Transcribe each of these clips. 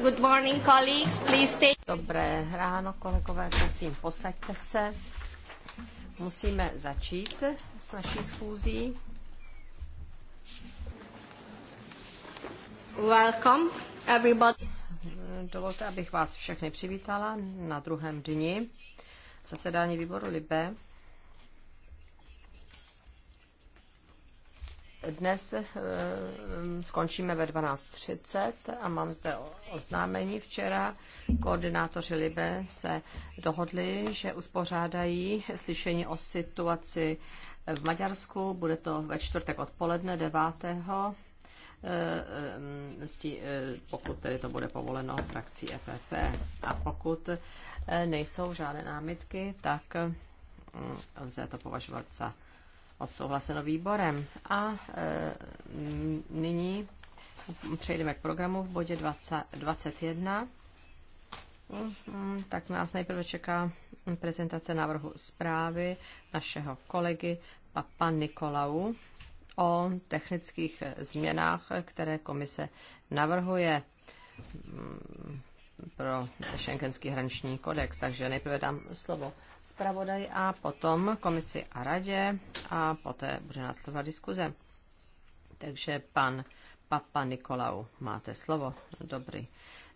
Good morning, colleagues. Please stay. Dobré ráno, kolegové, prosím, posaďte se. Musíme začít s naší schůzí. Welcome, everybody. Dovolte, abych vás všechny přivítala na druhém dni zasedání výboru Libe Dnes eh, eh, skončíme ve 12.30 a mám zde oznámení. Včera koordinátoři Libe se dohodli, že uspořádají slyšení o situaci v Maďarsku. Bude to ve čtvrtek odpoledne 9. Eh, pokud tedy to bude povoleno frakcí FFP e A pokud nejsou žádné námitky, tak mm, lze to považovat za odsouhlaseno výborem. A e, nyní přejdeme k programu v bodě 20, 21. Mm-hmm, tak nás nejprve čeká prezentace návrhu zprávy našeho kolegy Papa Nikolau o technických změnách, které komise navrhuje mm, pro šenkenský hraniční kodex. Takže nejprve dám slovo zpravodaj a potom komisi a radě a poté bude následovat diskuze. Takže pan Papa Nikolau, máte slovo. Dobrý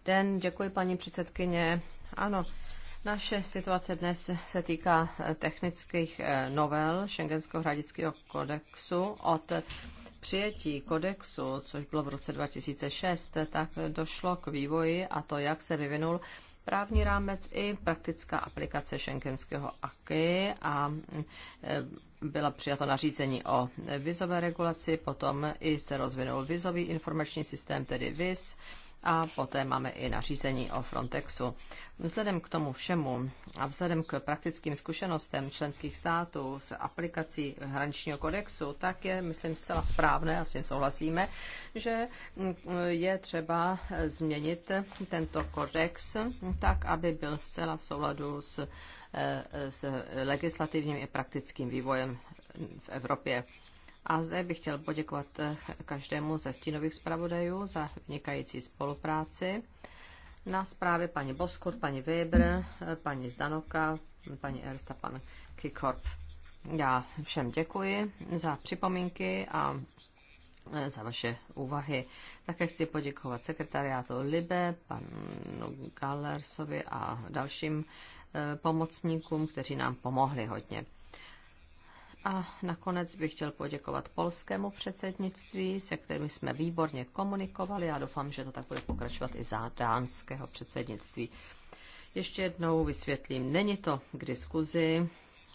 den, děkuji paní předsedkyně. Ano, naše situace dnes se týká technických eh, novel Schengenského hradického kodexu od přijetí kodexu, což bylo v roce 2006, tak došlo k vývoji a to, jak se vyvinul právní rámec i praktická aplikace šenkenského AKY a e, byla přijato nařízení o vizové regulaci, potom i se rozvinul vizový informační systém, tedy VIS, a poté máme i nařízení o Frontexu. Vzhledem k tomu všemu a vzhledem k praktickým zkušenostem členských států s aplikací hraničního kodexu, tak je, myslím, zcela správné, a s tím souhlasíme, že je třeba změnit tento kodex tak, aby byl zcela v souladu s, eh, s legislativním i praktickým vývojem v Evropě. A zde bych chtěl poděkovat eh, každému ze stínových zpravodajů za vnikající spolupráci. Na zprávě paní Boskur, paní Weber, eh, paní Zdanoka, paní Ersta, pan Kikorp. Já všem děkuji za připomínky a eh, za vaše úvahy. Také chci poděkovat sekretariátu Libe, panu Gallersovi a dalším pomocníkům, kteří nám pomohli hodně. A nakonec bych chtěl poděkovat polskému předsednictví, se kterým jsme výborně komunikovali a doufám, že to tak bude pokračovat i za dánského předsednictví. Ještě jednou vysvětlím, není to k diskuzi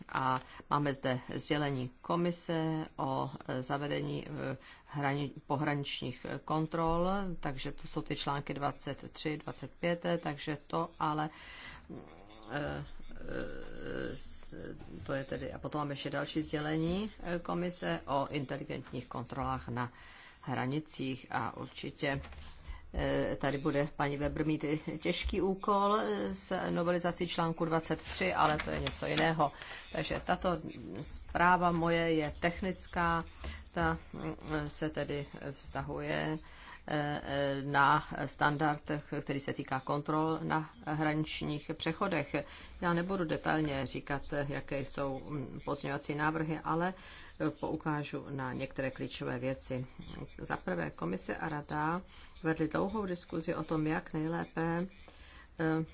a máme zde sdělení komise o zavedení eh, hrani, pohraničních kontrol, takže to jsou ty články 23, 25, eh, takže to ale eh, to je tedy, a potom máme ještě další sdělení eh, komise o inteligentních kontrolách na hranicích a určitě eh, tady bude paní Weber mít těžký úkol eh, s novelizací článku 23, ale to je něco jiného. Takže tato zpráva moje je technická, ta mm, se tedy vztahuje na standard, který se týká kontrol na hraničních přechodech. Já nebudu detailně říkat, jaké jsou pozměňovací návrhy, ale poukážu na některé klíčové věci. Za prvé, komise a rada vedly dlouhou diskuzi o tom, jak nejlépe eh,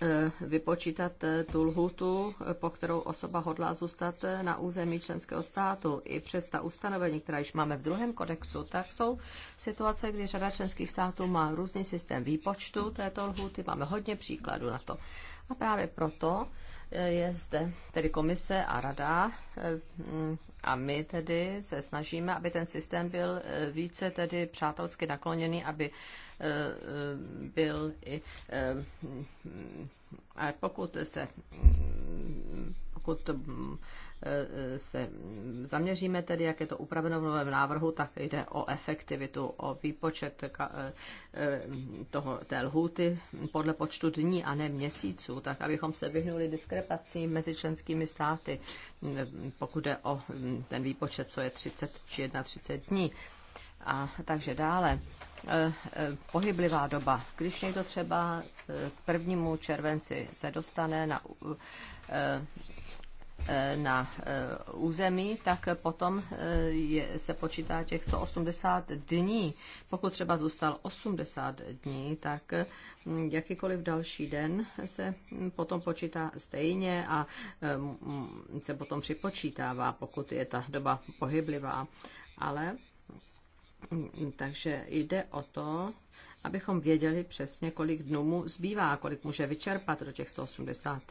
Eh, vypočítat eh, tu lhutu, eh, po kterou osoba hodlá zůstat na území členského státu. I přes ta ustanovení, která již máme v druhém kodexu, tak jsou situace, kdy řada členských států má různý systém výpočtu této lhuty. Máme hodně příkladů na to. A právě proto je zde tedy komise a rada a my tedy se snažíme, aby ten systém byl eh, více tedy přátelsky nakloněný, aby eh, eh, byl i... Mm, a pokud se mm, pokud mm, se zaměříme tedy, jak je to upraveno v novém návrhu, tak jde o efektivitu, o výpočet e, e, toho, té lhůty podle počtu dní a ne měsíců, tak abychom se vyhnuli diskrepacím mezi členskými státy, pokud jde o ten výpočet, co je 30 či 31 dní. A takže dále, e, pohyblivá doba. Když někdo třeba k prvnímu červenci se dostane na Eh, na eh, území, tak potom eh, je, se počítá těch 180 dní. Pokud třeba zůstal 80 dní, tak hm, jakýkoliv další den se hm, potom počítá stejně a hm, se potom připočítává, pokud je ta doba pohyblivá. Ale takže jde o to, abychom věděli přesně, kolik dnů mu zbývá, kolik může vyčerpat do těch 180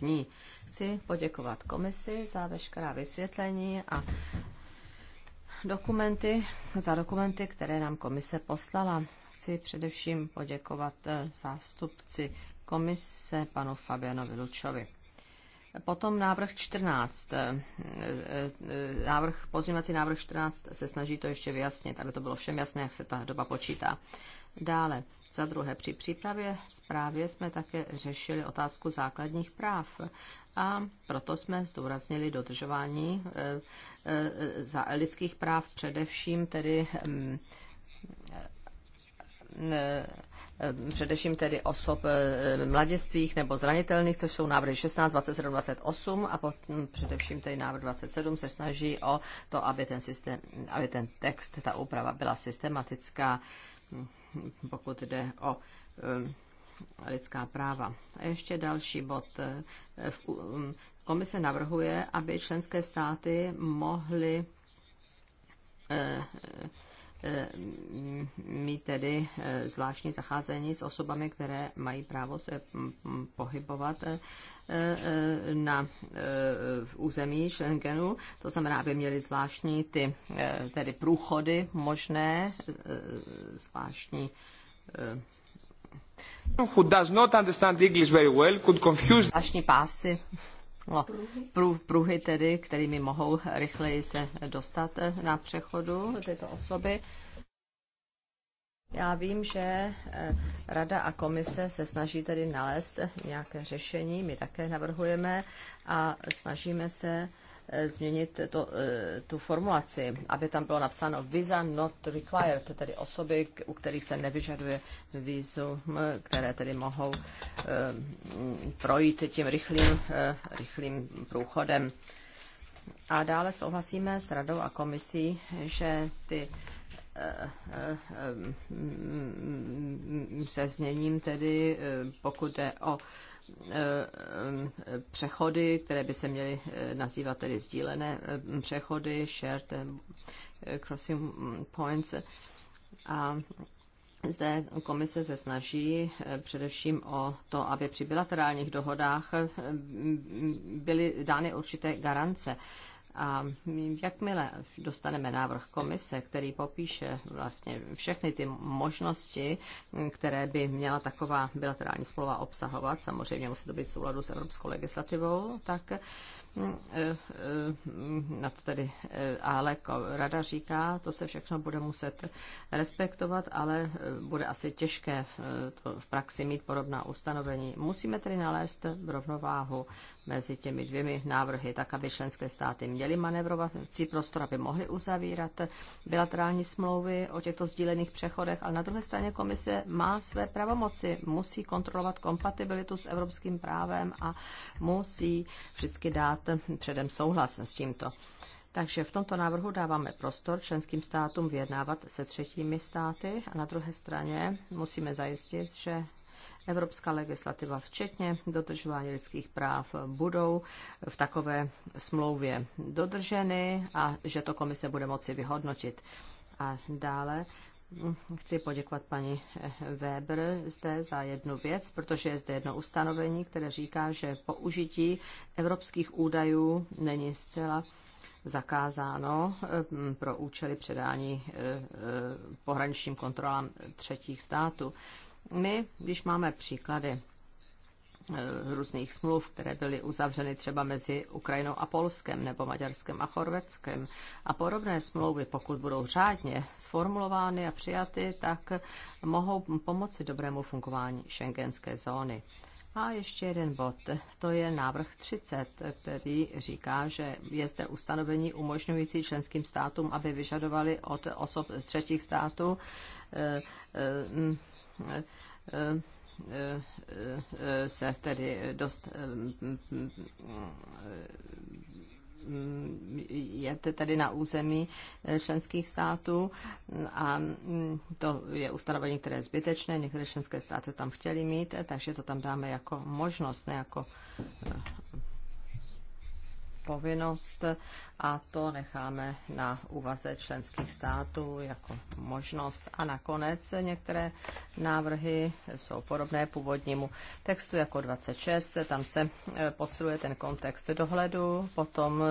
dní. Chci poděkovat komisi za veškerá vysvětlení a dokumenty, za dokumenty, které nám komise poslala. Chci především poděkovat eh, zástupci komise panu Fabianovi Lučovi. Potom návrh 14. Eh, eh, návrh, pozměňovací návrh 14 se snaží to ještě vyjasnit, aby to bylo všem jasné, jak se ta doba počítá. Dále, za druhé, při přípravě zprávě jsme také řešili otázku základních práv a proto jsme zdůraznili dodržování eh, za lidských práv, především tedy mm, Eh, především tedy osob eh, mladistvých nebo zranitelných, což jsou návrhy 16, 27, 28 a potom mm, především tedy návrh 27 se snaží o to, aby ten, systém, aby ten text, ta úprava byla systematická, hm, pokud jde o eh, lidská práva. A ještě další bod. Hm, komise navrhuje, aby členské státy mohly Eh, mít tedy eh, zvláštní zacházení s osobami, které mají právo se mm, mm, pohybovat eh, na území Schengenu. To znamená, aby měli zvláštní ty tedy průchody možné, zvláštní who does not understand English very well could confuse pásy no, pruh, pruhy tedy, kterými mohou rychleji se dostat eh, na přechodu tyto osoby. Já vím, že eh, Rada a komise se snaží tedy nalézt nějaké řešení, my také navrhujeme a snažíme se Eh, změnit to, eh, tu formulaci, aby tam bylo napsáno visa not required, tedy osoby, u kterých se nevyžaduje vízum, eh, které tedy mohou projít tím rychlým, rychlým průchodem. A dále souhlasíme s radou a komisí, že ty mm, mm, mm, se změním tedy, pokud jde o Eh, eh, přechody, které by se měly eh, nazývat tedy sdílené přechody, shared crossing points. A zde komise se snaží především o to, aby při bilaterálních dohodách byly dány určité garance a jakmile dostaneme návrh komise, který popíše vlastně všechny ty možnosti, které by měla taková bilaterální smlouva obsahovat, samozřejmě musí to být v souladu s evropskou legislativou, tak na to tedy, ale rada říká, to se všechno bude muset respektovat, ale eh, bude asi těžké v, eh, to, v praxi mít podobná ustanovení. Musíme tedy nalézt rovnováhu mezi těmi dvěmi návrhy, tak aby členské státy měly manevrovací prostor, aby mohly uzavírat bilaterální smlouvy o těchto sdílených přechodech, ale na druhé straně komise má své pravomoci, musí kontrolovat kompatibilitu s evropským právem a musí vždycky dát dát předem souhlas s tímto. Takže v tomto návrhu dáváme prostor členským státům vyjednávat se třetími státy a na druhé straně musíme zajistit, že evropská legislativa, včetně dodržování lidských práv, budou v takové smlouvě dodrženy a že to komise bude moci vyhodnotit. A dále Chci poděkovat paní Weber zde za jednu věc, protože je zde jedno ustanovení, které říká, že použití evropských údajů není zcela zakázáno mm, pro účely předání e, e, pohraničním kontrolám třetích států. My, když máme příklady Eh, různých smluv, které byly uzavřeny třeba mezi Ukrajinou a Polskem nebo Maďarskem a Chorvatskem. A podobné smlouvy, pokud budou řádně sformulovány a přijaty, tak mohou pomoci dobrému fungování šengenské zóny. A ještě jeden bod, to je návrh 30, který říká, že je zde ustanovení umožňující členským státům, aby vyžadovali od osob z třetích států eh, eh, mm, eh, eh se tedy dost jete tedy na území členských států a to je ustanovení, které je zbytečné, některé členské státy tam chtěly mít, takže to tam dáme jako možnost, ne jako povinnost a to necháme na úvaze členských států jako možnost. A nakonec některé návrhy jsou podobné původnímu textu jako 26, tam se e, posiluje ten kontext dohledu, potom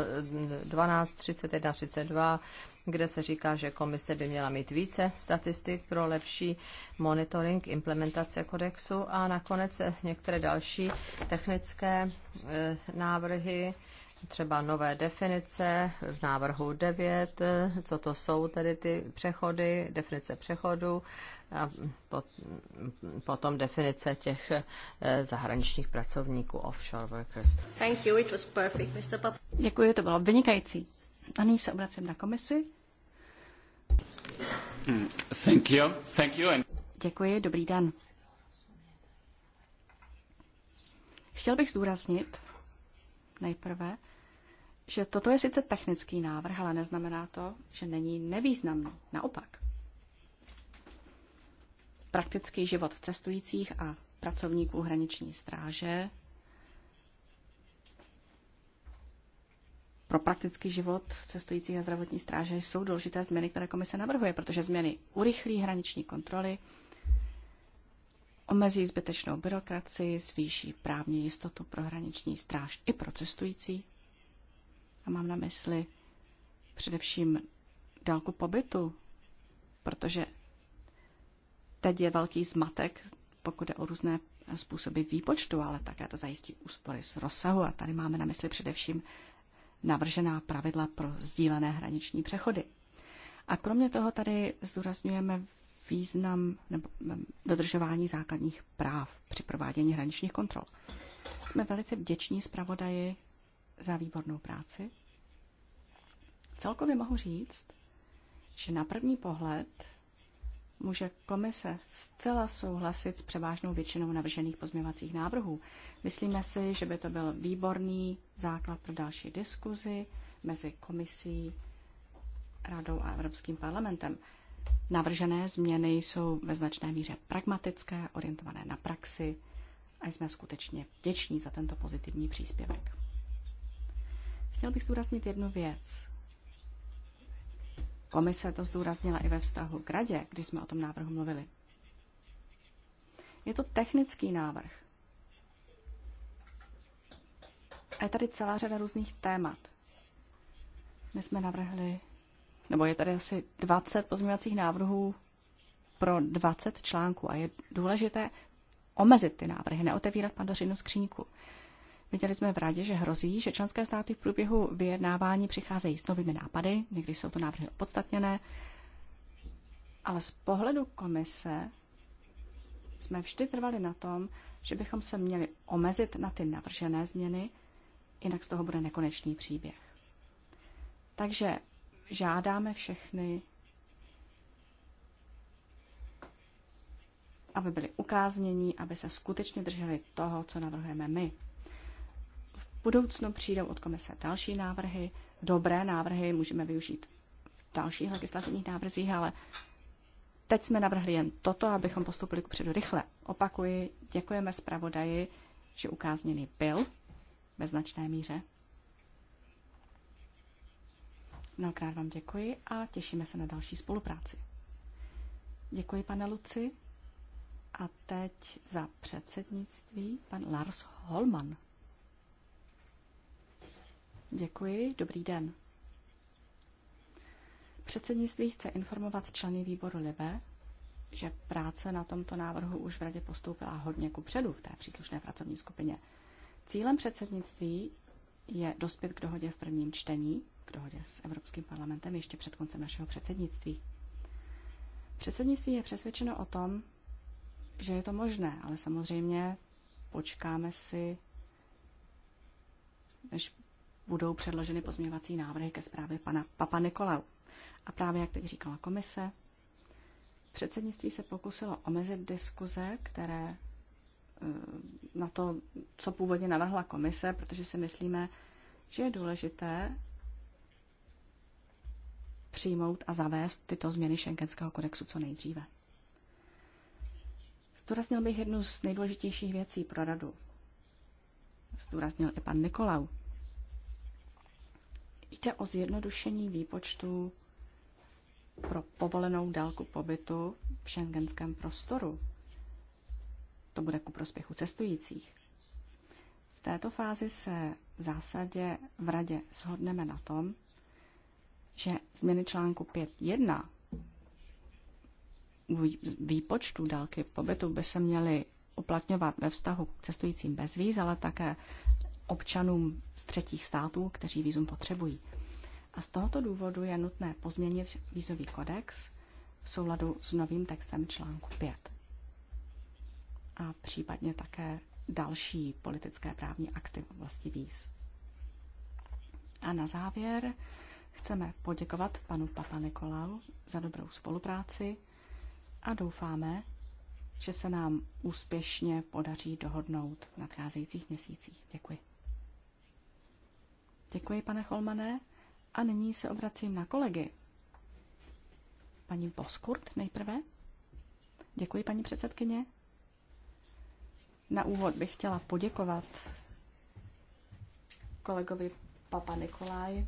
12, 31, 32, kde se říká, že komise by měla mít více statistik pro lepší monitoring implementace kodexu a nakonec některé další technické e, návrhy, třeba nové definice v návrhu 9, co to jsou tedy ty přechody, definice přechodu a potom definice těch eh, zahraničních pracovníků offshore workers. Thank you, it was perfect, Mr. Pop. Děkuji, to bylo vynikající. A nyní se obracím na komisi. Hmm, thank you. Thank you and... Děkuji, dobrý den. Chtěl bych zdůraznit nejprve, že toto je sice technický návrh, ale neznamená to, že není nevýznamný. Naopak. Praktický život v cestujících a pracovníků hraniční stráže pro praktický život cestujících a zdravotní stráže jsou důležité změny, které komise navrhuje, protože změny urychlí hraniční kontroly, omezí zbytečnou byrokracii, zvýší právní jistotu pro hraniční stráž i pro cestující a mám na mysli především délku pobytu, protože teď je velký zmatek, pokud jde o různé způsoby výpočtu, ale také to zajistí úspory z rozsahu. A tady máme na mysli především navržená pravidla pro sdílené hraniční přechody. A kromě toho tady zdůrazňujeme význam nebo mm, dodržování základních práv při provádění hraničních kontrol. Jsme velice vděční zpravodaji za výbornou práci. Celkově mohu říct, že na první pohled může komise zcela souhlasit s převážnou většinou navržených pozměvacích návrhů. Myslíme si, že by to byl výborný základ pro další diskuzi mezi komisí, radou a Evropským parlamentem. Navržené změny jsou ve značné míře pragmatické, orientované na praxi a jsme skutečně vděční za tento pozitivní příspěvek. Chtěl bych zdůraznit jednu věc. Komise to zdůraznila i ve vztahu k radě, když jsme o tom návrhu mluvili. Je to technický návrh. A je tady celá řada různých témat. My jsme navrhli, nebo je tady asi 20 pozměňovacích návrhů pro 20 článků a je důležité omezit ty návrhy, neotevírat pandořinu skříňku. Viděli jsme v Radě, že hrozí, že členské státy v průběhu vyjednávání přicházejí s novými nápady, někdy jsou to návrhy opodstatněné, ale z pohledu komise jsme vždy trvali na tom, že bychom se měli omezit na ty navržené změny, jinak z toho bude nekonečný příběh. Takže žádáme všechny, aby byli ukáznění, aby se skutečně drželi toho, co navrhujeme my budoucnu přijdou od komise další návrhy, dobré návrhy, můžeme využít v dalších legislativních návrzích, ale teď jsme navrhli jen toto, abychom postupili kupředu rychle. Opakuji, děkujeme zpravodaji, že ukázněný byl ve značné míře. Mnohokrát vám děkuji a těšíme se na další spolupráci. Děkuji, pane Luci. A teď za předsednictví pan Lars Holman. Děkuji, dobrý den. Předsednictví chce informovat členy výboru LIBE, že práce na tomto návrhu už v radě postoupila hodně ku předu v té příslušné pracovní skupině. Cílem předsednictví je dospět k dohodě v prvním čtení, k dohodě s Evropským parlamentem ještě před koncem našeho předsednictví. Předsednictví je přesvědčeno o tom, že je to možné, ale samozřejmě počkáme si, než budou předloženy pozměňovací návrhy ke zprávě pana Papa Nikolau. A právě, jak teď říkala komise, předsednictví se pokusilo omezit diskuze, které eh, na to, co původně navrhla komise, protože si myslíme, že je důležité přijmout a zavést tyto změny šenkenského kodexu co nejdříve. Zdůraznil bych jednu z nejdůležitějších věcí pro radu. Zdůraznil i pan Nikolau. Jde o zjednodušení výpočtu pro povolenou délku pobytu v šengenském prostoru. To bude ku prospěchu cestujících. V této fázi se v zásadě v Radě shodneme na tom, že změny článku 5.1 výpočtu délky pobytu by se měly uplatňovat ve vztahu k cestujícím bez víz, ale také občanům z třetích států, kteří výzum potřebují. A z tohoto důvodu je nutné pozměnit výzový kodex v souladu s novým textem článku 5. A případně také další politické právní akty v oblasti víz. A na závěr chceme poděkovat panu Papa Nikolau za dobrou spolupráci a doufáme, že se nám úspěšně podaří dohodnout v nadcházejících měsících. Děkuji. Děkuji, pane Holmané. A nyní se obracím na kolegy. Paní Boskurt nejprve. Děkuji, paní předsedkyně. Na úvod bych chtěla poděkovat kolegovi Papa Nikolaj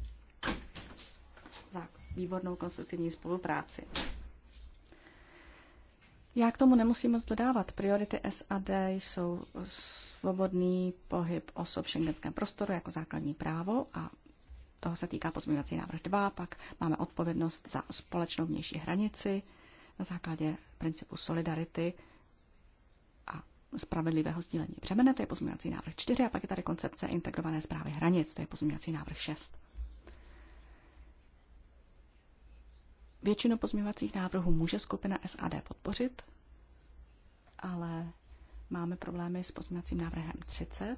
za výbornou konstruktivní spolupráci. Já k tomu nemusím moc dodávat. Priority SAD jsou svobodný pohyb osob v šengenském prostoru jako základní právo a toho se týká pozměňovací návrh 2. Pak máme odpovědnost za společnou vnější hranici na základě principu solidarity a spravedlivého sdílení břemene, to je pozměňovací návrh 4, a pak je tady koncepce integrované zprávy hranic, to je pozměňovací návrh 6. Většinu pozměňovacích návrhů může skupina SAD podpořit, ale máme problémy s pozměňovacím návrhem 30.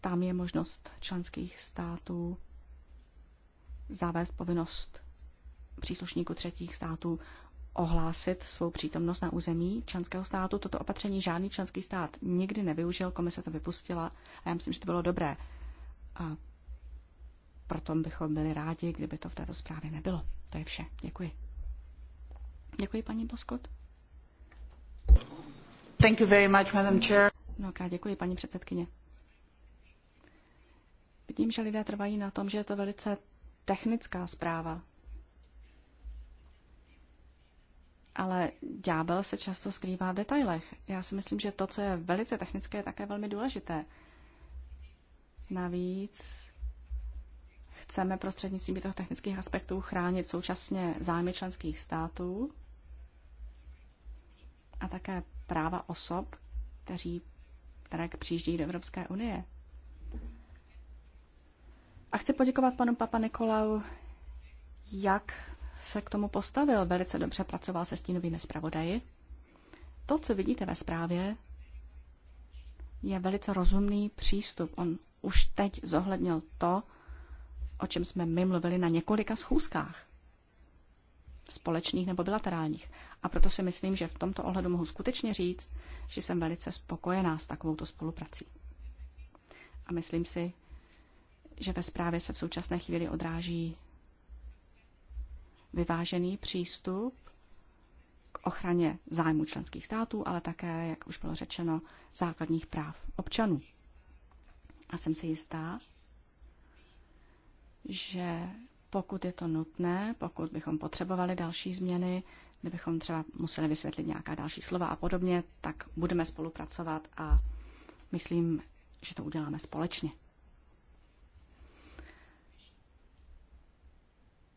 Tam je možnost členských států zavést povinnost příslušníků třetích států ohlásit svou přítomnost na území členského státu. Toto opatření žádný členský stát nikdy nevyužil, komise to vypustila a já myslím, že to bylo dobré. A proto bychom byli rádi, kdyby to v této zprávě nebylo. To je vše. Děkuji. Děkuji, paní Boskot. Thank you very much, Madam Chair. Mnohokrát děkuji, paní předsedkyně. Vidím, že lidé trvají na tom, že je to velice technická zpráva. Ale ďábel se často skrývá v detailech. Já si myslím, že to, co je velice technické, je také velmi důležité. Navíc chceme prostřednictvím těchto technických aspektů chránit současně zájmy členských států a také práva osob, kteří, které přijíždějí do Evropské unie. A chci poděkovat panu Papa Nikolau, jak se k tomu postavil. Velice dobře pracoval se stínovými zpravodaji. To, co vidíte ve zprávě, je velice rozumný přístup. On už teď zohlednil to, o čem jsme my mluvili na několika schůzkách, společných nebo bilaterálních. A proto si myslím, že v tomto ohledu mohu skutečně říct, že jsem velice spokojená s takovouto spoluprací. A myslím si, že ve zprávě se v současné chvíli odráží vyvážený přístup k ochraně zájmu členských států, ale také, jak už bylo řečeno, základních práv občanů. A jsem si jistá, že pokud je to nutné, pokud bychom potřebovali další změny, kdybychom třeba museli vysvětlit nějaká další slova a podobně, tak budeme spolupracovat a myslím, že to uděláme společně.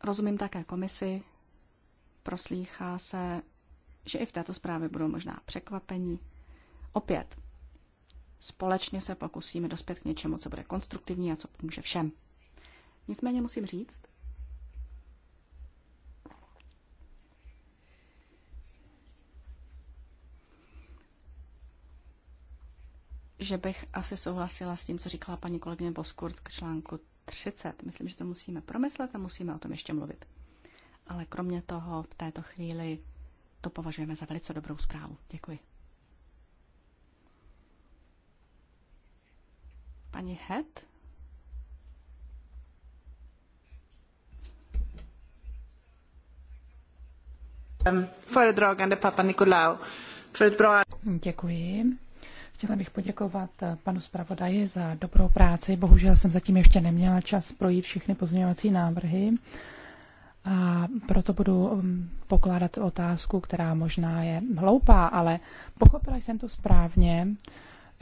Rozumím také komisi, proslýchá se, že i v této zprávě budou možná překvapení. Opět, společně se pokusíme dospět k něčemu, co bude konstruktivní a co pomůže všem. Nicméně musím říct, že bych asi souhlasila s tím, co říkala paní kolegyně Boskurt k článku 30. Myslím, že to musíme promyslet a musíme o tom ještě mluvit. Ale kromě toho v této chvíli to považujeme za velice dobrou zprávu. Děkuji. Paní Het? Ehm, Děkuji. Chtěla bych poděkovat eh, panu zpravodaji za dobrou práci. Bohužel jsem zatím ještě neměla čas projít všechny pozměňovací návrhy. A proto budu mm, pokládat otázku, která možná je hloupá, ale pochopila jsem to správně,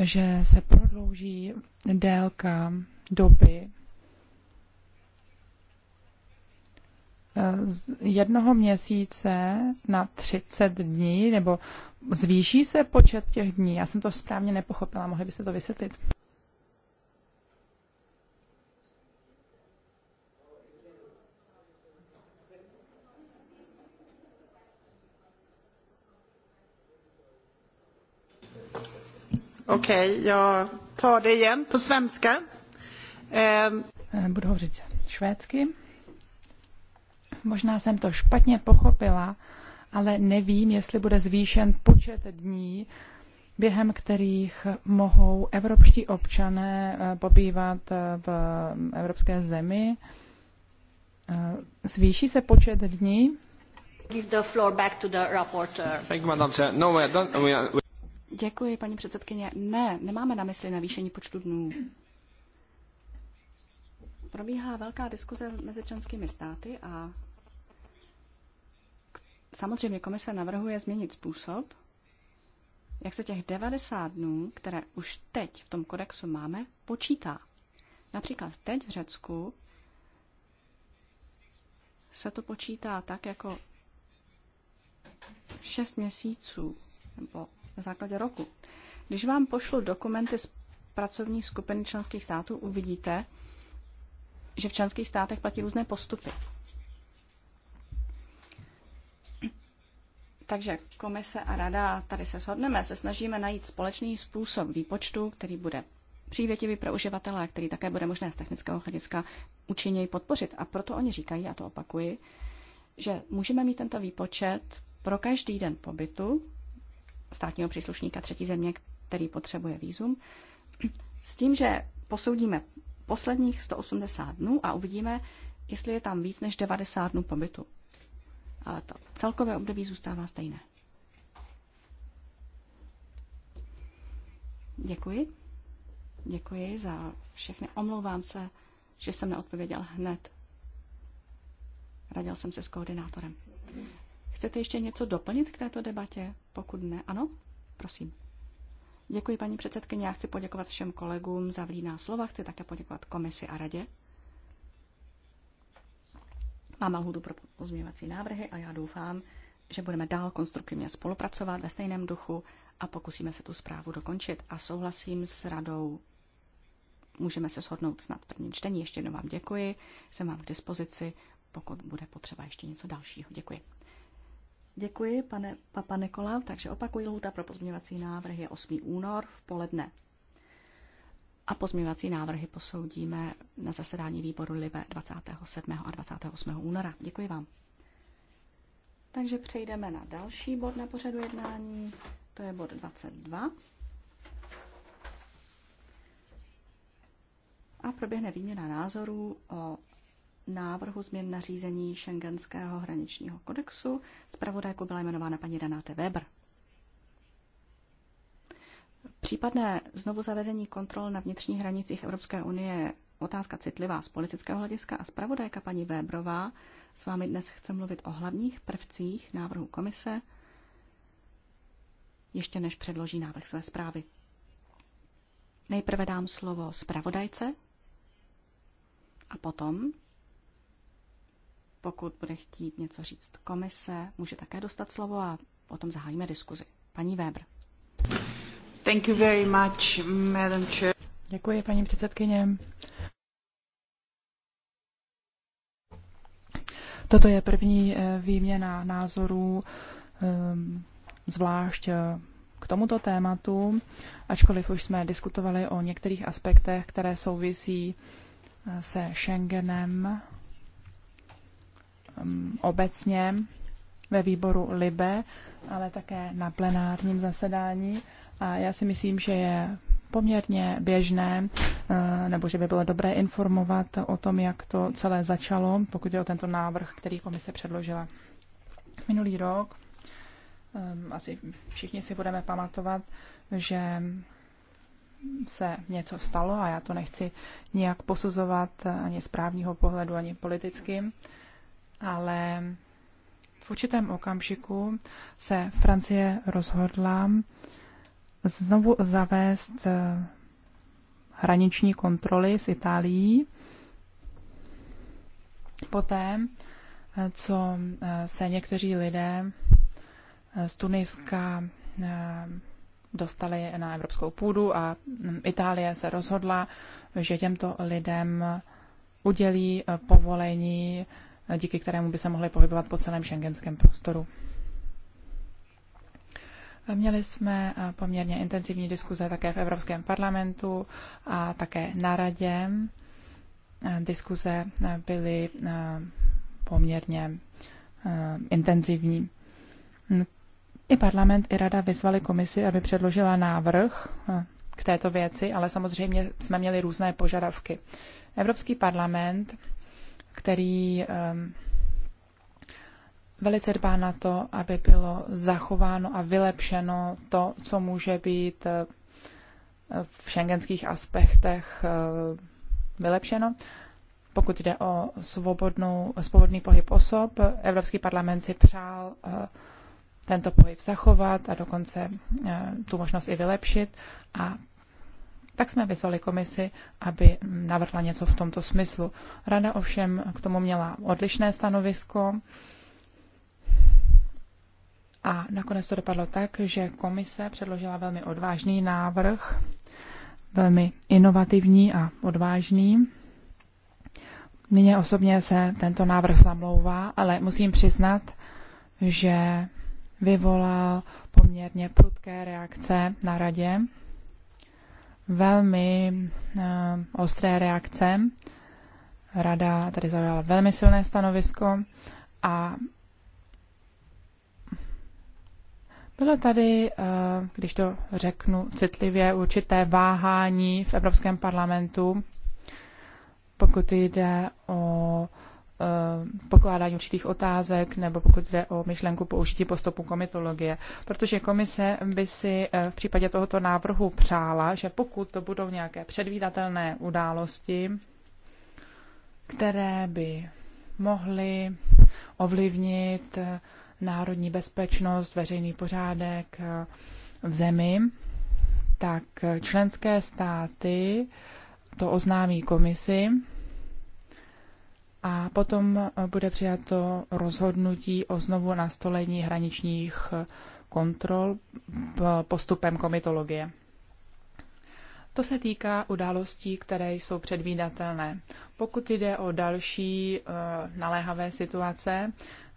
že se prodlouží délka doby z jednoho měsíce na 30 dní, nebo zvýší se počet těch dní? Já jsem to správně nepochopila, mohli byste to vysvětlit? Okej, okay, já tar det igen på svenska. Ehm. Eh... Budu hovořit švédsky možná jsem to špatně pochopila, ale nevím, jestli bude zvýšen počet dní, během kterých mohou evropští občané eh, pobývat eh, v evropské zemi. Eh, zvýší se počet dní? Děkuji, paní předsedkyně. Ne, nemáme na mysli navýšení počtu dnů. Probíhá velká diskuze mezi členskými státy a Samozřejmě komise navrhuje změnit způsob, jak se těch 90 dnů, které už teď v tom kodexu máme, počítá. Například teď v Řecku se to počítá tak jako 6 měsíců nebo na základě roku. Když vám pošlu dokumenty z pracovní skupiny členských států, uvidíte, že v členských státech platí různé postupy. Takže komise a rada, tady se shodneme, se snažíme najít společný způsob výpočtu, který bude přívětivý pro uživatele, který také bude možné z technického hlediska účinněji podpořit. A proto oni říkají, a to opakuji, že můžeme mít tento výpočet pro každý den pobytu státního příslušníka třetí země, který potřebuje výzum, s tím, že posoudíme posledních 180 dnů a uvidíme, jestli je tam víc než 90 dnů pobytu ale to celkové období zůstává stejné. Děkuji. Děkuji za všechny. Omlouvám se, že jsem neodpověděl hned. Radil jsem se s koordinátorem. Chcete ještě něco doplnit k této debatě? Pokud ne, ano, prosím. Děkuji, paní předsedkyně. Já chci poděkovat všem kolegům za vlídná slova. Chci také poděkovat komisi a radě. Máme lhůtu pro pozměňovací návrhy a já doufám, že budeme dál konstruktivně spolupracovat ve stejném duchu a pokusíme se tu zprávu dokončit. A souhlasím s radou, můžeme se shodnout snad prvním čtení. Ještě jednou vám děkuji, jsem vám k dispozici, pokud bude potřeba ještě něco dalšího. Děkuji. Děkuji, pane Papa Nikolau. Takže opakuji, lhůta pro pozměňovací návrh je 8. únor v poledne a pozměvací návrhy posoudíme na zasedání výboru LIBE 27. a 28. února. Děkuji vám. Takže přejdeme na další bod na pořadu jednání, to je bod 22. A proběhne výměna názorů o návrhu změn nařízení Schengenského hraničního kodexu. Zpravodajku byla jmenována paní Renáte Weber. Případné znovu zavedení kontrol na vnitřních hranicích Evropské unie je otázka citlivá z politického hlediska a zpravodajka paní Vébrová s vámi dnes chce mluvit o hlavních prvcích návrhu komise, ještě než předloží návrh své zprávy. Nejprve dám slovo zpravodajce a potom, pokud bude chtít něco říct komise, může také dostat slovo a potom zahájíme diskuzi. Paní Weber. Děkuji, paní předsedkyně. Toto je první eh, výměna názorů, ehm, zvlášť eh, k tomuto tématu, ačkoliv už jsme diskutovali o některých aspektech, které souvisí eh, se Schengenem ehm, obecně ve výboru LIBE, ale také na plenárním zasedání. A já si myslím, že je poměrně běžné, eh, nebo že by bylo dobré informovat o tom, jak to celé začalo, pokud je o tento návrh, který komise předložila. Minulý rok, eh, asi všichni si budeme pamatovat, že se něco stalo a já to nechci nijak posuzovat eh, ani z právního pohledu, ani politickým, ale v určitém okamžiku se Francie rozhodla, znovu zavést eh, hraniční kontroly s Itálií. Poté, eh, co eh, se někteří lidé z Tuniska dostali na evropskou půdu a hm, Itálie se rozhodla, že těmto lidem udělí povolení, díky kterému by se mohli pohybovat po celém šengenském prostoru. Měli jsme eh, poměrně intenzivní diskuze také v Evropském parlamentu a také na radě. Eh, diskuze eh, byly poměrně intenzivní. Hm, I parlament, i rada vyzvali komisi, aby předložila návrh k této věci, ale samozřejmě jsme měli různé požadavky. Evropský parlament, který velice dbá na to, aby bylo zachováno a vylepšeno to, co může být eh, v šengenských aspektech eh, vylepšeno. Pokud jde o svobodnou, svobodný pohyb osob, Evropský parlament si přál eh, tento pohyb zachovat a dokonce tu možnost i vylepšit. A tak jsme vyslali komisi, aby navrhla něco v tomto smyslu. Rada ovšem k tomu měla odlišné stanovisko. A nakonec to dopadlo tak, že komise předložila velmi odvážný návrh, velmi inovativní a odvážný. Mně osobně se tento návrh zamlouvá, ale musím přiznat, že vyvolal poměrně prudké reakce na radě, velmi uh, ostré reakce. Rada tady zaujala velmi silné stanovisko a Bylo tady, eh, když to řeknu citlivě, určité váhání v Evropském parlamentu, pokud jde o eh, pokládání určitých otázek nebo pokud jde o myšlenku použití postupu komitologie. Protože komise by si eh, v případě tohoto návrhu přála, že pokud to budou nějaké předvídatelné události, které by mohly ovlivnit národní bezpečnost, veřejný pořádek eh, v zemi, tak členské státy to oznámí komisi a potom eh, bude přijato rozhodnutí o znovu nastolení hraničních kontrol postupem komitologie. To se týká událostí, které jsou předvídatelné. Pokud jde o další e, naléhavé situace,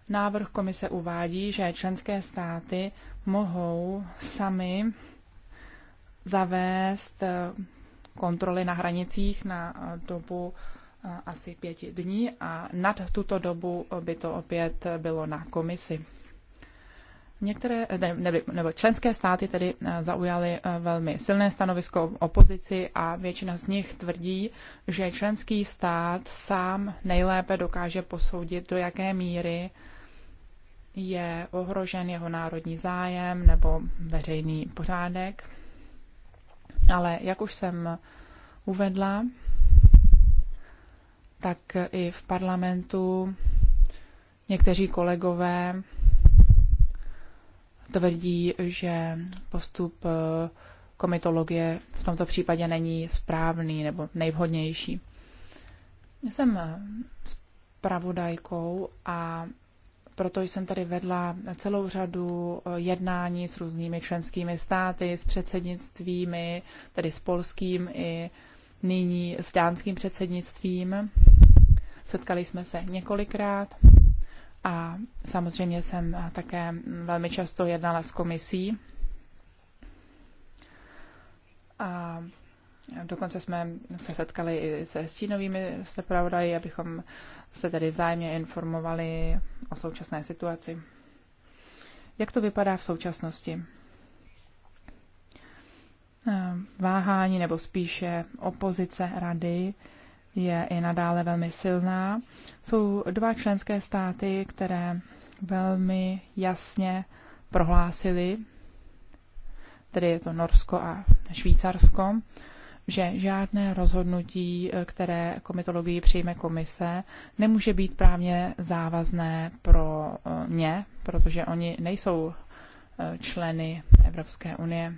Návrh komise uvádí, že členské státy mohou sami zavést eh, kontroly na hranicích na eh, dobu eh, asi pěti dní a nad tuto dobu by to opět bylo na komisi. Některé, ne, ne, nebo členské státy tedy zaujaly velmi silné stanovisko opozici a většina z nich tvrdí, že členský stát sám nejlépe dokáže posoudit, do jaké míry je ohrožen jeho národní zájem nebo veřejný pořádek. Ale jak už jsem uvedla, tak i v parlamentu někteří kolegové tvrdí, že postup eh, komitologie v tomto případě není správný nebo nejvhodnější. Jsem spravodajkou eh, a proto jsem tady vedla celou řadu eh, jednání s různými členskými státy, s předsednictvími, tedy s polským i nyní s dánským předsednictvím. Setkali jsme se několikrát a samozřejmě jsem eh, také velmi často jednala s komisí. A Dokonce jsme se setkali i se stínovými zpravodaji, abychom se tedy vzájemně informovali o současné situaci. Jak to vypadá v současnosti? Eh, váhání nebo spíše opozice rady je i nadále velmi silná. Jsou dva členské státy, které velmi jasně prohlásili, tedy je to Norsko a Švýcarsko, že žádné rozhodnutí, eh, které komitologii přijme komise, nemůže být právně závazné pro eh, ně, protože oni nejsou eh, členy Evropské unie.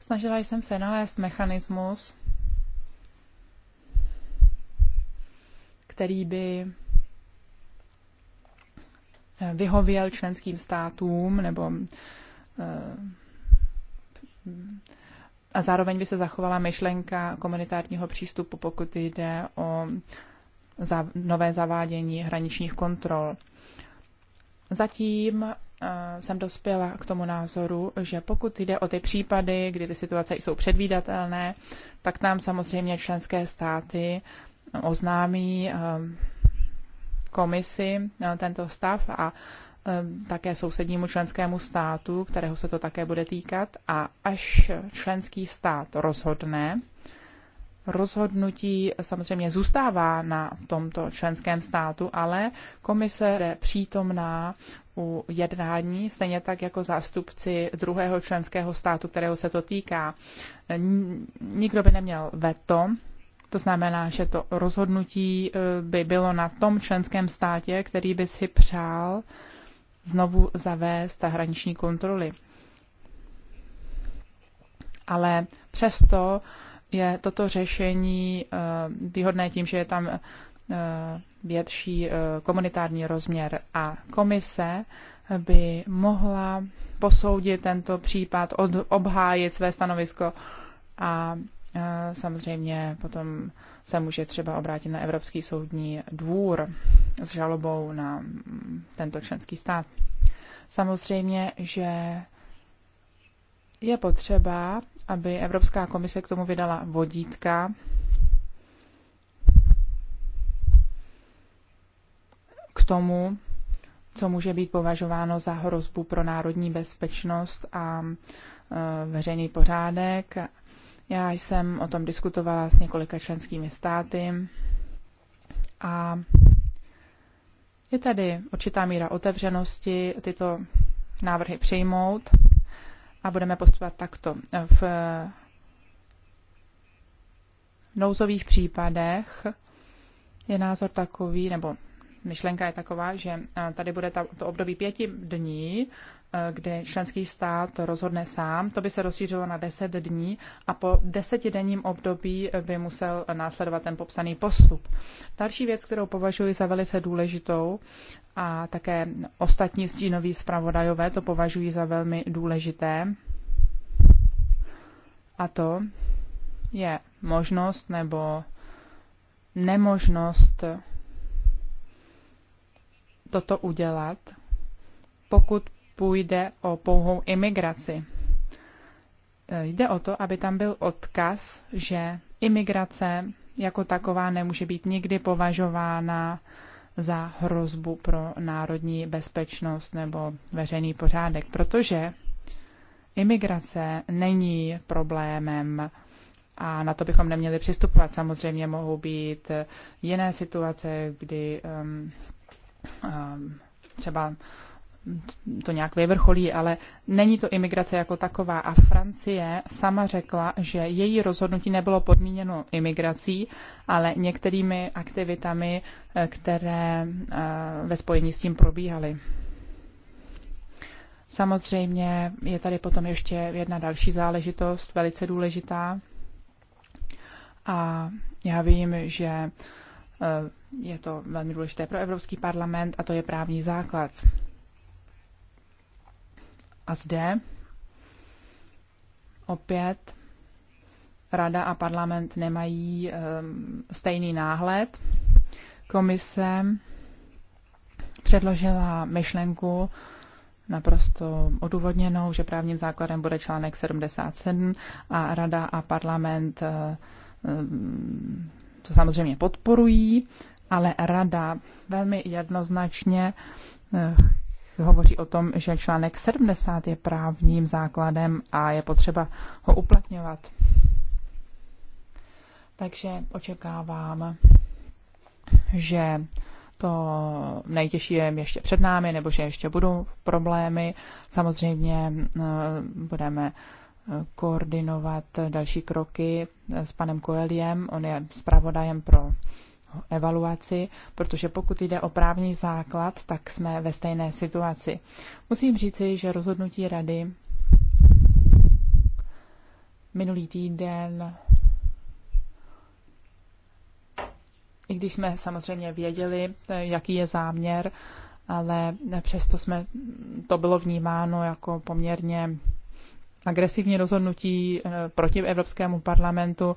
Snažila jsem se nalézt mechanismus, který by vyhověl členským státům nebo a zároveň by se zachovala myšlenka komunitárního přístupu, pokud jde o nové zavádění hraničních kontrol. Zatím eh, jsem dospěla k tomu názoru, že pokud jde o ty případy, kdy ty situace jsou předvídatelné, tak tam samozřejmě členské státy oznámí eh, komisi eh, tento stav a Eh, také sousednímu členskému státu, kterého se to také bude týkat. A až členský stát rozhodne, rozhodnutí samozřejmě zůstává na tomto členském státu, ale komise je přítomná u jednání, stejně tak jako zástupci druhého členského státu, kterého se to týká. Eh, nikdo by neměl veto, to znamená, že to rozhodnutí eh, by bylo na tom členském státě, který by si přál znovu zavést hraniční kontroly. Ale přesto je toto řešení eh, výhodné tím, že je tam eh, větší eh, komunitární rozměr a komise by mohla posoudit tento případ, obhájit své stanovisko a Eh, samozřejmě potom se může třeba obrátit na Evropský soudní dvůr s žalobou na mm, tento členský stát. Samozřejmě, že je potřeba, aby Evropská komise k tomu vydala vodítka, k tomu, co může být považováno za hrozbu pro národní bezpečnost a eh, veřejný pořádek já jsem o tom diskutovala s několika členskými státy a je tady určitá míra otevřenosti tyto návrhy přijmout a budeme postupovat takto. V nouzových případech je názor takový, nebo myšlenka je taková, že tady bude to období pěti dní Eh, kdy členský stát rozhodne sám, to by se rozšířilo na 10 dní a po desetidenním období by musel následovat ten popsaný postup. Další věc, kterou považuji za velice důležitou a také ostatní stínoví zpravodajové to považují za velmi důležité, a to je možnost nebo nemožnost toto udělat, pokud nepůjde o pouhou imigraci. E, jde o to, aby tam byl odkaz, že imigrace jako taková nemůže být nikdy považována za hrozbu pro národní bezpečnost nebo veřejný pořádek, protože imigrace není problémem a na to bychom neměli přistupovat. Samozřejmě mohou být jiné situace, kdy um, um, třeba to nějak vyvrcholí, ale není to imigrace jako taková. A Francie sama řekla, že její rozhodnutí nebylo podmíněno imigrací, ale některými aktivitami, eh, které eh, ve spojení s tím probíhaly. Samozřejmě je tady potom ještě jedna další záležitost, velice důležitá. A já vím, že eh, je to velmi důležité pro Evropský parlament a to je právní základ. A zde opět rada a parlament nemají um, stejný náhled. Komise předložila myšlenku naprosto odůvodněnou, že právním základem bude článek 77 a rada a parlament um, to samozřejmě podporují, ale rada velmi jednoznačně eh, hovoří o tom, že článek 70 je právním základem a je potřeba ho uplatňovat. Takže očekávám, že to nejtěžší je ještě před námi, nebo že ještě budou problémy. Samozřejmě eh, budeme eh, koordinovat další kroky s panem Koeliem. On je zpravodajem pro evaluaci, protože pokud jde o právní základ, tak jsme ve stejné situaci. Musím říci, že rozhodnutí rady minulý týden, i když jsme samozřejmě věděli, jaký je záměr, ale přesto jsme, to bylo vnímáno jako poměrně agresivní rozhodnutí eh, proti Evropskému parlamentu.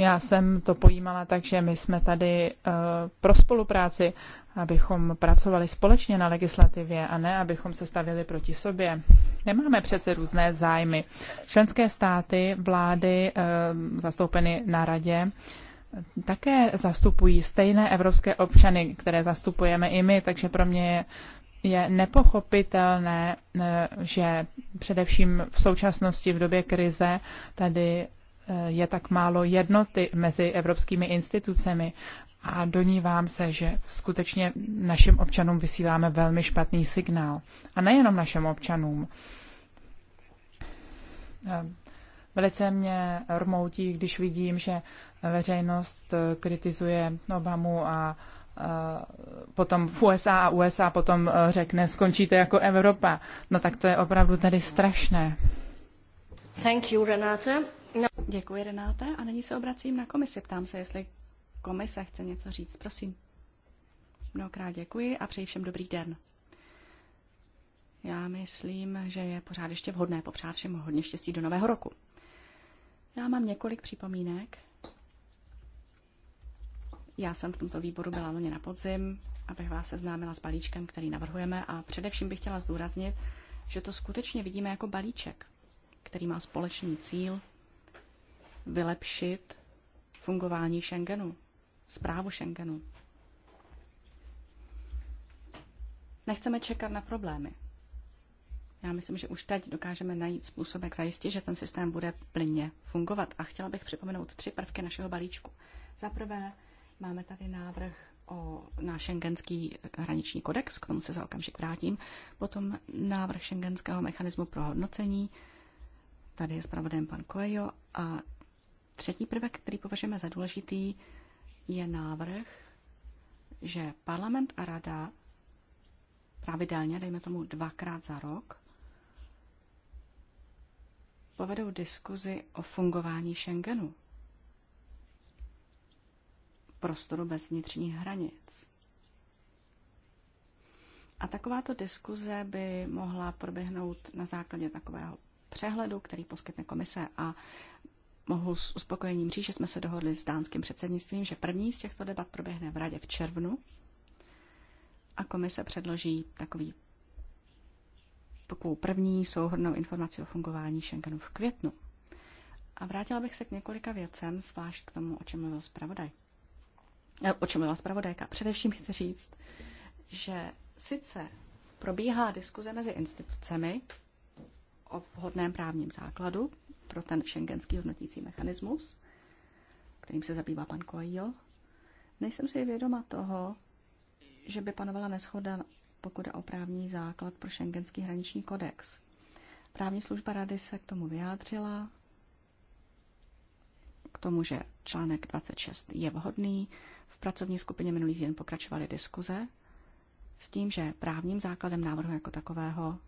Já jsem to pojímala tak, že my jsme tady eh, pro spolupráci, abychom pracovali společně na legislativě a ne, abychom se stavili proti sobě. Nemáme přece různé zájmy. Členské státy, vlády eh, zastoupeny na radě, také zastupují stejné evropské občany, které zastupujeme i my, takže pro mě je je nepochopitelné, eh, že především v současnosti, v době krize, tady Eh, je tak málo jednoty mezi evropskými institucemi a donívám se, že skutečně našim občanům vysíláme velmi špatný signál. A nejenom našim občanům. Eh, velice mě rmoutí, když vidím, že veřejnost eh, kritizuje Obamu a potom v USA a USA potom řekne, skončíte jako Evropa. No tak to je opravdu tady strašné. Thank you, Renate. No. Děkuji, Renáte. A nyní se obracím na komisi. Ptám se, jestli komise chce něco říct. Prosím. Mnohokrát děkuji a přeji všem dobrý den. Já myslím, že je pořád ještě vhodné popřát všem hodně štěstí do nového roku. Já mám několik připomínek. Já jsem v tomto výboru byla loni na podzim, abych vás seznámila s balíčkem, který navrhujeme a především bych chtěla zdůraznit, že to skutečně vidíme jako balíček, který má společný cíl vylepšit fungování Schengenu, zprávu Schengenu. Nechceme čekat na problémy. Já myslím, že už teď dokážeme najít způsob, jak zajistit, že ten systém bude plně fungovat. A chtěla bych připomenout tři prvky našeho balíčku. Za prvé, máme tady návrh o, na šengenský hraniční kodex, k tomu se za okamžik vrátím. Potom návrh šengenského mechanismu pro hodnocení, tady je zpravodajem pan Coelho a Třetí prvek, který považujeme za důležitý, je návrh, že parlament a rada pravidelně, dejme tomu dvakrát za rok, povedou diskuzi o fungování Schengenu, prostoru bez vnitřních hranic. A takováto diskuze by mohla proběhnout na základě takového přehledu, který poskytne komise. A mohu s uspokojením říct, že jsme se dohodli s dánským předsednictvím, že první z těchto debat proběhne v Radě v červnu a komise předloží takový takovou první souhrnou informaci o fungování Schengenu v květnu. A vrátila bych se k několika věcem, zvlášť k tomu, o čem mluvil zpravodaj. Eh, o čem mluvila zpravodajka. Především chci říct, že sice probíhá diskuze mezi institucemi o vhodném právním základu, pro ten šengenský hodnotící mechanismus, kterým se zabývá pan Coelho, nejsem si vědoma toho, že by panovala neschoda, pokud je o právní základ pro šengenský hraniční kodex. Právní služba rady se k tomu vyjádřila, k tomu, že článek 26 je vhodný. V pracovní skupině minulý den pokračovaly diskuze s tím, že právním základem návrhu jako takového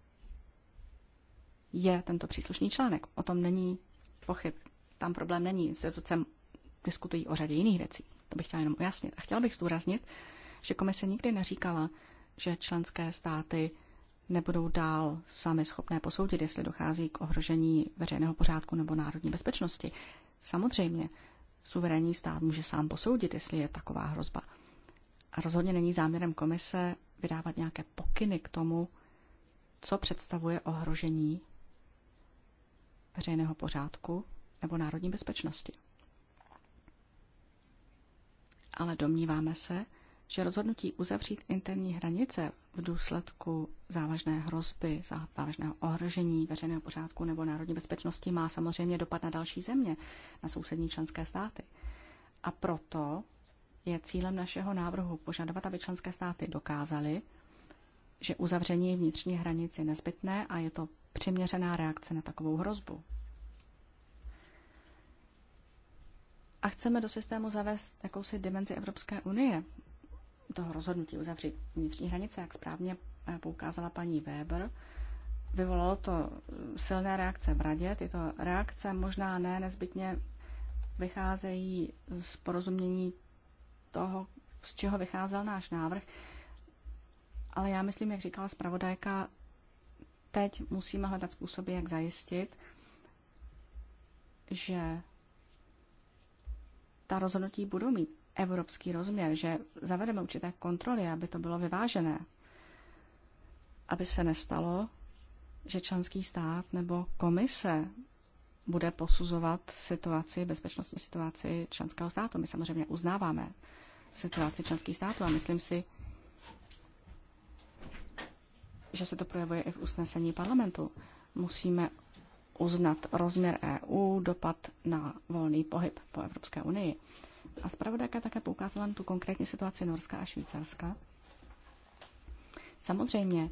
je tento příslušný článek. O tom není pochyb. Tam problém není. Instituce diskutují o řadě jiných věcí. To bych chtěla jenom ujasnit. A chtěla bych zdůraznit, že komise nikdy neříkala, že členské státy nebudou dál sami schopné posoudit, jestli dochází k ohrožení veřejného pořádku nebo národní bezpečnosti. Samozřejmě, suverénní stát může sám posoudit, jestli je taková hrozba. A rozhodně není záměrem komise vydávat nějaké pokyny k tomu, co představuje ohrožení veřejného pořádku nebo národní bezpečnosti. Ale domníváme se, že rozhodnutí uzavřít interní hranice v důsledku závažné hrozby, závažného ohrožení veřejného pořádku nebo národní bezpečnosti má samozřejmě dopad na další země, na sousední členské státy. A proto je cílem našeho návrhu požadovat, aby členské státy dokázaly, že uzavření vnitřní hranice je nezbytné a je to přiměřená reakce na takovou hrozbu. A chceme do systému zavést jakousi dimenzi Evropské unie, toho rozhodnutí uzavřít vnitřní hranice, jak správně eh, poukázala paní Weber. Vyvolalo to eh, silné reakce v radě. Tyto reakce možná ne nezbytně vycházejí z porozumění toho, z čeho vycházel náš návrh. Ale já myslím, jak říkala zpravodajka, teď musíme hledat způsoby, jak zajistit, že ta rozhodnutí budou mít evropský rozměr, že zavedeme určité kontroly, aby to bylo vyvážené, aby se nestalo, že členský stát nebo komise bude posuzovat situaci, bezpečnostní situaci členského státu. My samozřejmě uznáváme situaci členských států a myslím si, že se to projevuje i v usnesení parlamentu. Musíme uznat rozměr EU, dopad na volný pohyb po Evropské unii. A zpravodajka také poukázala na tu konkrétní situaci Norska a Švýcarska. Samozřejmě,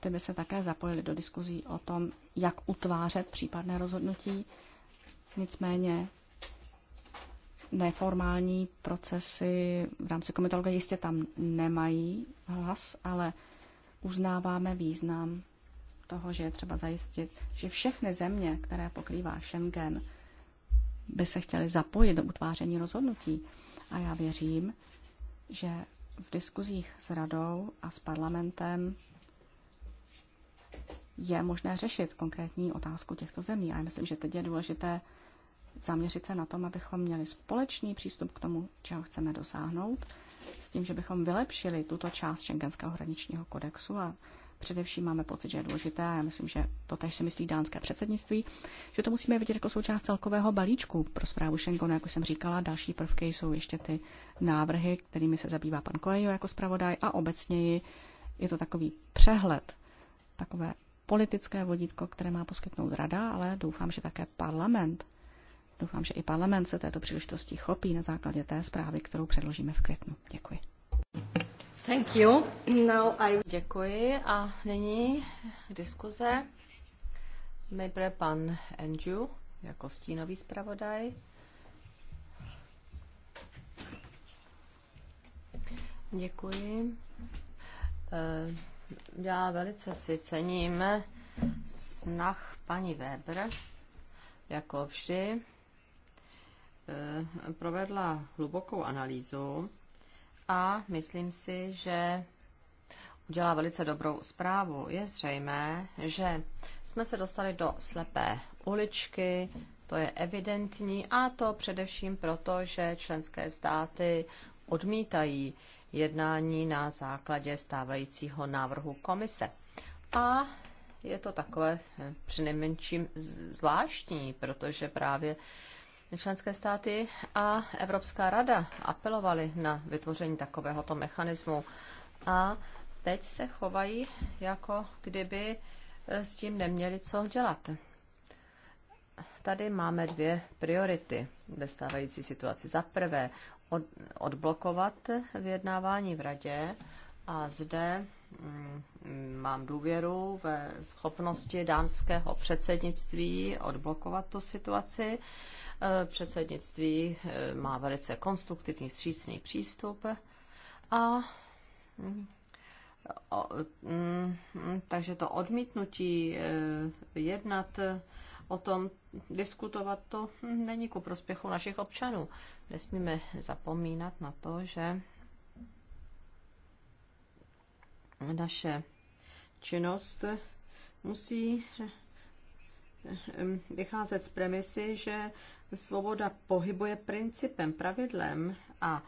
ty by se také zapojili do diskuzí o tom, jak utvářet případné rozhodnutí. Nicméně neformální procesy v rámci komitologie jistě tam nemají hlas, ale uznáváme význam toho, že je třeba zajistit, že všechny země, které pokrývá Schengen, by se chtěly zapojit do utváření rozhodnutí. A já věřím, že v diskuzích s radou a s parlamentem je možné řešit konkrétní otázku těchto zemí. A já myslím, že teď je důležité zaměřit se na tom, abychom měli společný přístup k tomu, čeho chceme dosáhnout, s tím, že bychom vylepšili tuto část Schengenského hraničního kodexu a především máme pocit, že je důležité, a já myslím, že to tež si myslí dánské předsednictví, že to musíme vidět jako součást celkového balíčku pro zprávu Schengenu, jak už jsem říkala. Další prvky jsou ještě ty návrhy, kterými se zabývá pan Koejo jako zpravodaj a obecněji je to takový přehled, takové politické vodítko, které má poskytnout rada, ale doufám, že také parlament Doufám, že i parlament se této příležitosti chopí na základě té zprávy, kterou předložíme v květnu. Děkuji. Thank you. Now I... Děkuji a nyní diskuze. Nejprve pan Andrew jako stínový zpravodaj. Děkuji. Eh, já velice si cením snah paní Weber, jako vždy, Eh, provedla hlubokou analýzu a myslím si, že udělá velice dobrou zprávu. Je zřejmé, že jsme se dostali do slepé uličky, to je evidentní a to především proto, že členské státy odmítají jednání na základě stávajícího návrhu komise. A je to takové přinejmenším zvláštní, protože právě členské státy a Evropská rada apelovali na vytvoření takovéhoto mechanismu a teď se chovají, jako kdyby eh, s tím neměli co dělat. Tady máme dvě priority ve stávající situaci. Za prvé odblokovat vyjednávání v radě a zde Mm, mám důvěru ve schopnosti dánského předsednictví odblokovat tu situaci. E, předsednictví e, má velice konstruktivní, střícný přístup a mm, mm, takže to odmítnutí e, jednat o tom, diskutovat, to není ku prospěchu našich občanů. Nesmíme zapomínat na to, že naše činnost musí eh, eh, vycházet z premisy, že svoboda pohybuje principem, pravidlem a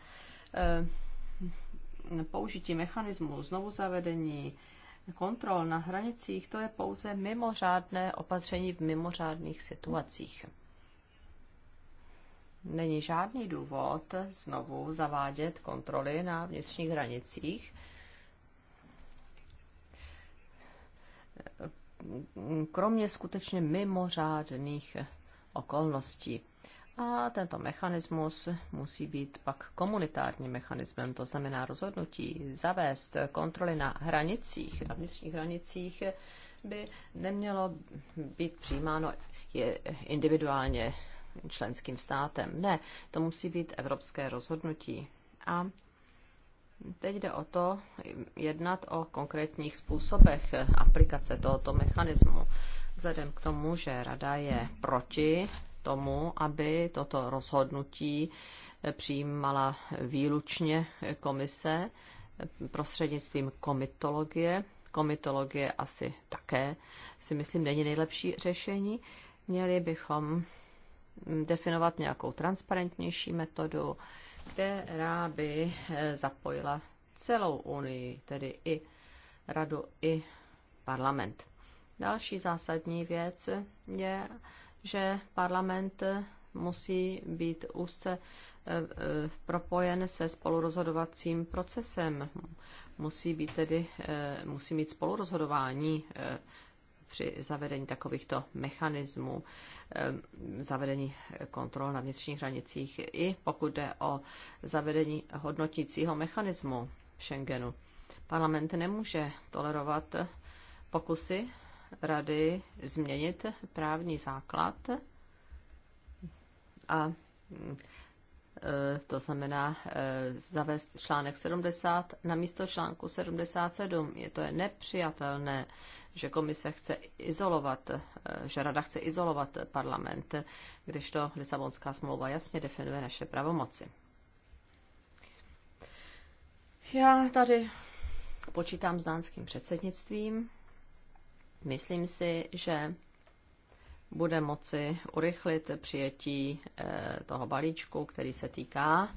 eh, použití mechanismu znovu zavedení kontrol na hranicích, to je pouze mimořádné opatření v mimořádných situacích. Není žádný důvod znovu zavádět kontroly na vnitřních hranicích, kromě skutečně mimořádných okolností. A tento mechanismus musí být pak komunitárním mechanismem, to znamená rozhodnutí zavést kontroly na hranicích, na vnitřních hranicích by nemělo být přijímáno je individuálně členským státem. Ne, to musí být evropské rozhodnutí. A Teď jde o to jednat o konkrétních způsobech aplikace tohoto mechanismu. Vzhledem k tomu, že Rada je proti tomu, aby toto rozhodnutí přijímala výlučně komise prostřednictvím komitologie. Komitologie asi také si myslím není nejlepší řešení. Měli bychom definovat nějakou transparentnější metodu, která by eh, zapojila celou Unii, tedy i radu, i parlament. Další zásadní věc je, že parlament musí být úzce eh, eh, propojen se spolurozhodovacím procesem. Musí být tedy, musí mít spolurozhodování při zavedení takovýchto mechanismů, ehm, zavedení kontrol na vnitřních hranicích, i pokud jde o zavedení hodnotícího mechanismu v Schengenu. Parlament nemůže tolerovat pokusy rady změnit právní základ a hm, Eh, to znamená eh, zavést článek 70 na místo článku 77. Je to je nepřijatelné, že komise chce izolovat, eh, že rada chce izolovat parlament, když to Lisabonská smlouva jasně definuje naše pravomoci. Já tady počítám s dánským předsednictvím. Myslím si, že bude moci urychlit přijetí eh, toho balíčku, který se týká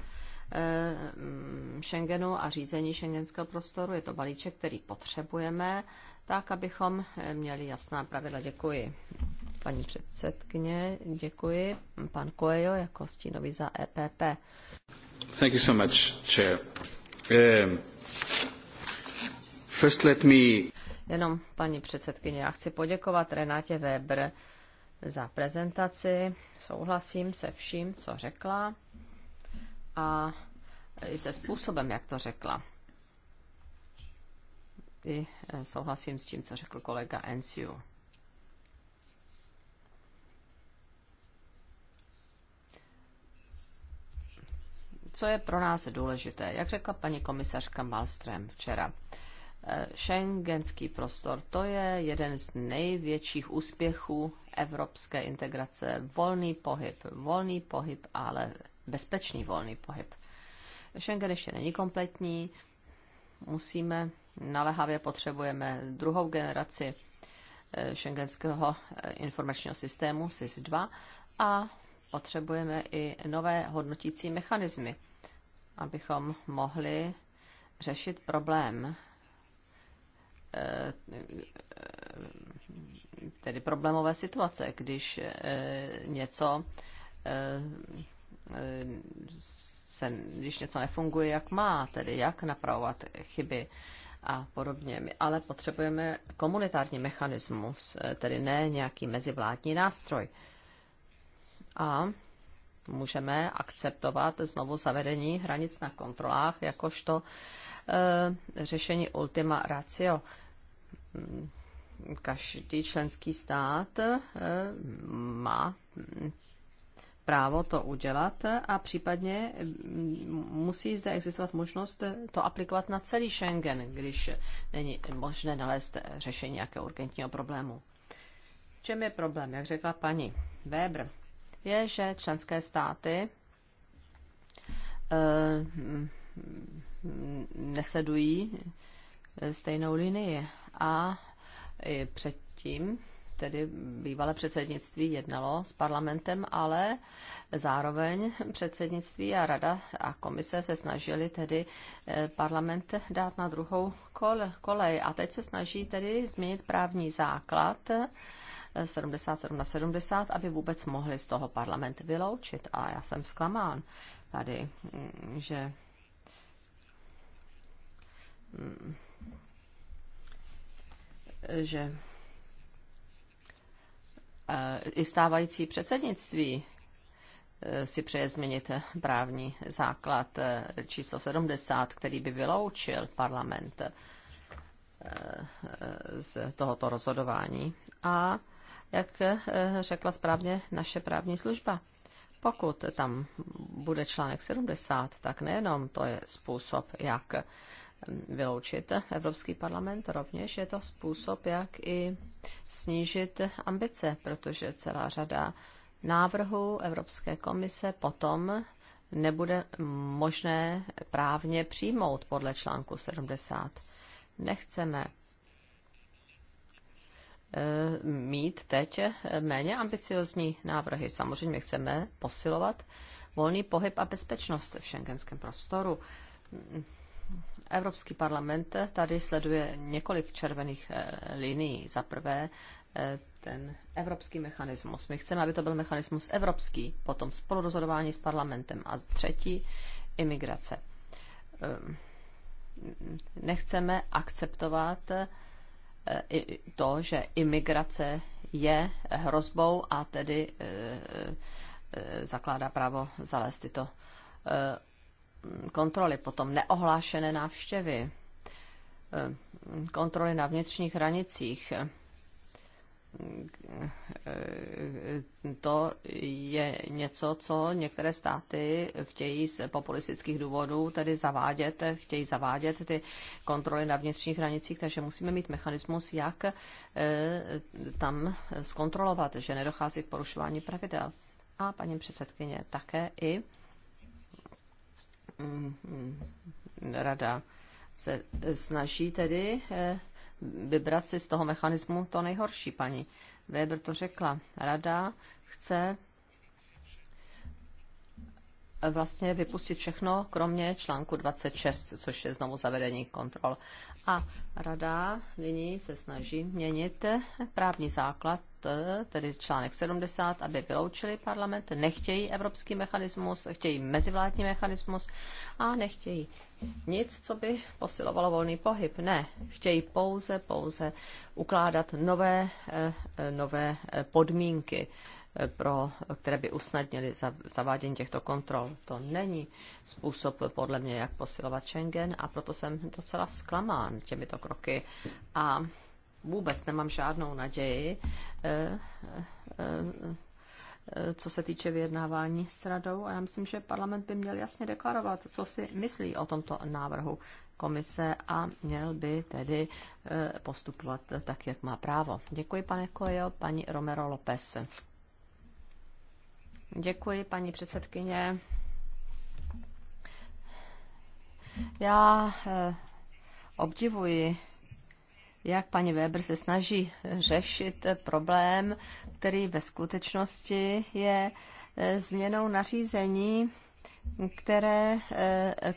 eh, mm, Schengenu a řízení šengenského prostoru. Je to balíček, který potřebujeme, tak abychom eh, měli jasná pravidla. Děkuji. Paní předsedkyně, děkuji. Pan Coelho jako stínový za EPP. Thank you so much, chair. Um, first let me... Jenom paní předsedkyně, já chci poděkovat Renátě Weber, za prezentaci. Souhlasím se vším, co řekla a i se způsobem, jak to řekla. I e, souhlasím s tím, co řekl kolega Ensiu. Co je pro nás důležité? Jak řekla paní komisařka Malström včera, Schengenský prostor, to je jeden z největších úspěchů evropské integrace. Volný pohyb, volný pohyb, ale bezpečný volný pohyb. Schengen ještě není kompletní, musíme, naléhavě potřebujeme druhou generaci eh, schengenského eh, informačního systému SIS-2 a potřebujeme i nové hodnotící mechanismy, abychom mohli řešit problém Eh, tedy problémové situace, když eh, něco eh, se, když něco nefunguje, jak má, tedy jak napravovat chyby a podobně. My ale potřebujeme komunitární mechanismus, tedy ne nějaký mezivládní nástroj. A můžeme akceptovat znovu zavedení hranic na kontrolách jakožto řešení ultima ratio. Mm, každý členský stát eh, má právo to udělat a případně mm, musí zde existovat možnost to aplikovat na celý Schengen, když není možné nalézt řešení nějakého urgentního problému. V čem je problém, jak řekla paní Weber, je, že členské státy eh, mm, nesledují stejnou linii a předtím tedy bývalé předsednictví jednalo s parlamentem, ale zároveň předsednictví a rada a komise se snažili tedy eh, parlament dát na druhou kolej. A teď se snaží tedy změnit právní základ 77 eh, na 70, aby vůbec mohli z toho parlament vyloučit. A já jsem zklamán tady, mm, že mm, že e, i stávající předsednictví e, si přeje změnit právní základ e, číslo 70, který by vyloučil parlament z tohoto rozhodování. A jak řekla správně naše právní služba, pokud tam bude článek 70, tak nejenom to je způsob, jak vyloučit Evropský parlament. Rovněž je to způsob, jak i snížit ambice, protože celá řada návrhů Evropské komise potom nebude možné právně přijmout podle článku 70. Nechceme eh, mít teď méně ambiciozní návrhy. Samozřejmě chceme posilovat volný pohyb a bezpečnost v šengenském prostoru. Evropský parlament tady sleduje několik červených eh, linií. Za prvé eh, ten evropský mechanismus. My chceme, aby to byl mechanismus evropský, potom spolurozhodování s parlamentem a třetí imigrace. Eh, nechceme akceptovat to, že imigrace je hrozbou a tedy zakládá právo zalézt tyto kontroly, potom neohlášené návštěvy, eh, kontroly na vnitřních hranicích. Eh, to je něco, co některé státy chtějí z populistických důvodů tedy zavádět, chtějí zavádět ty kontroly na vnitřních hranicích, takže musíme mít mechanismus, jak eh, tam zkontrolovat, že nedochází k porušování pravidel. A paní předsedkyně také i Mm-hmm. rada se snaží tedy eh, vybrat si z toho mechanismu to nejhorší. Paní Weber to řekla. Rada chce eh, vlastně vypustit všechno, kromě článku 26, což je znovu zavedení kontrol. A Rada nyní se snaží měnit právní základ, tedy článek 70, aby vyloučili parlament. Nechtějí evropský mechanismus, chtějí mezivládní mechanismus a nechtějí nic, co by posilovalo volný pohyb. Ne, chtějí pouze, pouze ukládat nové, eh, nové eh, podmínky pro, které by usnadnily zavádění těchto kontrol. To není způsob, podle mě, jak posilovat Schengen a proto jsem docela zklamán těmito kroky. A vůbec nemám žádnou naději, eh, eh, eh, co se týče vyjednávání s radou. A já myslím, že parlament by měl jasně deklarovat, co si myslí o tomto návrhu komise a měl by tedy postupovat tak, jak má právo. Děkuji, pane Kojo, paní Romero López. Děkuji, paní předsedkyně. Já eh, obdivuji, jak paní Weber se snaží řešit problém, který ve skutečnosti je eh, změnou nařízení které, eh,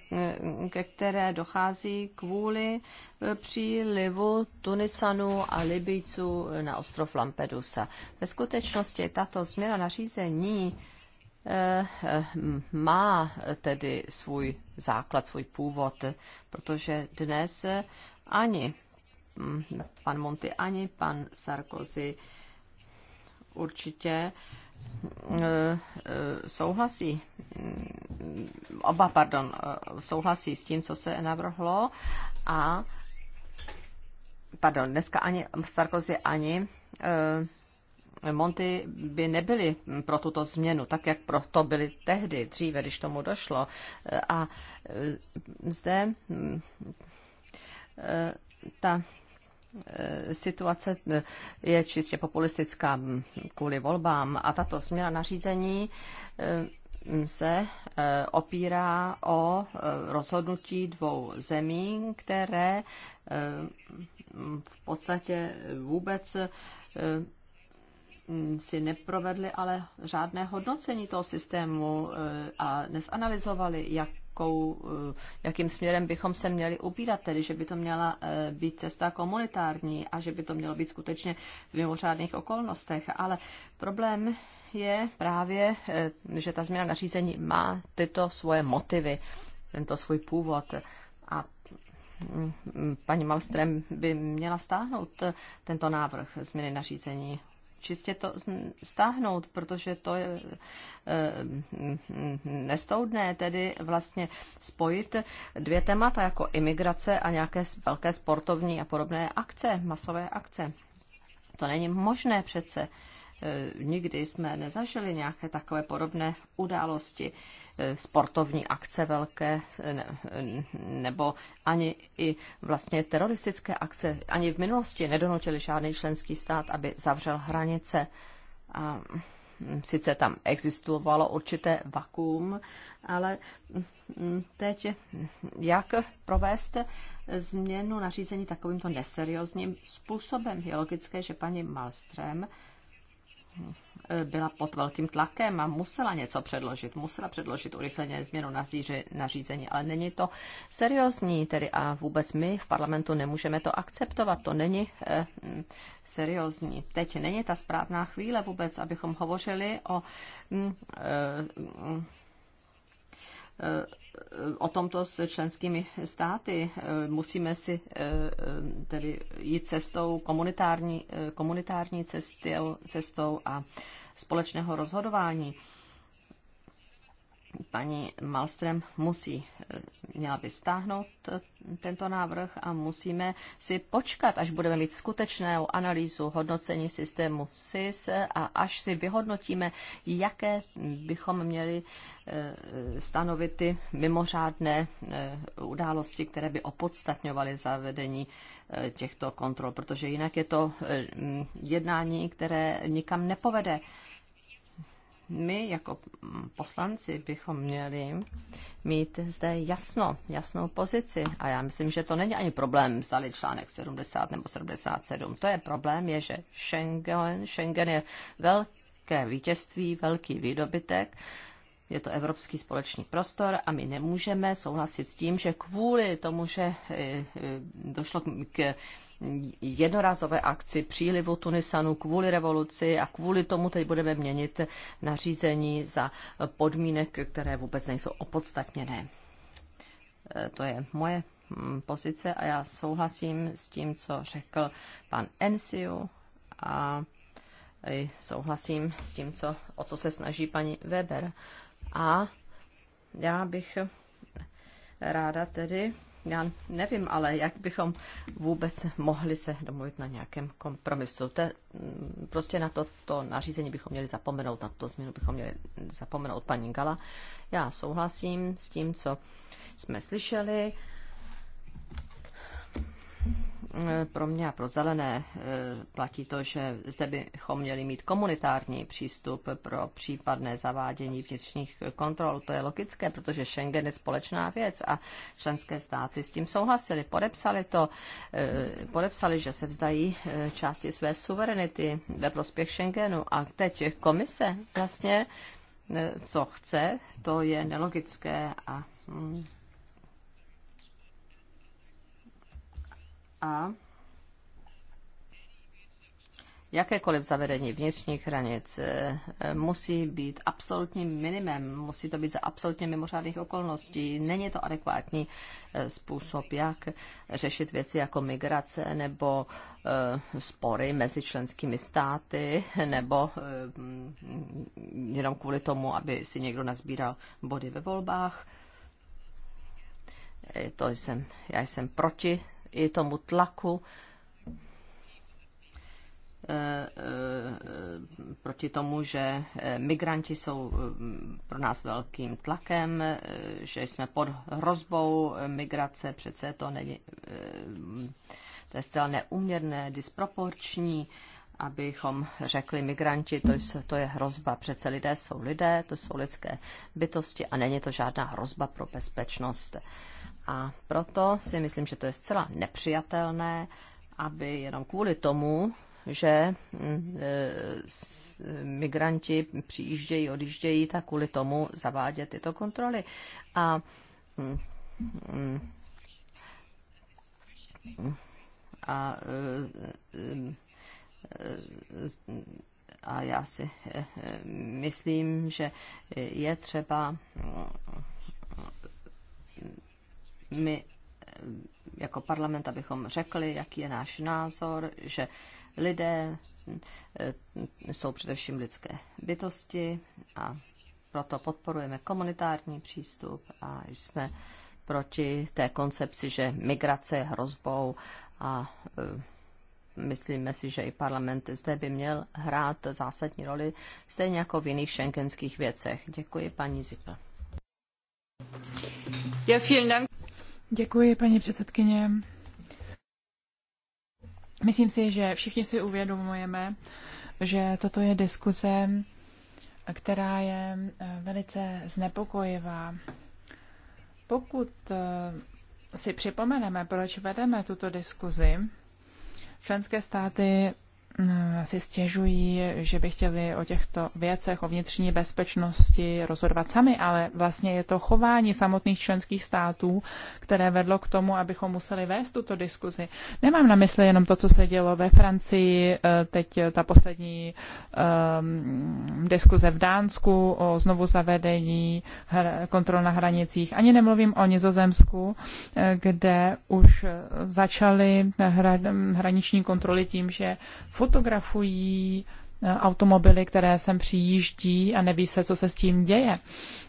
ke které dochází kvůli eh, přílivu Tunisanu a Libijců na ostrov Lampedusa. Ve skutečnosti tato změna nařízení eh, má tedy svůj základ, svůj původ, protože dnes ani pan Monty, ani pan Sarkozy určitě Eh, souhlasí, oba, pardon, eh, souhlasí s tím, co se navrhlo a pardon, dneska ani Sarkozy, ani eh, Monty by nebyly pro tuto změnu, tak jak pro to byly tehdy, dříve, když tomu došlo. A zde hm, ta Eh, situace eh, je čistě populistická kvůli volbám a tato směna nařízení eh, se opírá o rozhodnutí dvou zemí, které v podstatě vůbec si neprovedli ale řádné hodnocení toho systému a nesanalizovali, jak jakou, eh, jakým směrem bychom se měli ubírat, tedy že by to měla eh, být cesta komunitární a že by to mělo být skutečně v mimořádných okolnostech. Ale problém je právě, eh, že ta změna nařízení má tyto svoje motivy, tento svůj původ. A mm, mm, paní Malstrem by měla stáhnout tento návrh změny nařízení čistě to stáhnout, protože to je eh, mm, nestoudné, tedy vlastně spojit dvě témata jako imigrace a nějaké velké sportovní a podobné akce, masové akce. To není možné přece. Eh, nikdy jsme nezažili nějaké takové podobné události sportovní akce velké, nebo ani i vlastně teroristické akce. Ani v minulosti nedonutili žádný členský stát, aby zavřel hranice. A mm, sice tam existovalo určité vakuum, ale mm, teď jak provést změnu nařízení takovýmto neseriózním způsobem? Je logické, že paní Malström byla pod velkým tlakem a musela něco předložit, musela předložit urychleně změnu na nařízení, ale není to seriózní, tedy a vůbec my v parlamentu nemůžeme to akceptovat, to není eh, mm, seriózní. Teď není ta správná chvíle vůbec, abychom hovořili o mm, eh, mm, eh, o tomto s členskými státy. Eh, musíme si eh, eh, tedy jít cestou komunitární, komunitární cestou a společného rozhodování paní Malstrem musí, eh, měla by stáhnout eh, tento návrh a musíme si počkat, až budeme mít skutečnou analýzu hodnocení systému SIS a až si vyhodnotíme, jaké bychom měli eh, stanovit ty mimořádné události, které by opodstatňovaly zavedení těchto kontrol, protože jinak je to jednání, které nikam nepovede my jako poslanci bychom měli mít zde jasno, jasnou pozici. A já myslím, že to není ani problém, zdali článek 70 nebo 77. To je problém, je, že Schengen, Schengen je velké vítězství, velký výdobytek. Je to evropský společný prostor a my nemůžeme souhlasit s tím, že kvůli tomu, že eh, eh, došlo k jednorázové akci přílivu Tunisanů kvůli revoluci a kvůli tomu teď budeme měnit nařízení za podmínek, které vůbec nejsou opodstatněné. E, to je moje mm, pozice a já souhlasím s tím, co řekl pan Ensiu a souhlasím s tím, co, o co se snaží paní Weber. A já bych ráda tedy já nevím, ale jak bychom vůbec mohli se domluvit na nějakém kompromisu. Te mm, prostě na toto to nařízení bychom měli zapomenout, na tuto změnu bychom měli zapomenout paní Gala. Já souhlasím s tím, co jsme slyšeli. Eh, pro mě a pro zelené eh, platí to, že zde bychom měli mít komunitární přístup pro případné zavádění vnitřních kontrol. To je logické, protože Schengen je společná věc a členské státy s tím souhlasili, podepsali to, eh, podepsali, že se vzdají části své suverenity ve prospěch Schengenu. A teď komise vlastně co chce, to je nelogické a hm, a jakékoliv zavedení vnitřních hranic eh, musí být absolutním minimem, musí to být za absolutně mimořádných okolností. Není to adekvátní eh, způsob, jak řešit věci jako migrace nebo eh, spory mezi členskými státy, nebo jenom kvůli tomu, aby si někdo nazbíral body ve volbách. To jsem, já jsem proti i tomu tlaku eh, eh, proti tomu, že eh, migranti jsou pro nás velkým tlakem, že jsme pod hrozbou migrace, přece to není, to je zcela neuměrné, disproporční, abychom řekli migranti, to, je to je hrozba. Přece lidé jsou lidé, to jsou lidské bytosti a není to žádná hrozba pro bezpečnost. A proto si myslím, že to je zcela nepřijatelné, aby jenom kvůli tomu, že mm, e, migranti přijíždějí, odjíždějí, tak kvůli tomu zavádět tyto kontroly. A mm, mm, a, e, e, a já si myslím, že je třeba my eh, jako parlament, abychom řekli, jaký je náš názor, že lidé eh, jsou především lidské bytosti a proto podporujeme komunitární přístup a jsme proti té koncepci, že migrace je hrozbou a eh, myslíme si, že i parlament zde by měl hrát zásadní roli, stejně jako v jiných šengenských věcech. Děkuji, paní Zipl. Ja, vielen Dank. Děkuji, paní předsedkyně. Myslím si, že všichni si uvědomujeme, že toto je diskuze, která je eh, velice znepokojivá. Pokud eh, si připomeneme, proč vedeme tuto diskuzi, členské státy Eh, si stěžují, že by chtěli o těchto věcech, o vnitřní bezpečnosti rozhodovat sami, ale vlastně je to chování samotných členských států, které vedlo k tomu, abychom museli vést tuto diskuzi. Nemám na mysli jenom to, co se dělo ve Francii, eh, teď ta poslední um, diskuze v Dánsku o znovu zavedení hr- kontrol na hranicích. Ani nemluvím o Nizozemsku, eh, kde už začaly hra- hraniční kontroly tím, že fotografují eh, automobily, které sem přijíždí a neví se, co se s tím děje.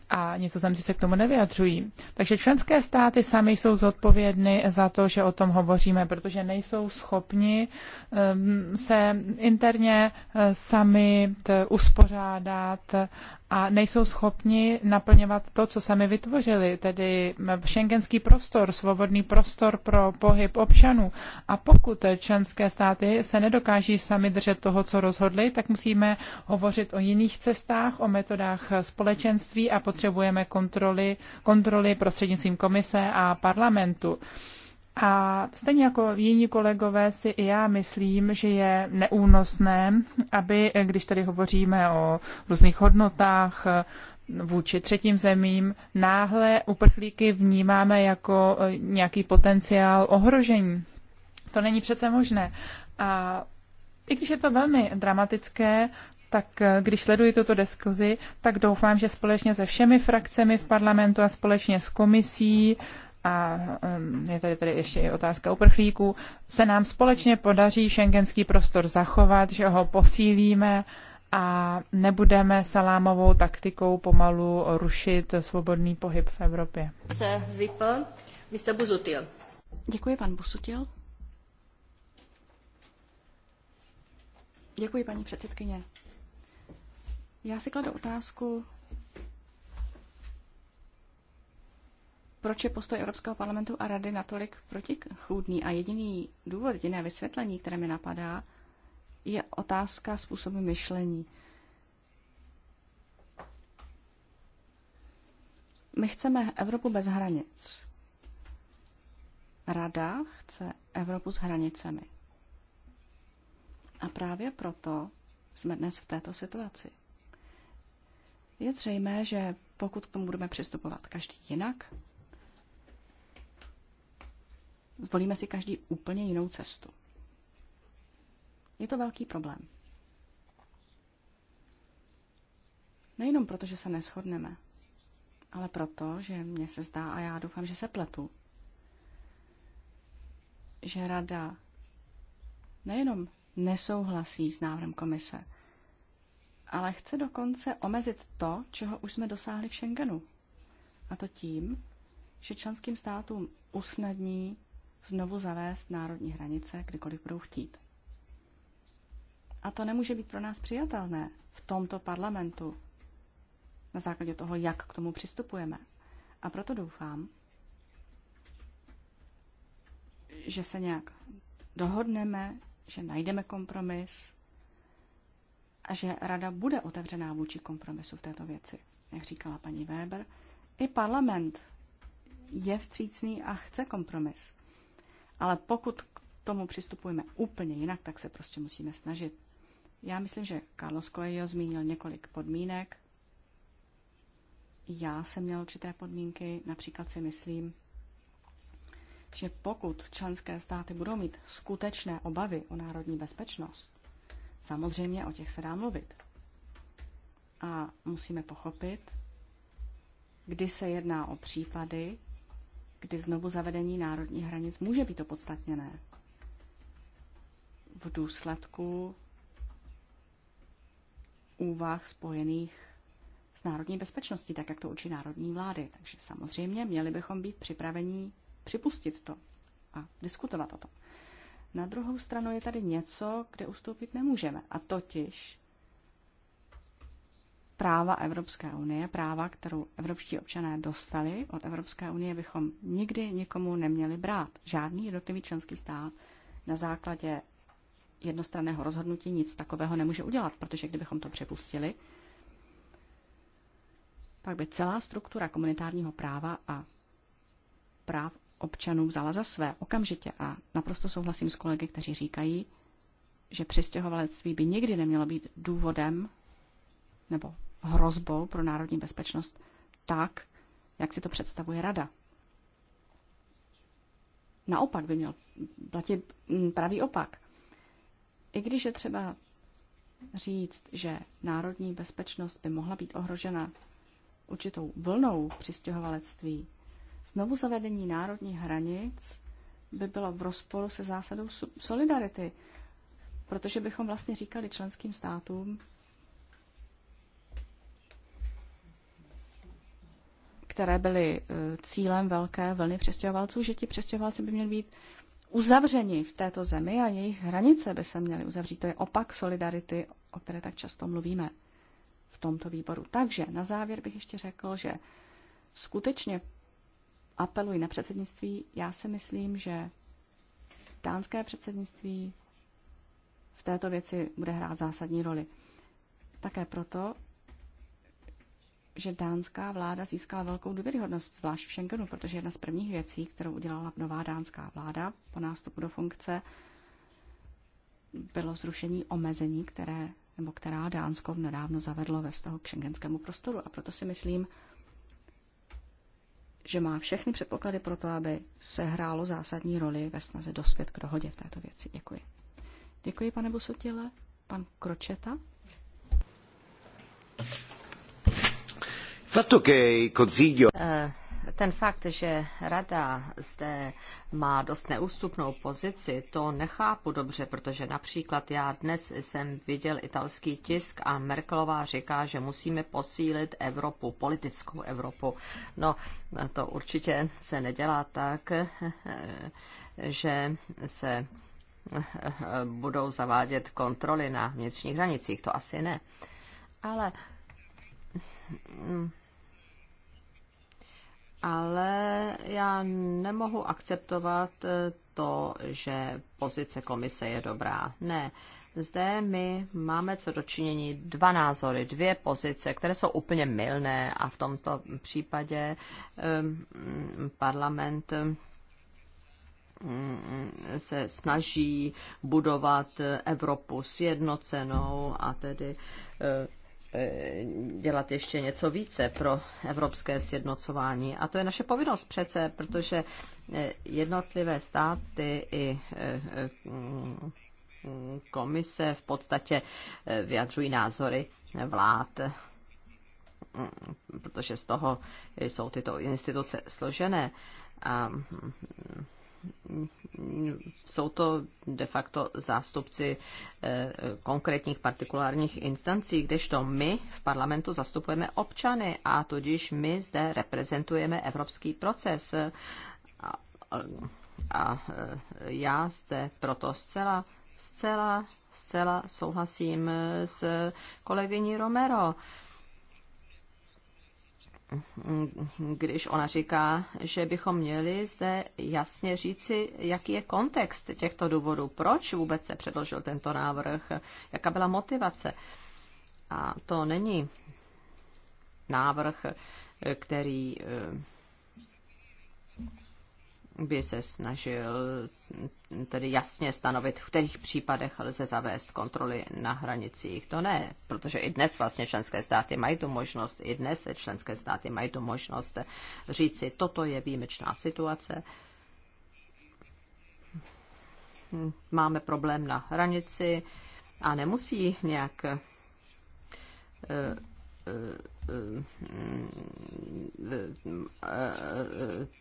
A něco jsem si se k tomu nevyjadřují. Takže členské státy sami jsou zodpovědny za to, že o tom hovoříme, protože nejsou schopni ehm, se interně eh, sami uspořádat a nejsou schopni naplňovat to, co sami vytvořili, tedy šengenský prostor, svobodný prostor pro pohyb občanů. A pokud členské státy se nedokáží sami držet toho, co rozhodli, tak musíme hovořit o jiných cestách, o metodách společenství a potřebujeme kontroly, kontroly prostřednictvím komise a parlamentu. A stejně jako jiní kolegové si i já myslím, že je neúnosné, aby, když tady hovoříme o různých hodnotách vůči třetím zemím, náhle uprchlíky vnímáme jako e, nějaký potenciál ohrožení. To není přece možné. A i když je to velmi dramatické, tak e, když sleduji tuto diskuzi, tak doufám, že společně se všemi frakcemi v parlamentu a společně s komisí a um, je tady tady ještě i otázka uprchlíků, se nám společně podaří šengenský prostor zachovat, že ho posílíme a nebudeme salámovou taktikou pomalu rušit svobodný pohyb v Evropě. Se Zipl, Mr. Buzutil. Děkuji, pan Busutil. Děkuji, paní předsedkyně. Já si kladu otázku, proč je postoj Evropského parlamentu a rady natolik protichůdný. A jediný důvod, jediné vysvětlení, které mi napadá, je otázka způsobu myšlení. My chceme Evropu bez hranic. Rada chce Evropu s hranicemi. A právě proto jsme dnes v této situaci. Je zřejmé, že pokud k tomu budeme přistupovat každý jinak, Zvolíme si každý úplně jinou cestu. Je to velký problém. Nejenom proto, že se neschodneme, ale proto, že mně se zdá, a já doufám, že se pletu, že rada nejenom nesouhlasí s návrhem komise, ale chce dokonce omezit to, čeho už jsme dosáhli v Schengenu. A to tím, že členským státům usnadní znovu zavést národní hranice, kdykoliv budou chtít. A to nemůže být pro nás přijatelné v tomto parlamentu na základě toho, jak k tomu přistupujeme. A proto doufám, že se nějak dohodneme, že najdeme kompromis a že rada bude otevřená vůči kompromisu v této věci. Jak říkala paní Weber, i parlament je vstřícný a chce kompromis. Ale pokud k tomu přistupujeme úplně jinak, tak se prostě musíme snažit. Já myslím, že Carlos Coelho zmínil několik podmínek. Já jsem měl určité podmínky, například si myslím, že pokud členské státy budou mít skutečné obavy o národní bezpečnost, samozřejmě o těch se dá mluvit. A musíme pochopit, kdy se jedná o případy, kdy znovu zavedení národních hranic může být opodstatněné v důsledku úvah spojených s národní bezpečností, tak jak to učí národní vlády. Takže samozřejmě měli bychom být připraveni připustit to a diskutovat o tom. Na druhou stranu je tady něco, kde ustoupit nemůžeme, a totiž práva Evropské unie, práva, kterou evropští občané dostali od Evropské unie, bychom nikdy nikomu neměli brát. Žádný jednotlivý členský stát na základě jednostranného rozhodnutí nic takového nemůže udělat, protože kdybychom to přepustili, pak by celá struktura komunitárního práva a práv občanů vzala za své okamžitě. A naprosto souhlasím s kolegy, kteří říkají, že přistěhovalectví by nikdy nemělo být důvodem nebo hrozbou pro národní bezpečnost tak, jak si to představuje rada. Naopak by měl platit mm, pravý opak. I když je třeba říct, že národní bezpečnost by mohla být ohrožena určitou vlnou přistěhovalectví, znovu zavedení národních hranic by bylo v rozporu se zásadou solidarity, protože bychom vlastně říkali členským státům, které byly e, cílem velké vlny přestěhovalců, že ti přestěhovalci by měli být uzavřeni v této zemi a jejich hranice by se měly uzavřít. To je opak solidarity, o které tak často mluvíme v tomto výboru. Takže na závěr bych ještě řekl, že skutečně apeluji na předsednictví. Já si myslím, že dánské předsednictví v této věci bude hrát zásadní roli. Také proto, že dánská vláda získala velkou důvěryhodnost, zvlášť v Schengenu, protože jedna z prvních věcí, kterou udělala nová dánská vláda po nástupu do funkce, bylo zrušení omezení, které, nebo která Dánsko nedávno zavedlo ve vztahu k šengenskému prostoru. A proto si myslím, že má všechny předpoklady pro to, aby se hrálo zásadní roli ve snaze dospět k dohodě v této věci. Děkuji. Děkuji, pane Busotile. Pan Kročeta. Eh, ten fakt, že rada zde má dost neústupnou pozici, to nechápu dobře, protože například já dnes jsem viděl italský tisk a Merkelová říká, že musíme posílit Evropu, politickou Evropu. No, to určitě se nedělá tak, že se eh, budou zavádět kontroly na vnitřních hranicích, to asi ne. Ale mm, ale já nemohu akceptovat eh, to, že pozice komise je dobrá. Ne. Zde my máme co dočinění dva názory, dvě pozice, které jsou úplně mylné a v tomto případě um, parlament ehm, se snaží budovat Evropu sjednocenou a tedy eh, E, dělat ještě něco více pro evropské sjednocování. A to je naše povinnost přece, protože e, jednotlivé státy i e, komise v podstatě vyjadřují názory vlád, protože z toho jsou tyto instituce složené. A jsou to de facto zástupci eh, konkrétních partikulárních instancí, kdežto my v parlamentu zastupujeme občany a tudíž my zde reprezentujeme evropský proces. A, a eh, já zde proto zcela, zcela, zcela souhlasím s kolegyní Romero když ona říká, že bychom měli zde jasně říci, jaký je kontext těchto důvodů, proč vůbec se předložil tento návrh, jaká byla motivace. A to není návrh, který eh, by se snažil tedy jasně stanovit, v kterých případech lze zavést kontroly na hranicích. To ne, protože i dnes vlastně členské státy mají tu možnost, i dnes členské státy mají tu možnost říci, toto je výjimečná situace, máme problém na hranici a nemusí nějak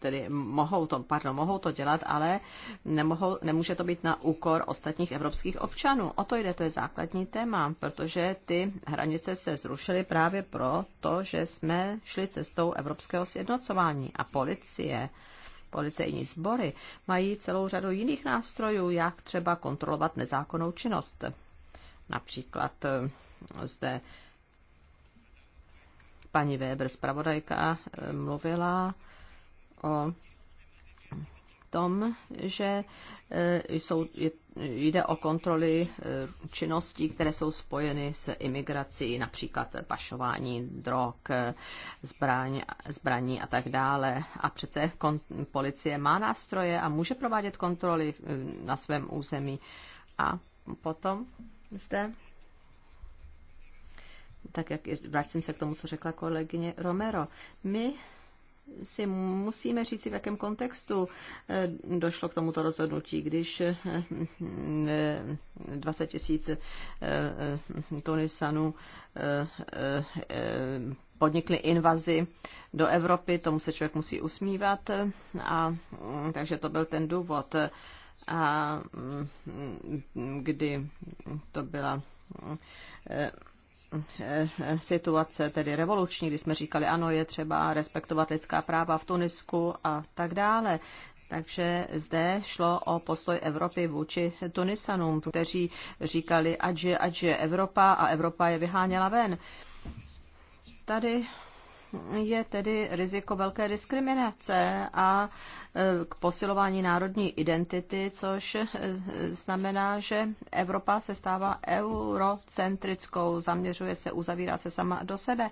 tedy mohou to, pardon, mohou to dělat, ale nemohou, nemůže to být na úkor ostatních evropských občanů. O to jde, to je základní téma, protože ty hranice se zrušily právě proto, že jsme šli cestou evropského sjednocování a policie Policejní sbory mají celou řadu jiných nástrojů, jak třeba kontrolovat nezákonnou činnost. Například eh, zde Paní Weber, zpravodajka, eh, mluvila o tom, že eh, jsou, jde o kontroly eh, činností, které jsou spojeny s imigrací, například pašování drog, zbraň, zbraní a tak dále. A přece kon, policie má nástroje a může provádět kontroly na svém území. A potom zde tak jak vracím se k tomu, co řekla kolegyně Romero, my si musíme říci, v jakém kontextu eh, došlo k tomuto rozhodnutí, když 20 eh, eh, tisíc Tunisanů podnikli invazi do Evropy, tomu se člověk musí usmívat, a, mm, takže to byl ten důvod, a, mm, kdy to byla situace, tedy revoluční, kdy jsme říkali, ano, je třeba respektovat lidská práva v Tunisku a tak dále. Takže zde šlo o postoj Evropy vůči Tunisanům, kteří říkali, ať je, ať je Evropa a Evropa je vyháněla ven. Tady je tedy riziko velké diskriminace a e, k posilování národní identity, což e, znamená, že Evropa se stává eurocentrickou, zaměřuje se, uzavírá se sama do sebe.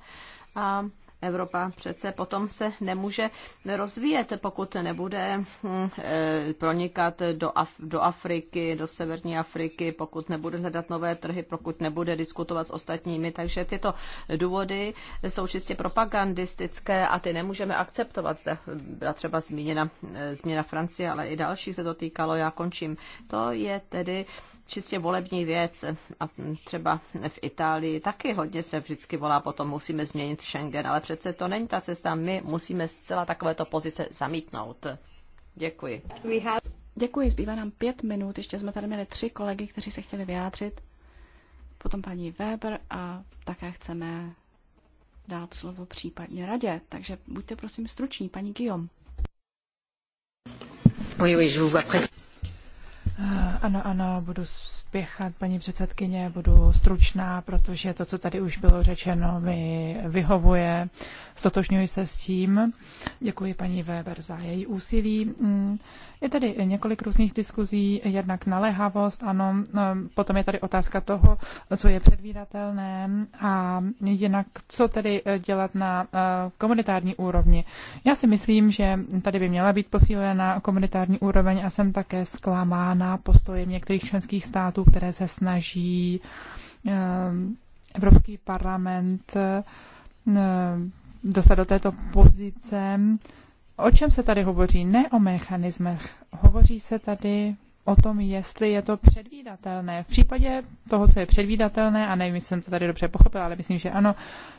A Evropa přece potom se nemůže rozvíjet, pokud nebude hm, eh, pronikat do, Af- do Afriky, do Severní Afriky, pokud nebude hledat nové trhy, pokud nebude diskutovat s ostatními. Takže tyto důvody jsou čistě propagandistické a ty nemůžeme akceptovat. Zde byla třeba zmíněna eh, změna Francie, ale i dalších se to týkalo. Já končím. To je tedy čistě volební věc a třeba v Itálii taky hodně se vždycky volá potom musíme změnit Schengen, ale přece to není ta cesta, my musíme zcela takovéto pozice zamítnout. Děkuji. Děkuji, zbývá nám pět minut, ještě jsme tady měli tři kolegy, kteří se chtěli vyjádřit, potom paní Weber a také chceme dát slovo případně radě, takže buďte prosím struční, paní Guillaume. Oui, oui, je vous vois Eh, ano, ano, budu spěchat, paní předsedkyně, budu stručná, protože to, co tady už bylo řečeno, mi vyhovuje. Stotožňuji se s tím. Děkuji paní Weber za její úsilí. Mm, je tady několik různých diskuzí, jednak naléhavost, ano, no, potom je tady otázka toho, co je předvídatelné a jinak, co tedy eh, dělat na eh, komunitární úrovni. Já si myslím, že tady by měla být posílena komunitární úroveň a jsem také zklamána možná postojem některých členských států, které se snaží ehm, Evropský parlament ehm, dostat do této pozice. O čem se tady hovoří? Ne o mechanismech. Hovoří se tady o tom, jestli je to předvídatelné. V případě toho, co je předvídatelné, a nevím, jestli jsem to tady dobře pochopila, ale myslím, že ano,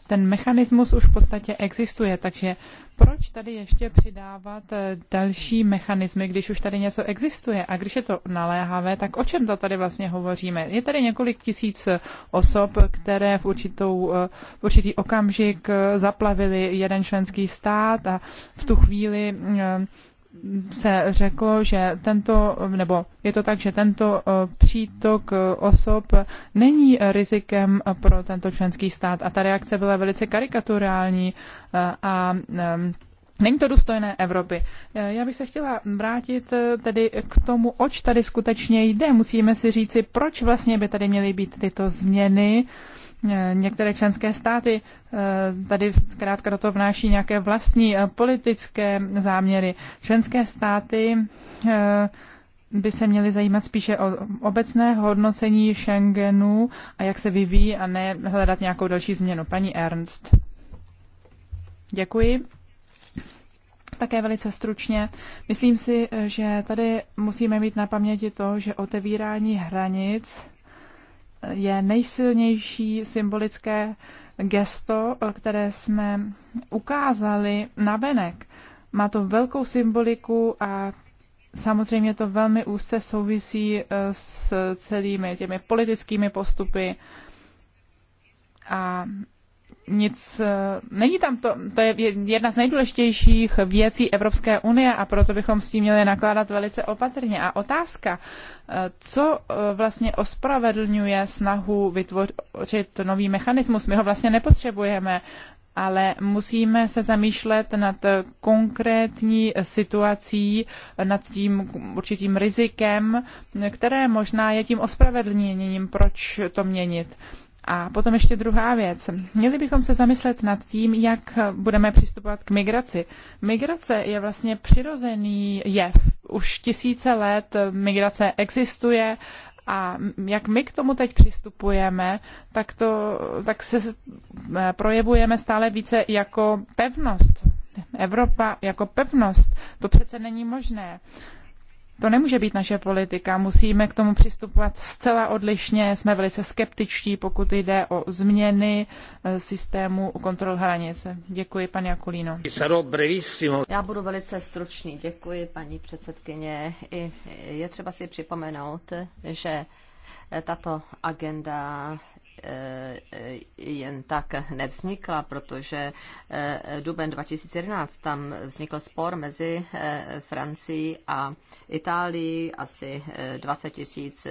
ten mechanismus už v podstatě existuje, takže proč tady ještě přidávat eh, další mechanismy, když už tady něco existuje? A když je to naléhavé, tak o čem to tady vlastně hovoříme? Je tady několik tisíc osob, které v, určitou, eh, v určitý okamžik eh, zaplavili jeden členský stát a v tu chvíli se řeklo, že tento, nebo je to tak, že tento eh, přítok eh, osob není eh, rizikem pro tento členský stát. A ta reakce byla velice karikaturální a ehm, Není to důstojné Evropy. Já bych se chtěla vrátit tedy k tomu, oč tady skutečně jde. Musíme si říci, proč vlastně by tady měly být tyto změny. Eh, některé členské státy eh, tady zkrátka do toho vnáší nějaké vlastní eh, politické záměry. Členské státy by se měly zajímat spíše o obecné hodnocení Schengenu a jak se vyvíjí a ne hledat nějakou další změnu. Paní Ernst. Děkuji. Také velice stručně. Myslím si, že tady musíme mít na paměti to, že otevírání hranic je nejsilnější symbolické gesto, které jsme ukázali na venek. Má to velkou symboliku a samozřejmě to velmi úzce souvisí e, s celými těmi politickými postupy a nic, eh, není tam to, to je jedna z nejdůležitějších věcí Evropské unie a proto bychom s tím měli nakládat velice opatrně. A otázka, eh, co eh, vlastně ospravedlňuje snahu vytvořit nový mechanismus, my ho vlastně nepotřebujeme, ale musíme se zamýšlet nad konkrétní situací, nad tím určitým rizikem, které možná je tím ospravedlněním, proč to měnit. A potom ještě druhá věc. Měli bychom se zamyslet nad tím, jak budeme přistupovat k migraci. Migrace je vlastně přirozený jev. Už tisíce let migrace existuje a jak my k tomu teď přistupujeme, tak, to, tak se eh, projevujeme stále více jako pevnost. Evropa jako pevnost. To přece není možné. To nemůže být naše politika, musíme k tomu přistupovat zcela odlišně, jsme velice skeptičtí, pokud jde o změny eh, systému kontrol hranice. Děkuji, pan Jakulíno. Já budu velice stručný, děkuji, paní předsedkyně. Je třeba si připomenout, že tato agenda Eh, jen tak nevznikla, protože eh, duben 2011 tam vznikl spor mezi eh, Francií a Itálií, asi 20 tisíc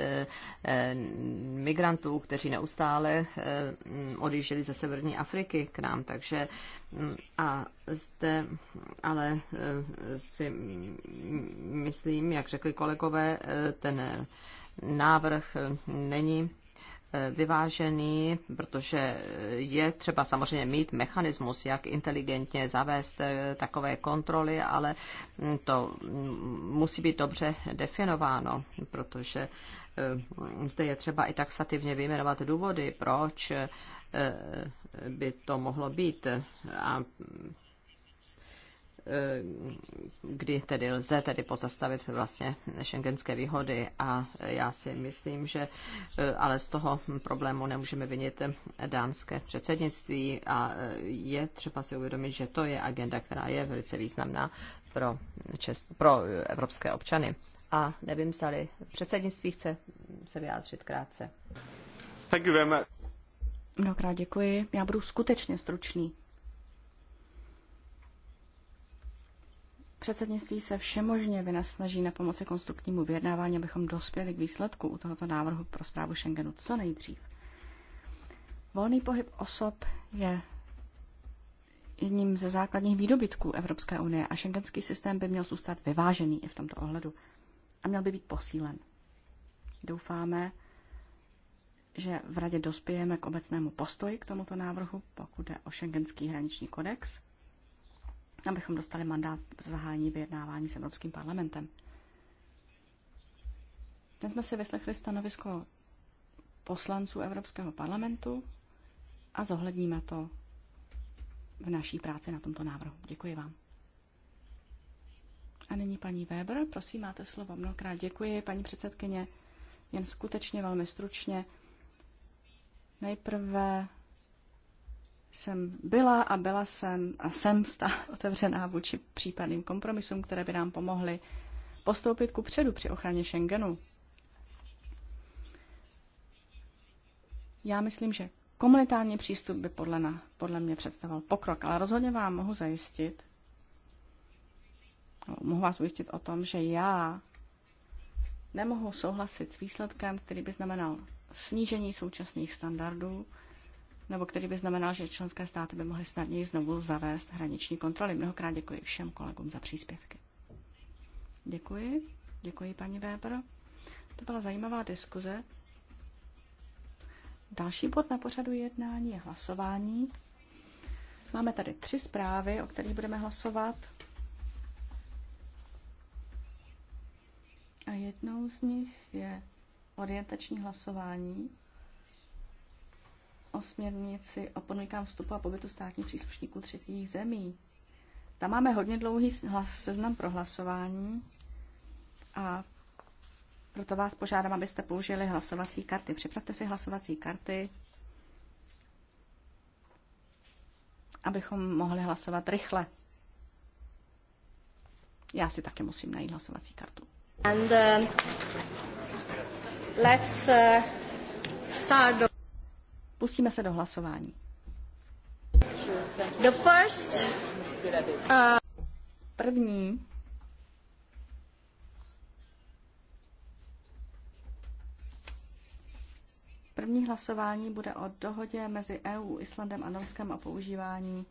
migrantů, kteří neustále odjížděli ze severní Afriky k nám, takže mm, a zde ale si myslím, jak řekli kolegové, ten návrh není Eh, vyvážený, protože je třeba samozřejmě mít mechanismus, jak inteligentně zavést eh, takové kontroly, ale mm, to mm, musí být dobře definováno, protože eh, zde je třeba i taxativně vyjmenovat důvody, proč by to mohlo být. A mm, Eh, kdy tedy lze tedy pozastavit vlastně šengenské výhody a já si myslím, že eh, ale z toho problému nemůžeme vinit dánské předsednictví a eh, je třeba si uvědomit, že to je agenda, která je velice významná pro, čes, pro evropské občany. A nevím, zdali předsednictví chce se vyjádřit krátce. Thank you very much. Mnohokrát děkuji. Já budu skutečně stručný. Předsednictví se všemožně vynasnaží na pomoci konstruktnímu vyjednávání, abychom dospěli k výsledku u tohoto návrhu pro zprávu Schengenu co nejdřív. Volný pohyb osob je jedním ze základních výdobytků Evropské unie a šengenský systém by měl zůstat vyvážený i v tomto ohledu a měl by být posílen. Doufáme, že v Radě dospějeme k obecnému postoji k tomuto návrhu, pokud jde o šengenský hraniční kodex abychom dostali mandát pro zahájení vyjednávání s Evropským parlamentem. Dnes jsme si vyslechli stanovisko poslanců Evropského parlamentu a zohledníme to v naší práci na tomto návrhu. Děkuji vám. A nyní paní Weber, prosím, máte slovo. Mnohokrát děkuji, paní předsedkyně. Jen skutečně velmi stručně. Nejprve jsem byla a byla jsem a jsem stále otevřená vůči případným kompromisům, které by nám pomohly postoupit ku předu při ochraně Schengenu. Já myslím, že komunitární přístup by podle, na, podle mě představoval pokrok, ale rozhodně vám mohu zajistit, mohu vás ujistit o tom, že já nemohu souhlasit s výsledkem, který by znamenal snížení současných standardů nebo který by znamenal, že členské státy by mohly snadněji znovu zavést hraniční kontroly. Mnohokrát děkuji všem kolegům za příspěvky. Děkuji. Děkuji, paní Weber. To byla zajímavá diskuze. Další bod na pořadu jednání je hlasování. Máme tady tři zprávy, o kterých budeme hlasovat. A jednou z nich je orientační hlasování o směrnici o podmínkám vstupu a pobytu státních příslušníků třetích zemí. Tam máme hodně dlouhý hlas, seznam pro hlasování a proto vás požádám, abyste použili hlasovací karty. Připravte si hlasovací karty, abychom mohli hlasovat rychle. Já si taky musím najít hlasovací kartu. And, uh, let's, uh, start the... Pustíme se do hlasování. The first, uh... První První hlasování bude o dohodě mezi EU, Islandem a Norskem a používání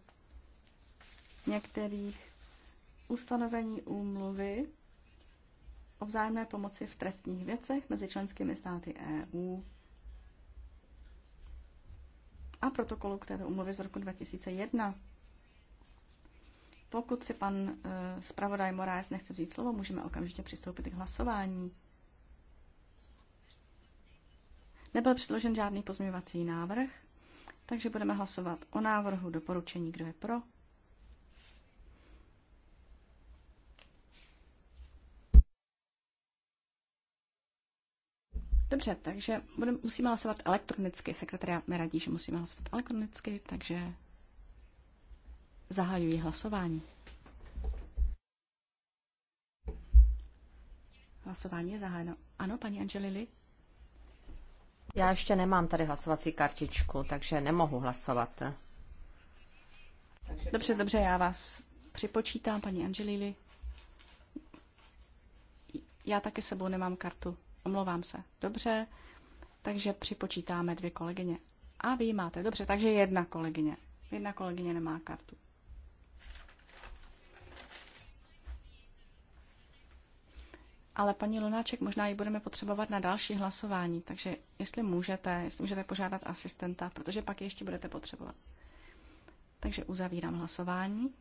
některých ustanovení úmluvy o vzájemné pomoci v trestních věcech mezi členskými státy EU a protokolu k této umluvě z roku 2001. Pokud si pan uh, zpravodaj Moráez nechce vzít slovo, můžeme okamžitě přistoupit k hlasování. Nebyl předložen žádný pozměňovací návrh, takže budeme hlasovat o návrhu doporučení, kdo je pro, Dobře, takže budem, musíme hlasovat elektronicky. Sekretariat mi radí, že musíme hlasovat elektronicky, takže zahajuji hlasování. Hlasování je zahájeno. Ano, paní Angelili? Já ještě nemám tady hlasovací kartičku, takže nemohu hlasovat. Dobře, dobře, já vás připočítám, paní Angelili. Já taky sebou nemám kartu. Omlouvám se. Dobře, takže připočítáme dvě kolegyně. A vy máte. Dobře, takže jedna kolegyně. Jedna kolegyně nemá kartu. Ale paní Lunáček, možná ji budeme potřebovat na další hlasování, takže jestli můžete, jestli můžete požádat asistenta, protože pak ještě budete potřebovat. Takže uzavírám hlasování.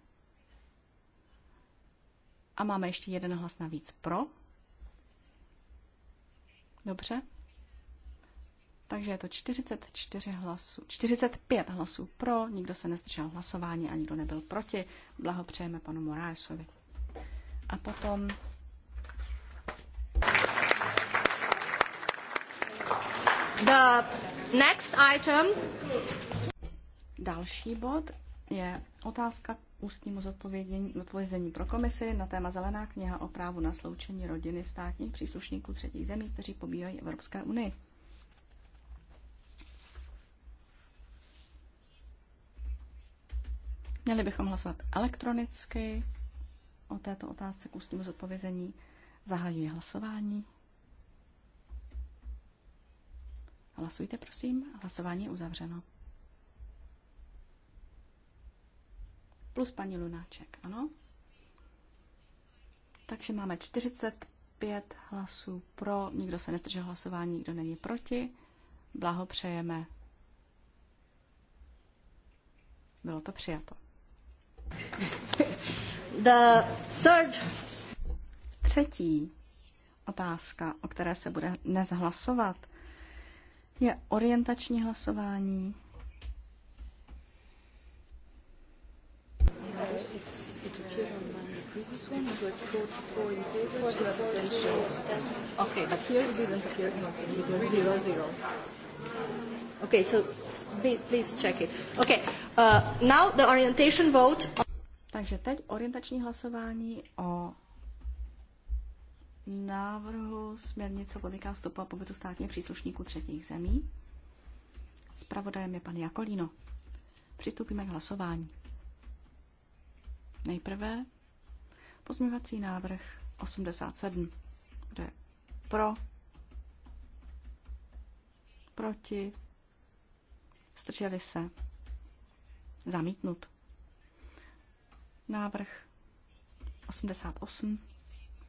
A máme ještě jeden hlas navíc pro. Dobře. Takže je to 44 hlasů, 45 hlasů pro, nikdo se nezdržel hlasování a nikdo nebyl proti. Blahopřejeme panu Moráesovi. A potom The next item. Další bod je otázka k ústnímu zodpovězení pro komisi na téma Zelená kniha o právu na sloučení rodiny státních příslušníků třetích zemí, kteří pobývají Evropské unii. Měli bychom hlasovat elektronicky o této otázce k ústnímu zodpovězení. Zahajuji hlasování. Hlasujte, prosím. Hlasování je uzavřeno. plus paní Lunáček, ano? Takže máme 45 hlasů pro, nikdo se nezdržel hlasování, nikdo není proti. Blahopřejeme. Bylo to přijato. The third. Třetí otázka, o které se bude dnes hlasovat, je orientační hlasování this one it was 44 in favor, 2 abstentions. Okay, but here we didn't hear nothing. It was 0 0. Okay, so please check it. Okay, uh, now the orientation vote. On... Takže teď orientační hlasování o návrhu směrnice o vstupu a pobytu státních příslušníků třetích zemí. Spravodajem je pan Jakolino. Přistoupíme k hlasování. Nejprve Pozměvací návrh 87. Kdo je pro? Proti? Zdrželi se? Zamítnut. Návrh 88.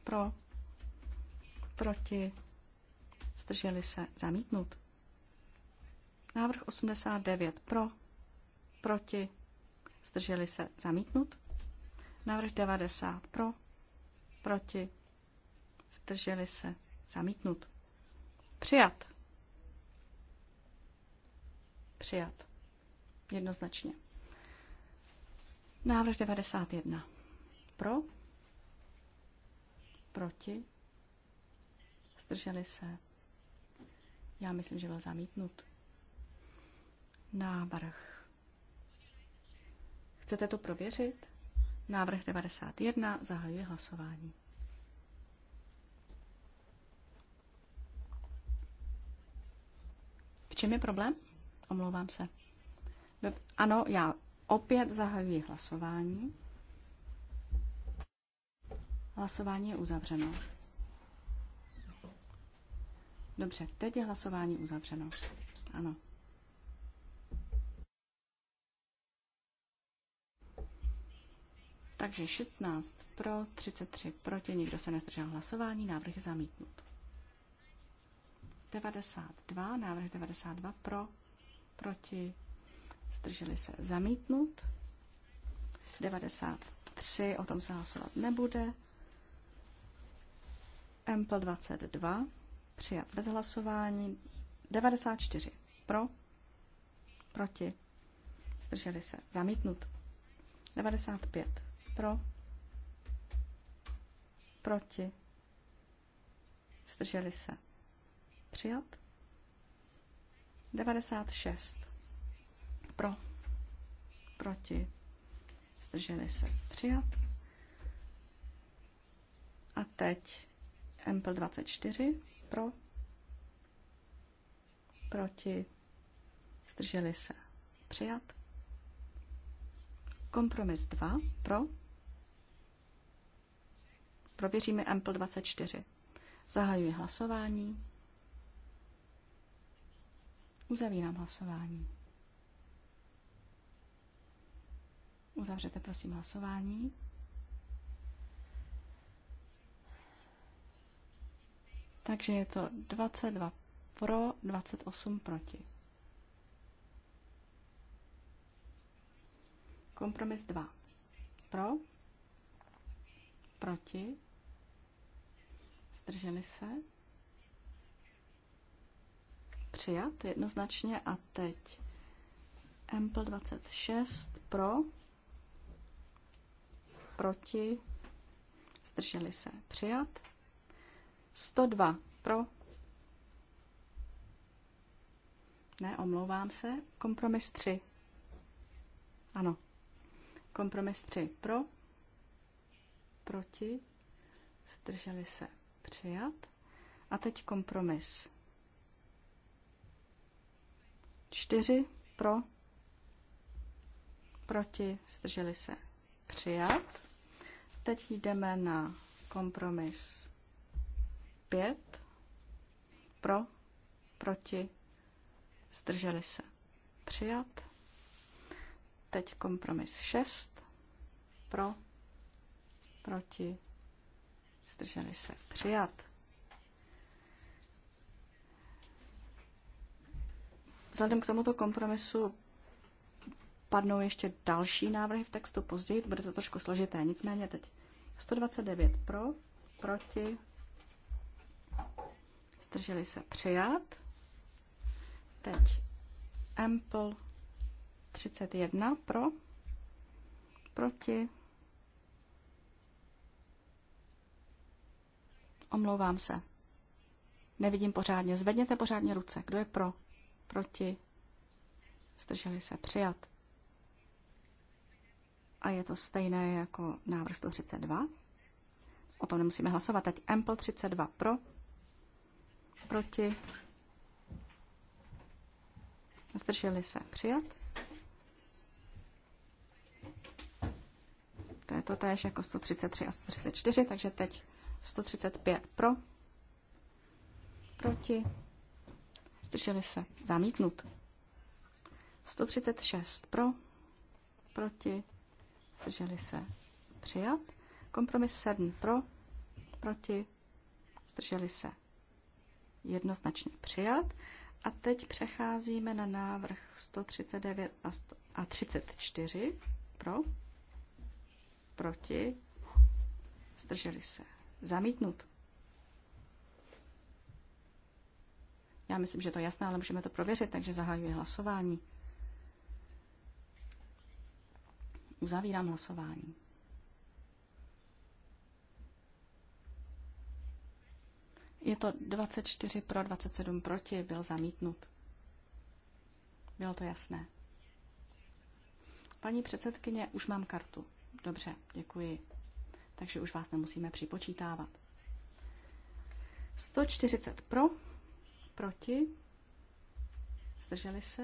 Pro? Proti? Zdrželi se? Zamítnut. Návrh 89. Pro? Proti? Zdrželi se? Zamítnut. Návrh 90 pro, proti, zdrželi se, zamítnut. Přijat. Přijat. Jednoznačně. Návrh 91. Pro, proti, zdrželi se. Já myslím, že byl zamítnut. Návrh. Chcete to prověřit? Návrh 91. zahajuje hlasování. V čem je problém? Omlouvám se. Dob- ano, já opět zahajuji hlasování. Hlasování je uzavřeno. Dobře, teď je hlasování uzavřeno. Ano. Takže 16 pro, 33 proti, nikdo se nezdržel hlasování, návrh je zamítnut. 92, návrh 92 pro, proti, zdrželi se zamítnut. 93, o tom se hlasovat nebude. Ample 22, přijat bez hlasování. 94 pro, proti, zdrželi se zamítnut. 95 pro? Proti? Zdrželi se. Přijat? 96. Pro? Proti? Zdrželi se. Přijat? A teď Ample 24. Pro? Proti? Zdrželi se. Přijat? Kompromis 2. Pro? Prověříme Ample 24. Zahajuji hlasování. Uzavírám hlasování. Uzavřete prosím hlasování. Takže je to 22 pro, 28 proti. Kompromis 2. Pro, proti, Zdrželi se? Přijat jednoznačně a teď Ample 26 pro, proti, zdrželi se, přijat. 102 pro, ne, omlouvám se, kompromis 3. Ano, kompromis 3 pro, proti, zdrželi se, Přijat. A teď kompromis. Čtyři pro, proti, zdrželi se. Přijat. Teď jdeme na kompromis pět pro, proti, zdrželi se. Přijat. Teď kompromis 6. Pro, proti, Zdrželi se. Přijat. Vzhledem k tomuto kompromisu padnou ještě další návrhy v textu později, bude to trošku složité, nicméně teď 129 pro, proti, zdrželi se přijat, teď Ample 31 pro, proti, Omlouvám se. Nevidím pořádně. Zvedněte pořádně ruce. Kdo je pro? Proti? Zdrželi se. Přijat. A je to stejné jako návrh 132. O tom nemusíme hlasovat. Teď Ample 32 pro. Proti? Zdrželi se. Přijat. To je to též jako 133 a 134, takže teď 135 pro, proti, zdrželi se, zamítnut. 136 pro, proti, zdrželi se, přijat. Kompromis 7 pro, proti, zdrželi se, jednoznačně přijat. A teď přecházíme na návrh 139 a, 100, a 34 pro, proti, zdrželi se, Zamítnut. Já myslím, že to je jasné, ale můžeme to prověřit, takže zahajuji hlasování. Uzavírám hlasování. Je to 24 pro, 27 proti, byl zamítnut. Bylo to jasné. Paní předsedkyně, už mám kartu. Dobře, děkuji takže už vás nemusíme připočítávat. 140 pro, proti, zdrželi se.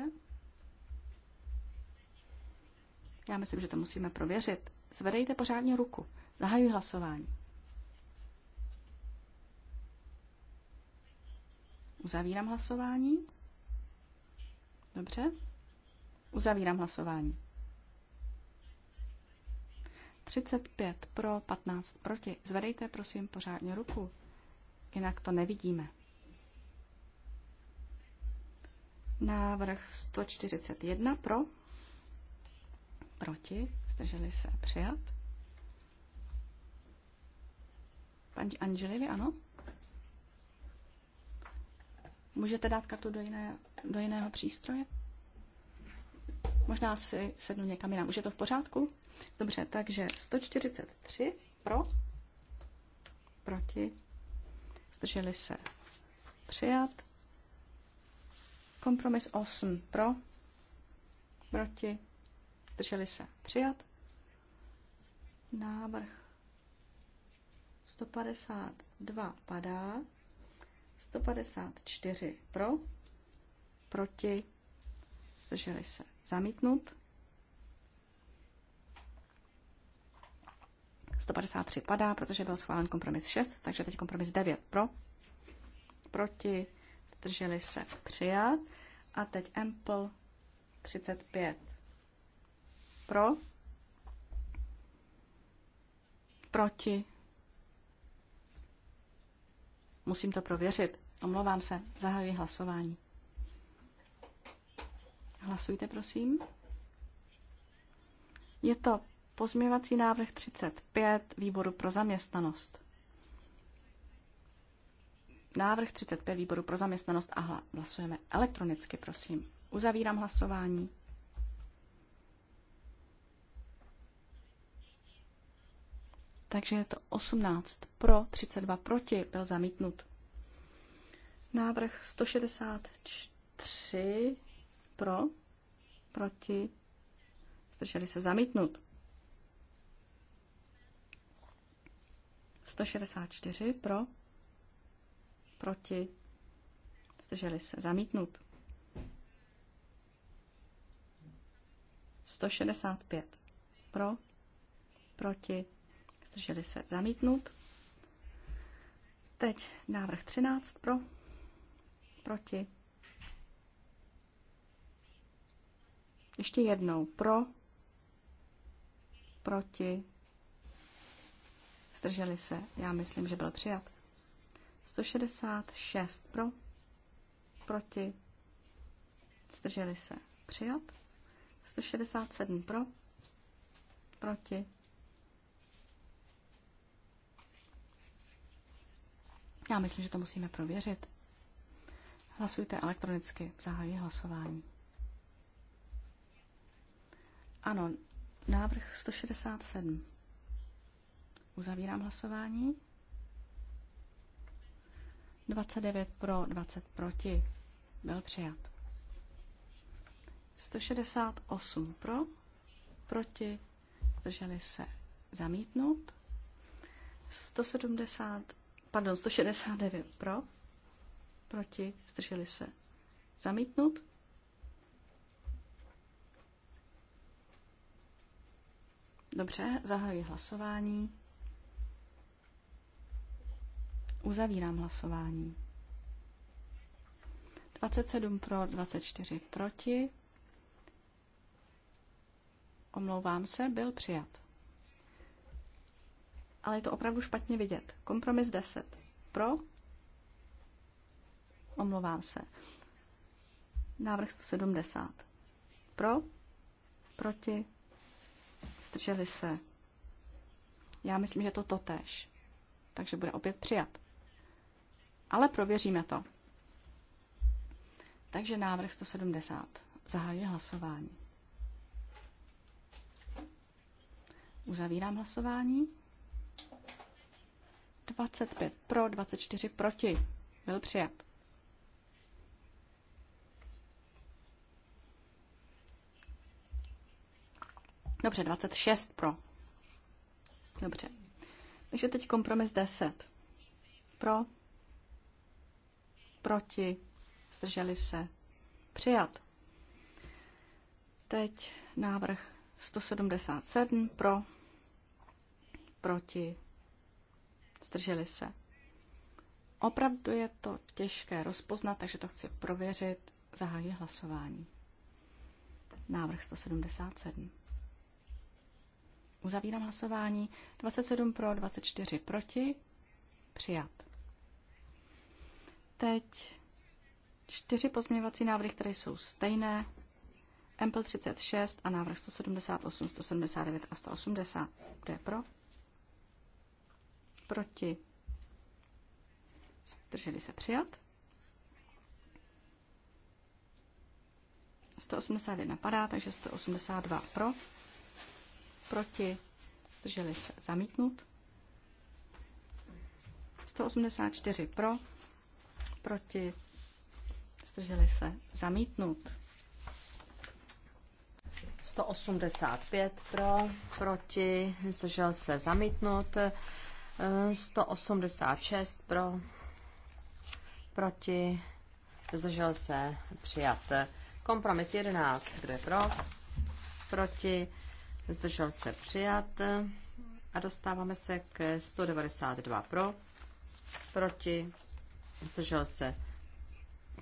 Já myslím, že to musíme prověřit. Zvedejte pořádně ruku. Zahajuji hlasování. Uzavírám hlasování. Dobře. Uzavírám hlasování. 35 pro, 15 proti. Zvedejte prosím pořádně ruku, jinak to nevidíme. Návrh 141 pro, proti, zdrželi se přijat. Paní Angelili, ano? Můžete dát kartu do, jiné, do jiného přístroje? Možná si sednu někam jinam. Už je to v pořádku? Dobře, takže 143 pro, proti, zdrželi se přijat. Kompromis 8 pro, proti, zdrželi se přijat. Návrh 152 padá, 154 pro, proti, zdrželi se Zamítnut. 153 padá, protože byl schválen kompromis 6, takže teď kompromis 9 pro. Proti. Zdrželi se přijat. A teď Ample 35 pro. Proti. Musím to prověřit. Omlouvám se. Zahajuji hlasování. Hlasujte, prosím. Je to pozměvací návrh 35 výboru pro zaměstnanost. Návrh 35 výboru pro zaměstnanost a hlasujeme elektronicky, prosím. Uzavírám hlasování. Takže je to 18 pro, 32 proti, byl zamítnut. Návrh 163 pro, proti, zdrželi se zamítnut. 164 pro, proti, zdrželi se zamítnut. 165 pro, proti, zdrželi se zamítnut. Teď návrh 13 pro, proti, Ještě jednou. Pro, proti, zdrželi se. Já myslím, že byl přijat. 166 pro, proti, zdrželi se. Přijat. 167 pro, proti. Já myslím, že to musíme prověřit. Hlasujte elektronicky. Zahajuji hlasování. Ano, návrh 167. Uzavírám hlasování. 29 pro, 20 proti. Byl přijat. 168 pro, proti, zdrželi se zamítnout. 170, pardon, 169 pro, proti, zdrželi se zamítnout. Dobře, zahajuji hlasování. Uzavírám hlasování. 27 pro, 24 proti. Omlouvám se, byl přijat. Ale je to opravdu špatně vidět. Kompromis 10. Pro? Omlouvám se. Návrh 170. Pro? Proti? zdrželi se. Já myslím, že to totéž. Takže bude opět přijat. Ale prověříme to. Takže návrh 170. Zahájí hlasování. Uzavírám hlasování. 25 pro, 24 proti. Byl přijat. Dobře, 26 pro. Dobře. Takže teď kompromis 10. Pro. Proti. Zdrželi se. Přijat. Teď návrh 177 pro. Proti. Zdrželi se. Opravdu je to těžké rozpoznat, takže to chci prověřit. Zahájí hlasování. Návrh 177. Uzavírám hlasování. 27 pro, 24 proti. Přijat. Teď čtyři pozměňovací návrhy, které jsou stejné. Mpl 36 a návrh 178, 179 a 180. Kdo je pro? Proti? Zdrželi se přijat. 181 padá, takže 182 pro proti, zdrželi se zamítnut. 184 pro, proti, zdrželi se zamítnut. 185 pro, proti, zdržel se zamítnut. 186 pro, proti, zdržel se přijat. Kompromis 11, kde pro, proti, zdržel se přijat a dostáváme se k 192 pro, proti, zdržel se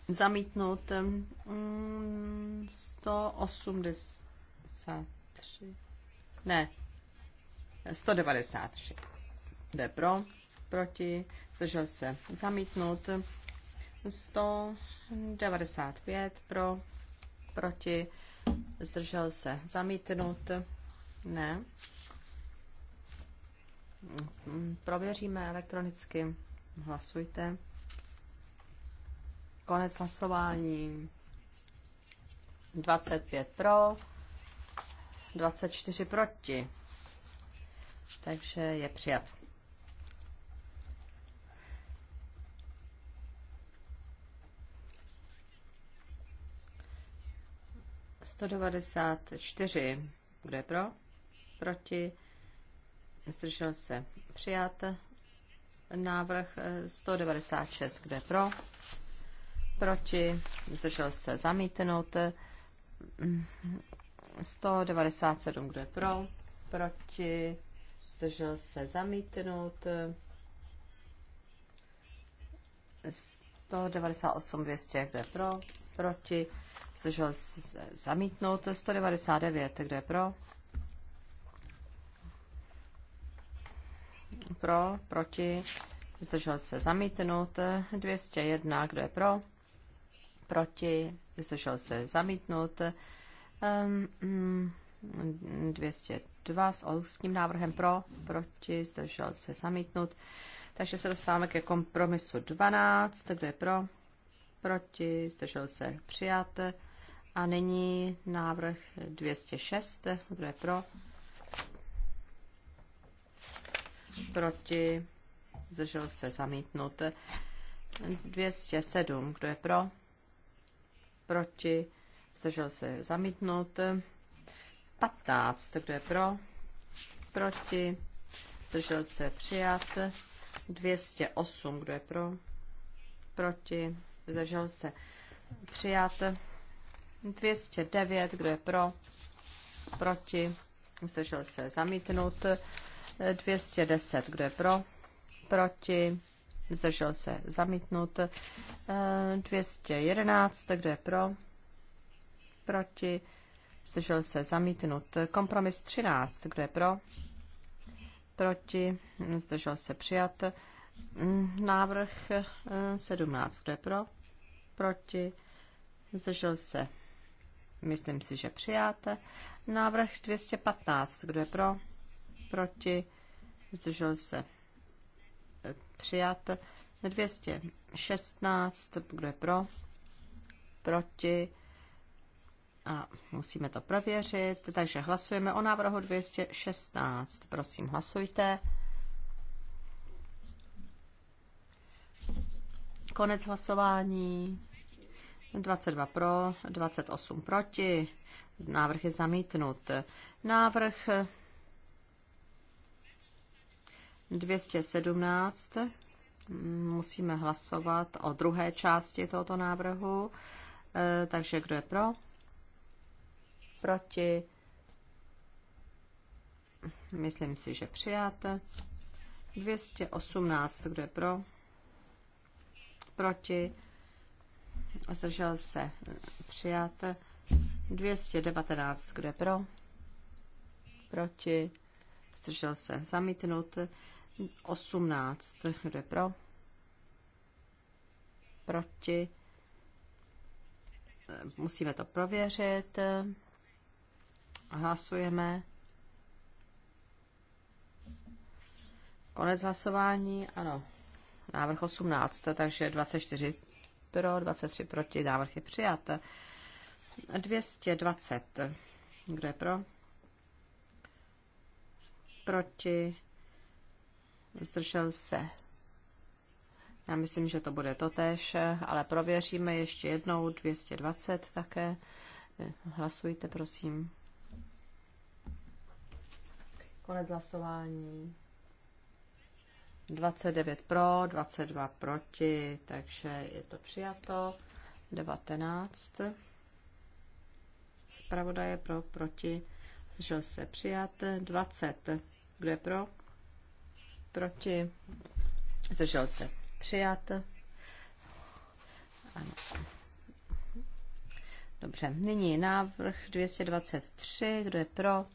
zamítnout 183, mm, ne, 193 jde pro, proti, zdržel se zamítnout 195 pro, proti, zdržel se zamítnout ne. Prověříme elektronicky. Hlasujte. Konec hlasování. 25 pro, 24 proti. Takže je přijat. Sto devadesát čtyři. Kdo pro? proti, zdržel se přijat. Návrh 196, kde pro, proti, zdržel se zamítnout. 197, kde pro, proti, zdržel se zamítnout. 198, 200, kde pro, proti, zdržel se zamítnout. 199, kde pro, pro, proti, zdržel se zamítnut, 201, kdo je pro, proti, zdržel se zamítnut, 202 mm, s ústním návrhem pro, proti, zdržel se zamítnut. Takže se dostáváme ke kompromisu 12, kdo je pro, proti, zdržel se přijat. A nyní návrh 206, kdo je pro, proti, zdržel se zamítnut. 207, kdo je pro, proti, zdržel se zamítnut. 15, kdo je pro, proti, zdržel se přijat. 208, kdo je pro, proti, zdržel se přijat. 209, kdo je pro, proti, zdržel se zamítnut. 210, kdo je pro, proti, zdržel se zamítnut. 211, eh, kdo je pro, proti, zdržel se zamítnut. Kompromis 13, kdo je pro, proti, zdržel se přijat. Mm, návrh 17, eh, kdo je pro, proti, zdržel se. Myslím si, že přijáte. Návrh 215, kdo je pro? proti, zdržel se přijat. 216, kdo je pro, proti, a musíme to prověřit, takže hlasujeme o návrhu 216. Prosím, hlasujte. Konec hlasování. 22 pro, 28 proti. Návrh je zamítnut. Návrh 217 musíme hlasovat o druhé části tohoto návrhu. Eh, takže kdo je pro? Proti? Myslím si, že přijáte. 218, kdo je pro? Proti? Zdržel se eh, přijáte. 219, kdo je pro? Proti? Zdržel se zamítnut. 18. Kdo je pro? Proti? Musíme to prověřit. Hlasujeme. Konec hlasování, ano. Návrh 18, takže 24 pro, 23 proti, návrh je přijat. 220. Kdo je pro? Proti zdržel se. Já myslím, že to bude totéž, ale prověříme ještě jednou 220 také. Hlasujte, prosím. Konec hlasování. 29 pro, 22 proti, takže je to přijato. 19. Zpravodaje pro, proti, zdržel se přijat. 20. Kdo je pro? proti, zdržel se přijat. Ano. Dobře, nyní návrh 223, kdo je pro,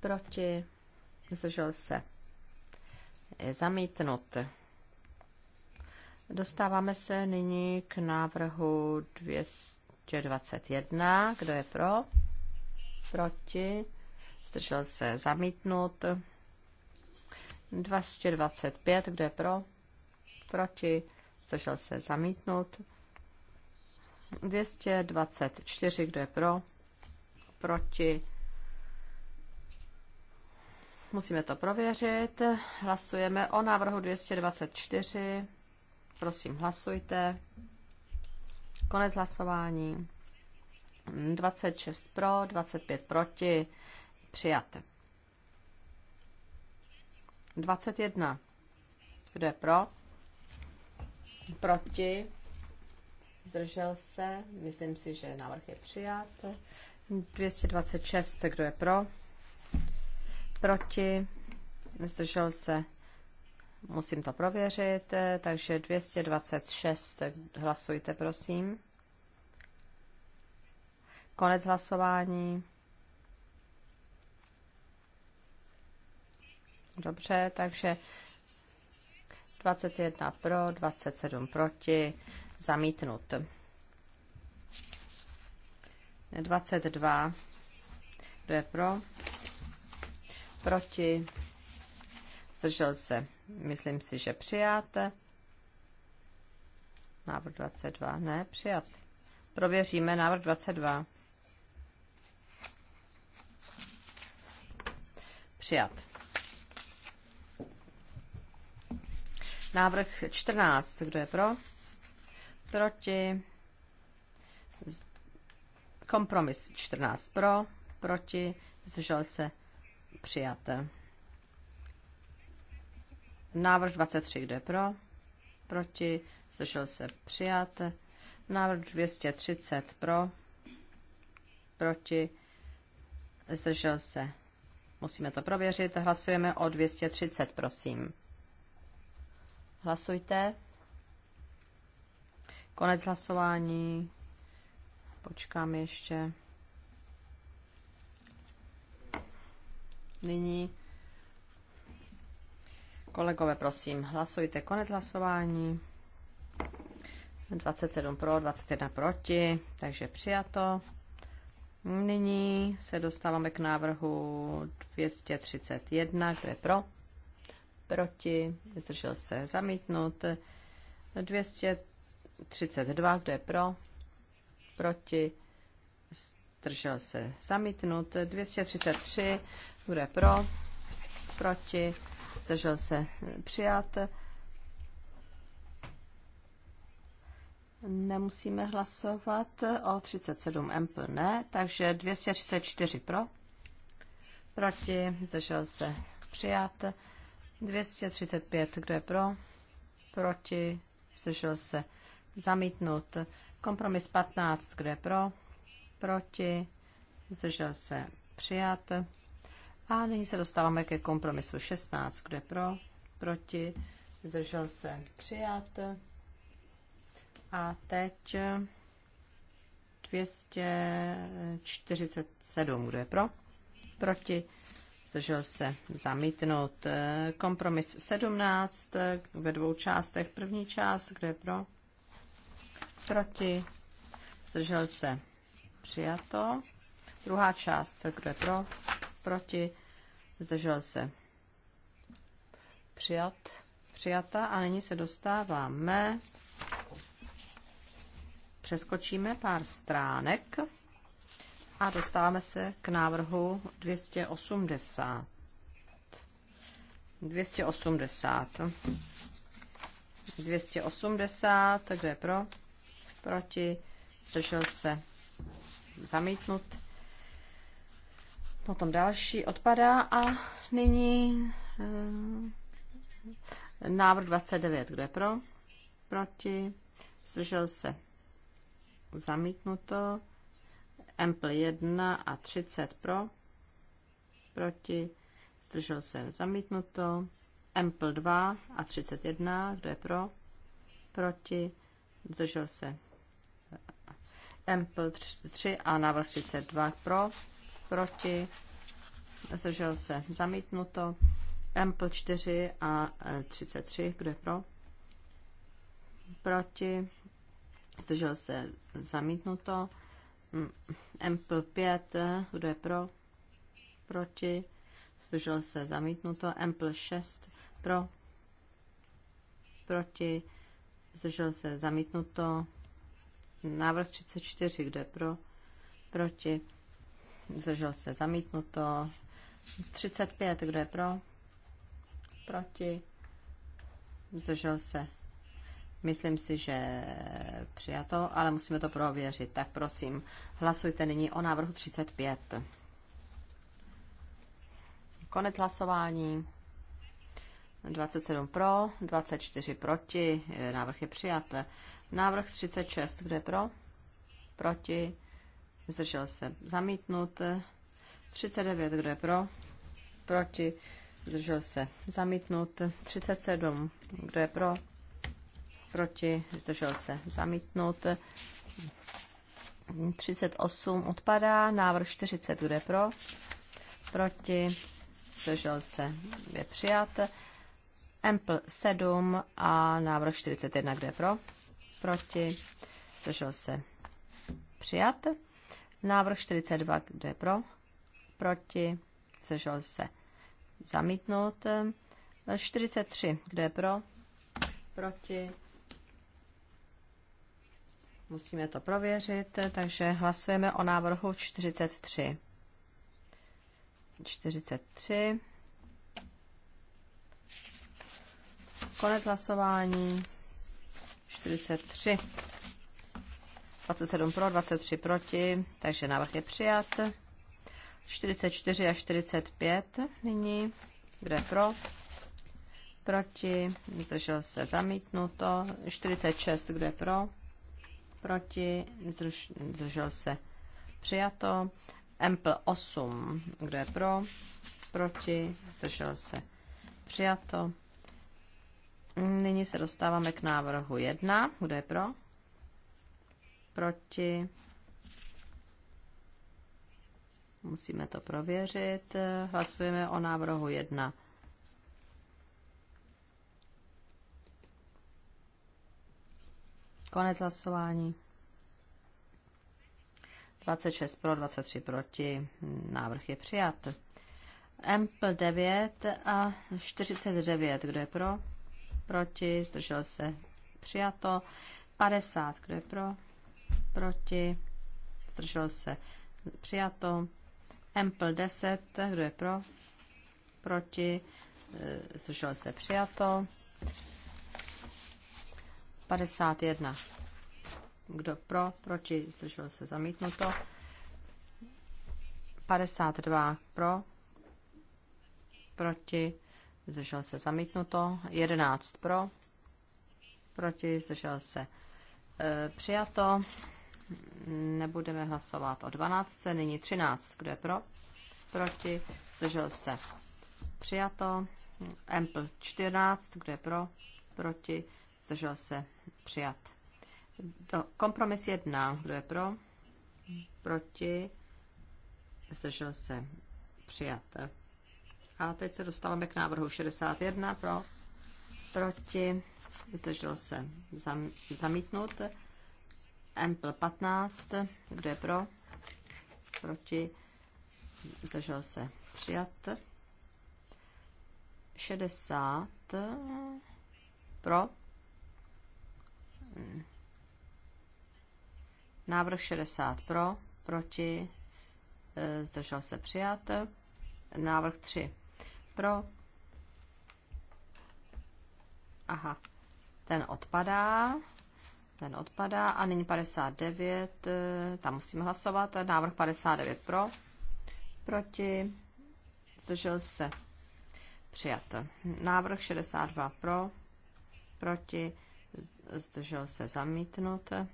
proti, zdržel se je zamítnut. Dostáváme se nyní k návrhu 221, kdo je pro, proti, zdržel se zamítnut. 225, kdo je pro? Proti? Zdržel se zamítnout. 224, kdo je pro? Proti? Musíme to prověřit. Hlasujeme o návrhu 224. Prosím, hlasujte. Konec hlasování. 26 pro, 25 proti. Přijat. 21. Kdo je pro? Proti? Zdržel se? Myslím si, že návrh je přijat. 226. Kdo je pro? Proti? Zdržel se? Musím to prověřit. Takže 226. Hlasujte, prosím. Konec hlasování. Dobře, takže 21 pro, 27 proti, zamítnut. 22, kdo je pro, proti, zdržel se, myslím si, že přijat. Návrh 22, ne, přijat. Prověříme návrh 22. Přijat. Návrh 14. Kdo je pro? Proti. Kompromis 14 pro, proti, zdržel se, přijat. Návrh 23, kdo je pro, proti, zdržel se, přijat. Návrh 230 pro, proti, zdržel se. Musíme to prověřit. Hlasujeme o 230, prosím. Hlasujte. Konec hlasování. Počkám ještě. Nyní. Kolegové, prosím, hlasujte. Konec hlasování. 27 pro, 21 proti, takže přijato. Nyní se dostáváme k návrhu 231, kde pro, proti, zdržel se zamítnut. 232, kdo je pro, proti, zdržel se zamítnut. 233, kdo je pro, proti, zdržel se přijat. Nemusíme hlasovat o 37 ampl, ne, takže 234 pro, proti, zdržel se přijat. 235, kdo je pro? Proti? Zdržel se. Zamítnut. Kompromis 15, kdo je pro? Proti? Zdržel se. Přijat. A nyní se dostáváme ke kompromisu 16, kdo je pro? Proti? Zdržel se. Přijat. A teď 247, kdo je pro? Proti? zdržel se zamítnout. Eh, kompromis 17 eh, ve dvou částech. První část, kde je pro? Proti. Zdržel se přijato. Druhá část, kde je pro? Proti. Zdržel se přijat. Přijata a nyní se dostáváme. Přeskočíme pár stránek. A dostáváme se k návrhu 280. 280. 280, kdo je pro? Proti? Zdržel se? Zamítnut. Potom další odpadá a nyní e, návrh 29, kdo je pro? Proti? Zdržel se? Zamítnuto. Ample 1 a 30 pro, proti, zdržel se zamítnuto. Ample 2 a 31, kdo je pro, proti, zdržel se. Ample 3 a návrh 32 pro, proti, zdržel se zamítnuto. Ample 4 a 33, e, kdo je pro, proti, zdržel se zamítnuto. Ample 5, kdo je pro, proti, zdržel se zamítnuto. Ample 6, pro, proti, zdržel se zamítnuto. Návrh 34, kdo je pro, proti, zdržel se zamítnuto. 35, kdo je pro, proti, zdržel se Myslím si, že přijato, ale musíme to prověřit. Tak prosím, hlasujte nyní o návrhu 35. Konec hlasování. 27 pro, 24 proti, návrh je přijat. Návrh 36, kde pro? Proti, zdržel se zamítnut. 39, kdo je pro? Proti, zdržel se zamítnut. 37, kdo je pro? proti, zdržel se zamítnut. 38 odpadá, návrh 40 bude pro, proti, zdržel se, je přijat. Ample 7 a návrh 41, kde pro, proti, zdržel se, přijat. Návrh 42, kde pro, proti, zdržel se, zamítnout. 43, kde pro, proti, Musíme to prověřit, takže hlasujeme o návrhu 43. 43. Konec hlasování. 43. 27 pro, 23 proti, takže návrh je přijat. 44 a 45 nyní. Kdo je pro? Proti. Zdržel se zamítnuto. 46, kdo je pro? proti, zdržel se přijato. Empl 8, kdo je pro, proti, zdržel se přijato. Nyní se dostáváme k návrhu 1, kdo je pro, proti, musíme to prověřit, hlasujeme o návrhu 1. Konec hlasování. 26 pro, 23 proti. Návrh je přijat. Ample 9 a 49. Kdo je pro? Proti. Zdržel se. Přijato. 50. Kdo je pro? Proti. Zdržel se. Přijato. Ample 10. Kdo je pro? Proti. Zdržel se. Přijato. 51. Kdo pro, proti, zdržel se zamítnuto. 52 pro, proti, zdržel se zamítnuto. 11 pro, proti, zdržel se e, přijato. Nebudeme hlasovat o 12, nyní 13. Kdo je pro? Proti, zdržel se přijato. Ample 14, kdo je pro? Proti, zdržel se přijat. Do, kompromis jedna. kdo je pro, proti, zdržel se přijat. A teď se dostáváme k návrhu 61 pro, proti, zdržel se zam, zamítnout. Ample 15, kdo je pro, proti, zdržel se přijat. 60 pro, Návrh 60 pro, proti, e, zdržel se přijat. Návrh 3 pro. Aha, ten odpadá. Ten odpadá a nyní 59, e, tam musíme hlasovat. Návrh 59 pro, proti, zdržel se přijat. Návrh 62 pro, proti, zdržel se zamítnut. E,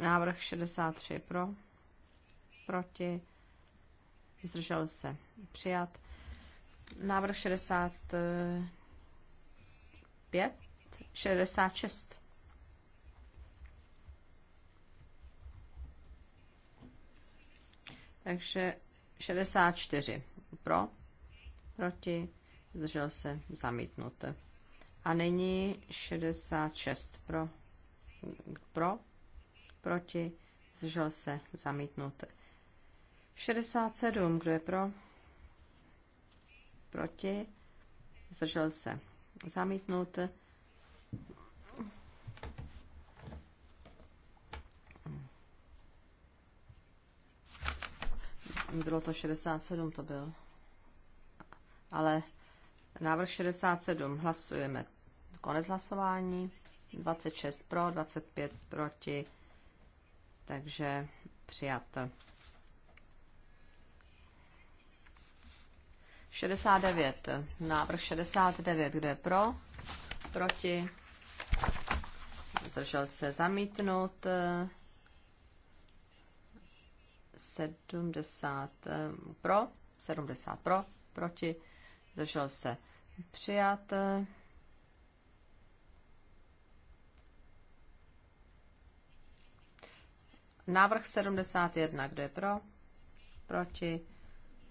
návrh 63 pro, proti, zdržel se přijat. Návrh 65, 66. Takže 64 pro, proti, zdržel se zamítnut. A nyní 66 pro, pro proti, zdržel se, zamítnut. 67, kdo je pro, proti, zdržel se, zamítnut. Bylo to 67, to byl. Ale návrh 67, hlasujeme Konec hlasování. 26 pro, 25 proti. Takže přijat. 69. Návrh 69. Kdo je pro? Proti? Zdržel se zamítnout. 70 eh, pro, 70 pro, proti, zdržel se přijat, Návrh 71, kdo je pro? Proti?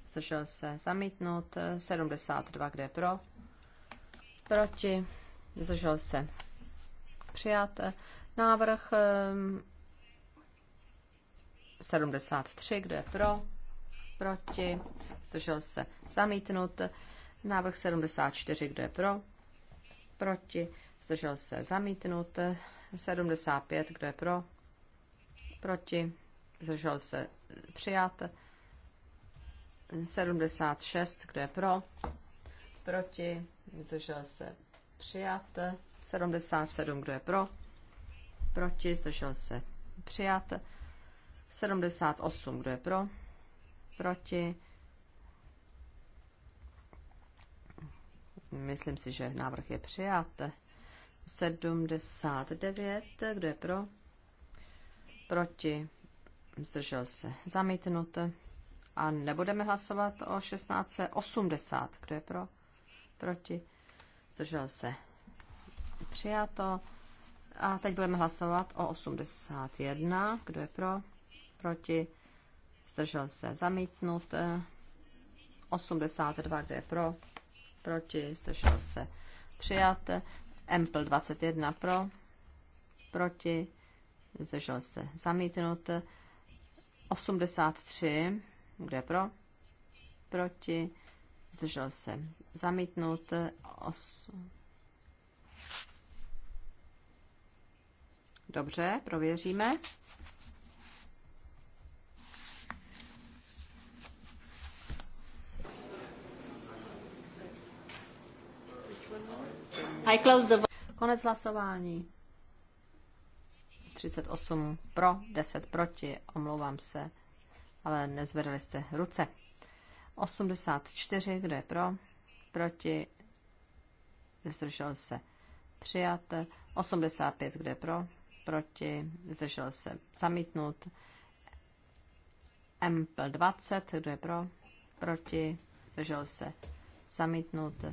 Zdržel se zamítnut. 72, kdo je pro? Proti? Zdržel se přijat. Návrh 73, ehm, kdo je pro? Proti? Zdržel se zamítnut. Návrh 74, kdo je pro? Proti? Zdržel se zamítnut. 75, kdo je pro? proti, zdržel se přijat. 76, kdo je pro, proti, zdržel se přijat. 77, kdo je pro, proti, zdržel se přijat. 78, kdo je pro, proti. Myslím si, že návrh je přijat. 79, kdo je pro, proti, zdržel se zamítnut. A nebudeme hlasovat o 1680. Kdo je pro? Proti? Zdržel se. Přijato. A teď budeme hlasovat o 81. Kdo je pro? Proti? Zdržel se. Zamítnut. 82. Kdo je pro? Proti? Zdržel se. Přijat. Empl 21 pro. Proti? zdržel se zamítnut. 83, kde pro, proti, zdržel se zamítnut. Os... Dobře, prověříme. I close the... Konec hlasování. 38 pro, 10 proti, omlouvám se, ale nezvedali jste ruce. 84, kdo je pro, proti, zdržel se, přijat. 85, kdo je pro, proti, zdržel se, zamítnut. MPL 20, kdo je pro, proti, zdržel se, zamítnut.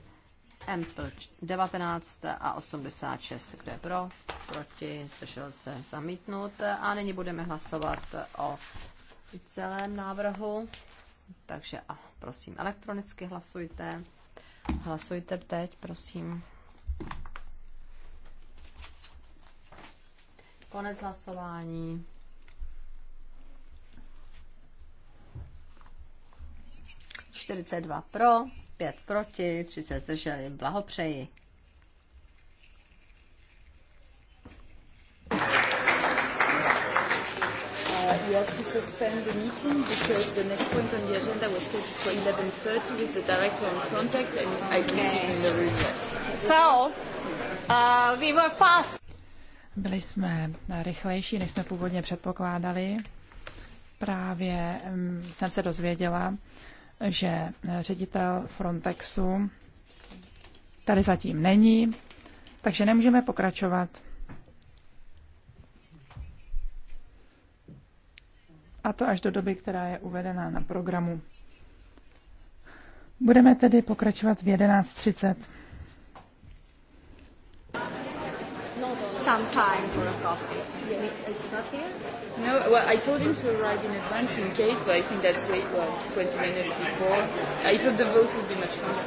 Ample 19 a 86, kdo je pro, proti, zdržel se zamítnout. A nyní budeme hlasovat o celém návrhu. Takže a prosím, elektronicky hlasujte. Hlasujte teď, prosím. Konec hlasování. Čtyřicet dva pro, 5 proti, 3 se zdrželi. Blahopřeji. we uh, have to suspend the meeting because the next point on the agenda was scheduled for 11.30 with the director on Frontex and I can't. okay. in the room yet. So, uh, we were fast. Byli jsme rychlejší, než jsme původně předpokládali. Právě mm, jsem se dozvěděla, že ředitel Frontexu tady zatím není, takže nemůžeme pokračovat. A to až do doby, která je uvedena na programu. Budeme tedy pokračovat v 11.30. Some time for a coffee. Yes. It's not here? No, well, I told him to arrive in advance in case, but I think that's way, well, 20 minutes before. I thought the vote would be much longer.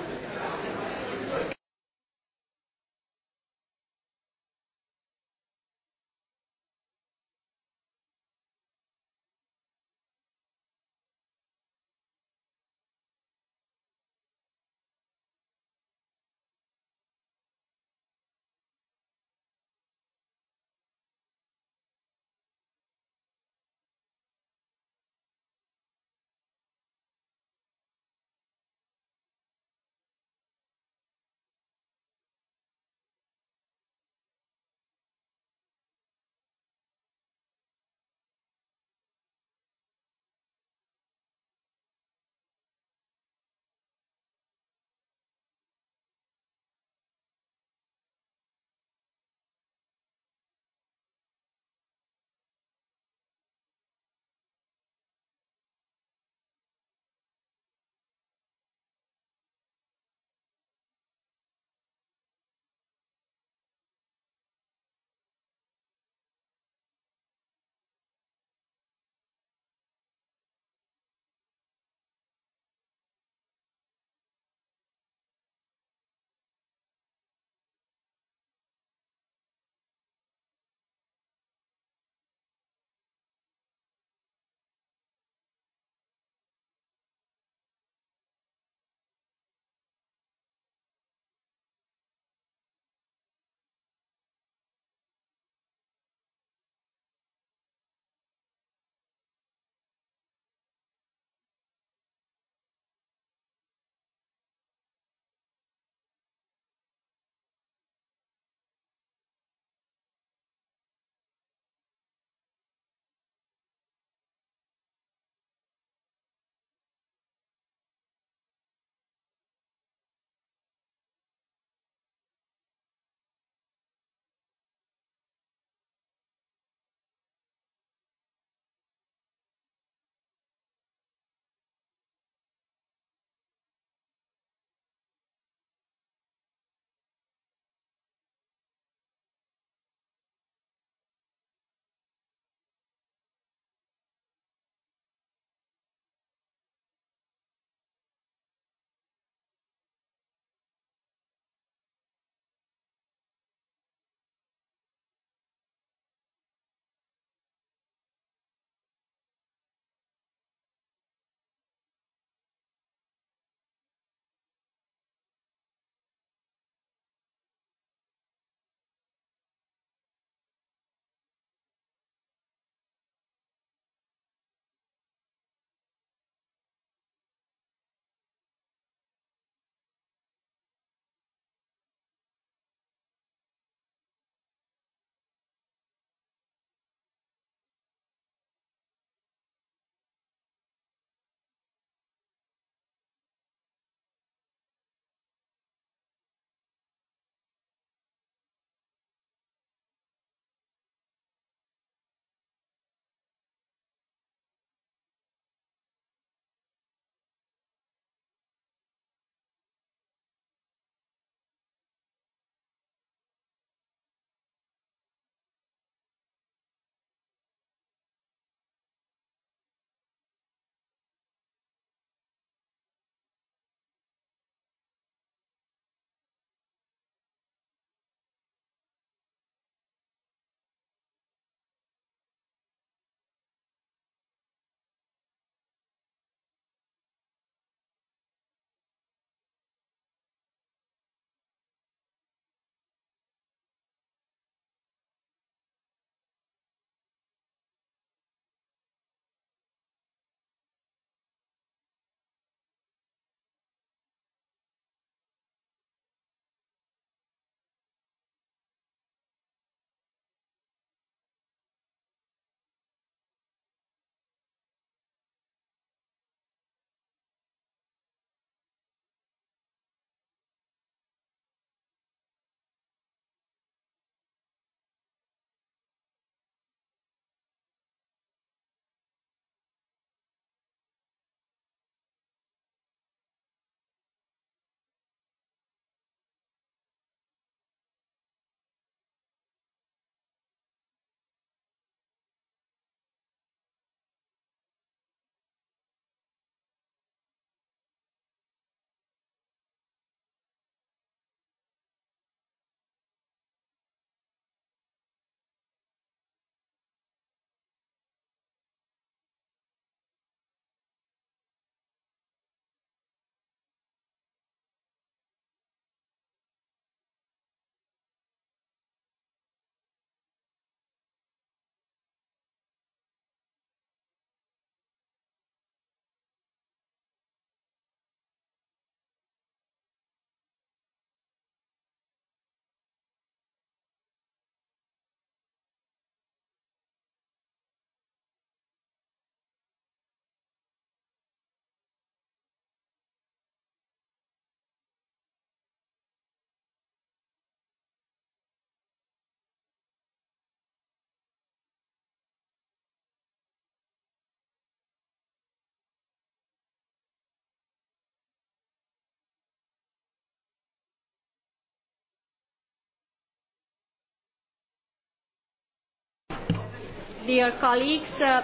Dear colleagues, uh,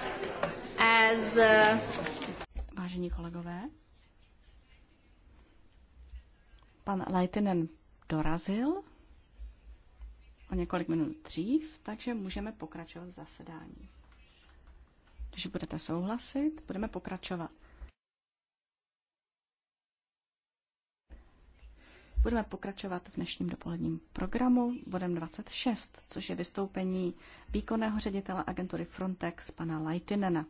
as... Uh, Vážení kolegové, pan Leitinen dorazil o několik minut dřív, takže můžeme pokračovat v zasedání. Když budete souhlasit, budeme pokračovat. Budeme pokračovat v dnešním dopoledním programu bodem 26, což je vystoupení výkonného ředitele agentury Frontex pana Lajtinena.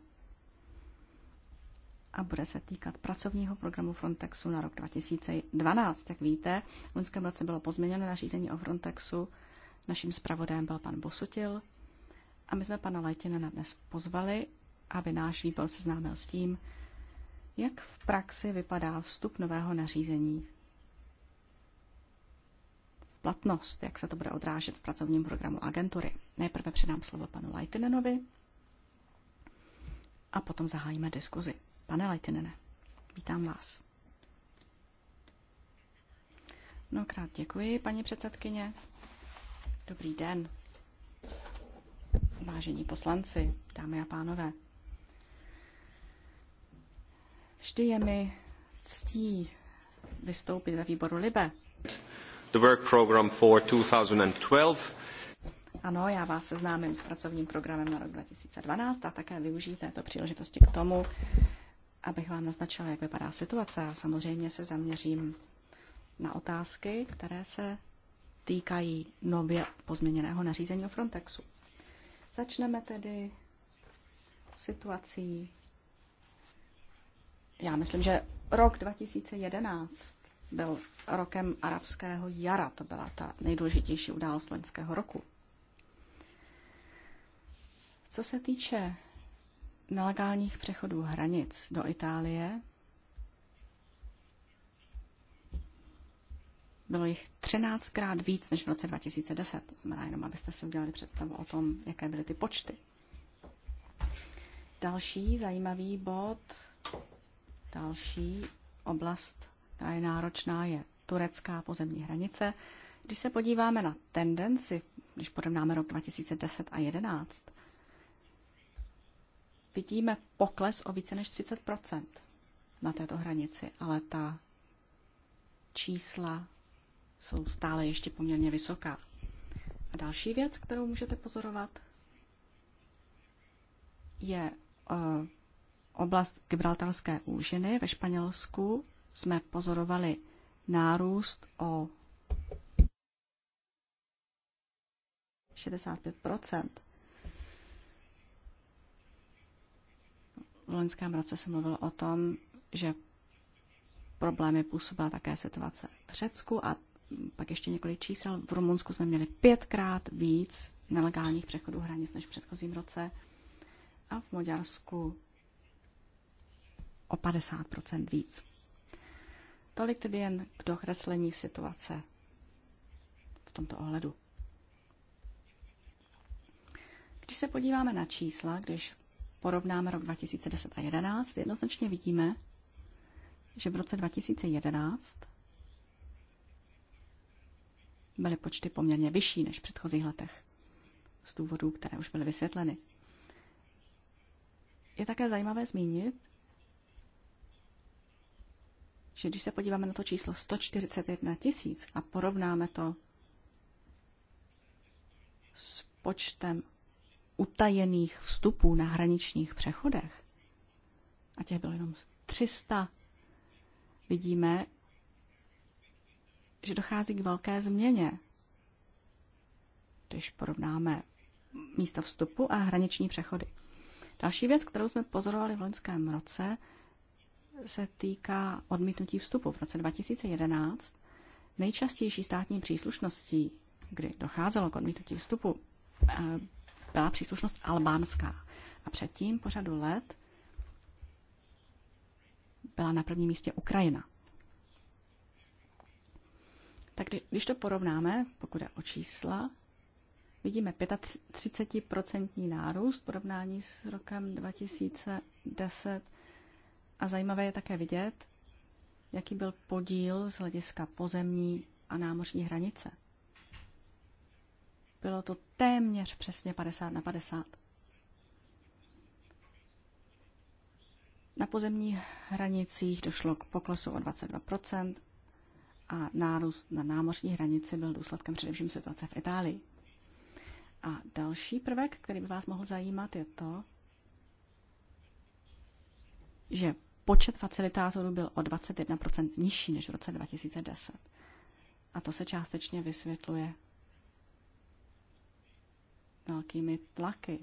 A bude se týkat pracovního programu Frontexu na rok 2012. Jak víte, v loňském roce bylo pozměněno nařízení o Frontexu. Naším zpravodajem byl pan Bosutil. A my jsme pana na dnes pozvali, aby náš výbor seznámil s tím, jak v praxi vypadá vstup nového nařízení platnost, jak se to bude odrážet v pracovním programu agentury. Nejprve předám slovo panu Leitinenovi a potom zahájíme diskuzi. Pane Leitinene, vítám vás. Mnohokrát děkuji, paní předsedkyně. Dobrý den. Vážení poslanci, dámy a pánové. Vždy je mi ctí vystoupit ve výboru Libe, the work program for 2012. Ano, já vás seznámím s pracovním programem na rok 2012 a také využiju této příležitosti k tomu, abych vám naznačila, jak vypadá situace. A samozřejmě se zaměřím na otázky, které se týkají nově pozměněného nařízení o Frontexu. Začneme tedy situací. Já myslím, že rok 2011 byl rokem arabského jara. To byla ta nejdůležitější událost loňského roku. Co se týče nelegálních přechodů hranic do Itálie, bylo jich 13 krát víc než v roce 2010. To znamená jenom, abyste si udělali představu o tom, jaké byly ty počty. Další zajímavý bod, další oblast která je náročná, je turecká pozemní hranice. Když se podíváme na tendenci, když porovnáme rok 2010 a 2011, vidíme pokles o více než 30 na této hranici, ale ta čísla jsou stále ještě poměrně vysoká. A další věc, kterou můžete pozorovat, je eh, oblast Gibraltarské úžiny ve Španělsku jsme pozorovali nárůst o 65 V loňském roce se mluvilo o tom, že problémy působila také situace v Řecku a pak ještě několik čísel. V Rumunsku jsme měli pětkrát víc nelegálních přechodů hranic než v předchozím roce a v Maďarsku o 50 víc. Tolik tedy jen k dokreslení situace v tomto ohledu. Když se podíváme na čísla, když porovnáme rok 2010 a 2011, jednoznačně vidíme, že v roce 2011 byly počty poměrně vyšší než v předchozích letech z důvodů, které už byly vysvětleny. Je také zajímavé zmínit, že když se podíváme na to číslo 141 tisíc a porovnáme to s počtem utajených vstupů na hraničních přechodech, a těch bylo jenom 300, vidíme, že dochází k velké změně. Když porovnáme místa vstupu a hraniční přechody. Další věc, kterou jsme pozorovali v loňském roce, se týká odmítnutí vstupu. V roce 2011 nejčastější státní příslušností, kdy docházelo k odmítnutí vstupu, eh, byla příslušnost albánská. A předtím po řadu let byla na prvním místě Ukrajina. Tak když to porovnáme, pokud je o čísla, vidíme 35% nárůst v porovnání s rokem 2010 a zajímavé je také vidět, jaký byl podíl z hlediska pozemní a námořní hranice. Bylo to téměř přesně 50 na 50. Na pozemních hranicích došlo k poklesu o 22% a nárůst na námořní hranici byl důsledkem především situace v Itálii. A další prvek, který by vás mohl zajímat, je to, že počet facilitátorů byl o 21% nižší než v roce 2010. A to se částečně vysvětluje velkými tlaky.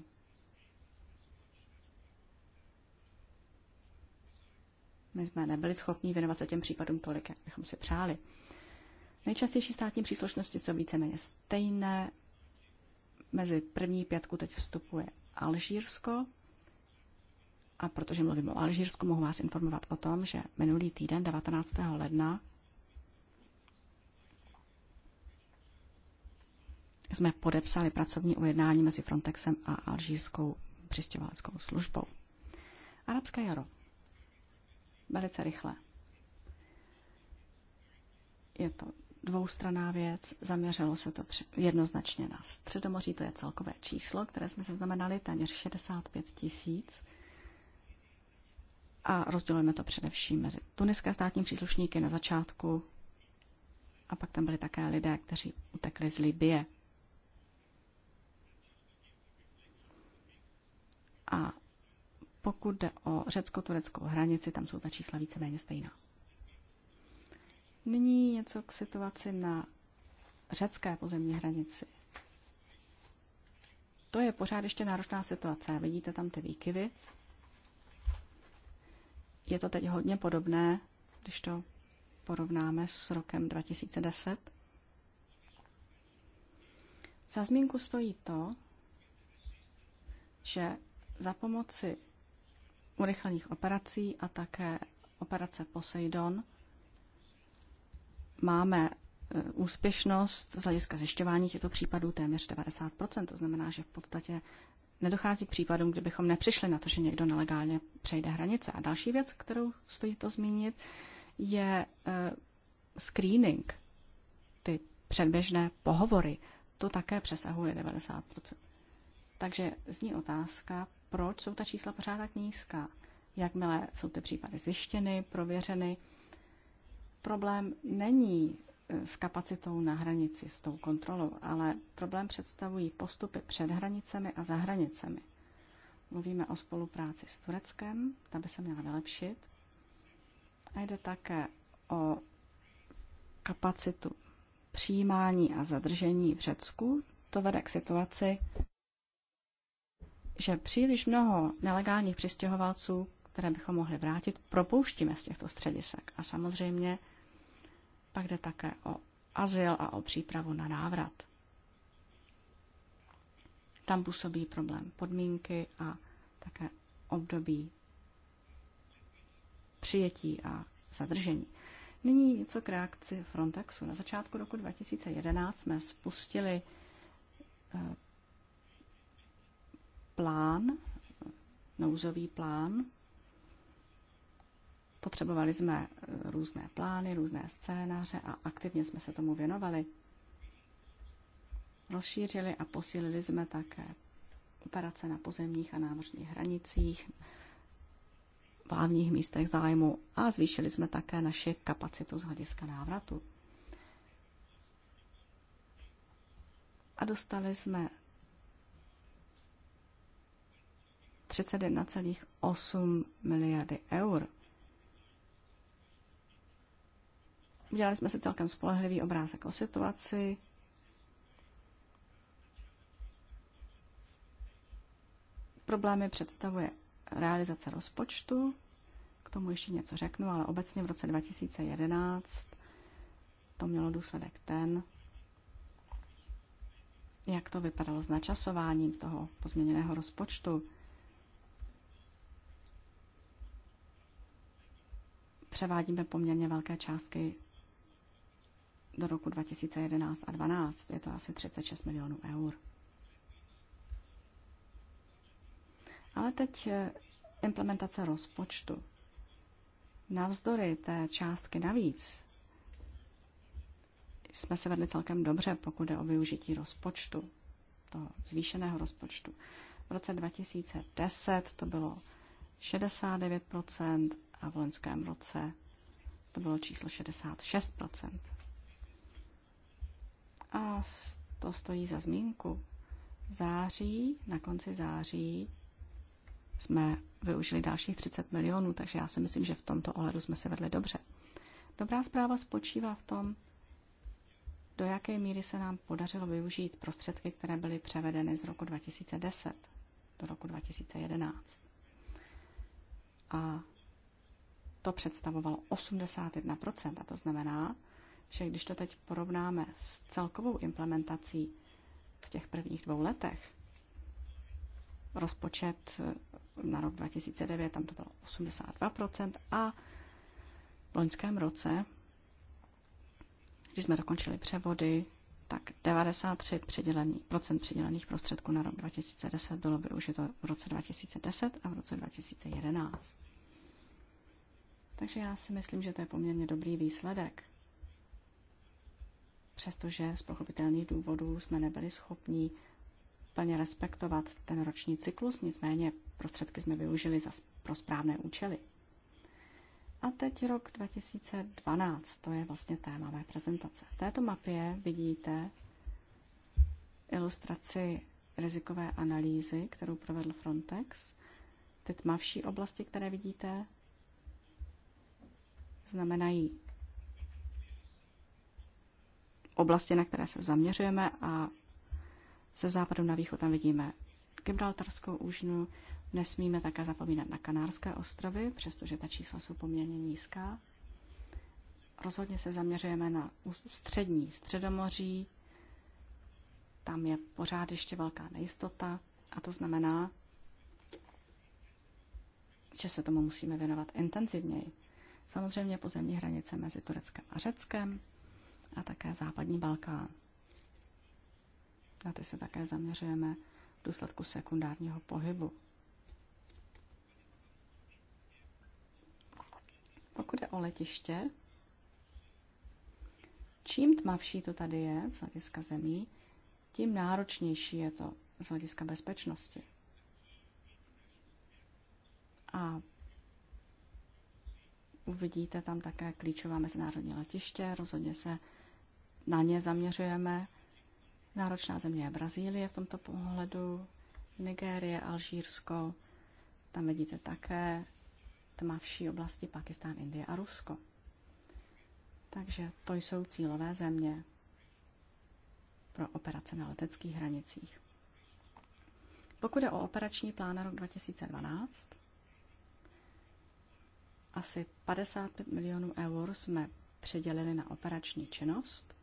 My jsme nebyli schopni věnovat se těm případům tolik, jak bychom si přáli. Nejčastější státní příslušnosti jsou víceméně stejné. Mezi první pětku teď vstupuje Alžírsko, a protože mluvím o Alžírsku, mohu vás informovat o tom, že minulý týden, 19. ledna, jsme podepsali pracovní ujednání mezi Frontexem a Alžírskou přistěhovaleckou službou. Arabské jaro. Velice rychle. Je to dvoustraná věc, zaměřilo se to jednoznačně na Středomoří, to je celkové číslo, které jsme zaznamenali, téměř 65 tisíc a rozdělujeme to především mezi tuniské státní příslušníky na začátku a pak tam byli také lidé, kteří utekli z Libie. A pokud jde o řecko-tureckou hranici, tam jsou ta čísla víceméně stejná. Nyní něco k situaci na řecké pozemní hranici. To je pořád ještě náročná situace. Vidíte tam ty výkyvy je to teď hodně podobné, když to porovnáme s rokem 2010. Za zmínku stojí to, že za pomoci urychlených operací a také operace Poseidon máme e, úspěšnost z hlediska zjišťování těchto případů téměř 90%. To znamená, že v podstatě nedochází k případům, kdybychom nepřišli na to, že někdo nelegálně přejde hranice. A další věc, kterou stojí to zmínit, je eh, screening, ty předběžné pohovory. To také přesahuje 90%. Takže zní otázka, proč jsou ta čísla pořád tak nízká. Jakmile jsou ty případy zjištěny, prověřeny, problém není s kapacitou na hranici, s tou kontrolou, ale problém představují postupy před hranicemi a za hranicemi. Mluvíme o spolupráci s Tureckem, ta by se měla vylepšit. A jde také o kapacitu přijímání a zadržení v Řecku. To vede k situaci, že příliš mnoho nelegálních přistěhovalců, které bychom mohli vrátit, propouštíme z těchto středisek. A samozřejmě pak jde také o azyl a o přípravu na návrat. Tam působí problém podmínky a také období přijetí a zadržení. Nyní něco k reakci Frontexu. Na začátku roku 2011 jsme spustili eh, plán, nouzový plán Potřebovali jsme eh, různé plány, různé scénáře a aktivně jsme se tomu věnovali. Rozšířili a posílili jsme také operace na pozemních a námořních hranicích, v hlavních místech zájmu a zvýšili jsme také naše kapacitu z hlediska návratu. A dostali jsme 31,8 miliardy eur Udělali jsme si celkem spolehlivý obrázek o situaci. Problémy představuje realizace rozpočtu, k tomu ještě něco řeknu, ale obecně v roce 2011 to mělo důsledek ten, jak to vypadalo s načasováním toho pozměněného rozpočtu. Převádíme poměrně velké částky do roku 2011 a 2012. Je to asi 36 milionů eur. Ale teď eh, implementace rozpočtu. Navzdory té částky navíc jsme se vedli celkem dobře, pokud jde o využití rozpočtu, toho zvýšeného rozpočtu. V roce 2010 to bylo 69% a v loňském roce to bylo číslo 66%. A to stojí za zmínku. Září, na konci září jsme využili dalších 30 milionů, takže já si myslím, že v tomto ohledu jsme se vedli dobře. Dobrá zpráva spočívá v tom, do jaké míry se nám podařilo využít prostředky, které byly převedeny z roku 2010 do roku 2011. A to představovalo 81%, a to znamená, že když to teď porovnáme s celkovou implementací v těch prvních dvou letech, rozpočet eh, na rok 2009 tam to bylo 82% a v loňském roce, když jsme dokončili převody, tak 93 přidělený, procent přidělených prostředků na rok 2010 bylo využito v roce 2010 a v roce 2011. Takže já si myslím, že to je poměrně dobrý výsledek přestože z pochopitelných důvodů jsme nebyli schopni plně respektovat ten roční cyklus, nicméně prostředky jsme využili za, pro správné účely. A teď rok 2012, to je vlastně téma mé prezentace. V této mapě vidíte ilustraci rizikové analýzy, kterou provedl Frontex. Ty tmavší oblasti, které vidíte, znamenají oblasti, na které se zaměřujeme a ze západu na východ tam vidíme Gibraltarskou úžinu, nesmíme také zapomínat na Kanárské ostrovy, přestože ta čísla jsou poměrně nízká. Rozhodně se zaměřujeme na střední středomoří, tam je pořád ještě velká nejistota a to znamená, že se tomu musíme věnovat intenzivněji. Samozřejmě pozemní hranice mezi Tureckem a Řeckem, a také západní Balkán. Na ty se také zaměřujeme v důsledku sekundárního pohybu. Pokud je o letiště, čím tmavší to tady je z hlediska zemí, tím náročnější je to z hlediska bezpečnosti. A uvidíte tam také klíčová mezinárodní letiště. Rozhodně se na ně zaměřujeme. Náročná země je Brazílie v tomto pohledu, Nigérie, Alžírsko, tam vidíte také tmavší oblasti Pakistán, Indie a Rusko. Takže to jsou cílové země pro operace na leteckých hranicích. Pokud je o operační plán na rok 2012, asi 55 milionů eur jsme předělili na operační činnost –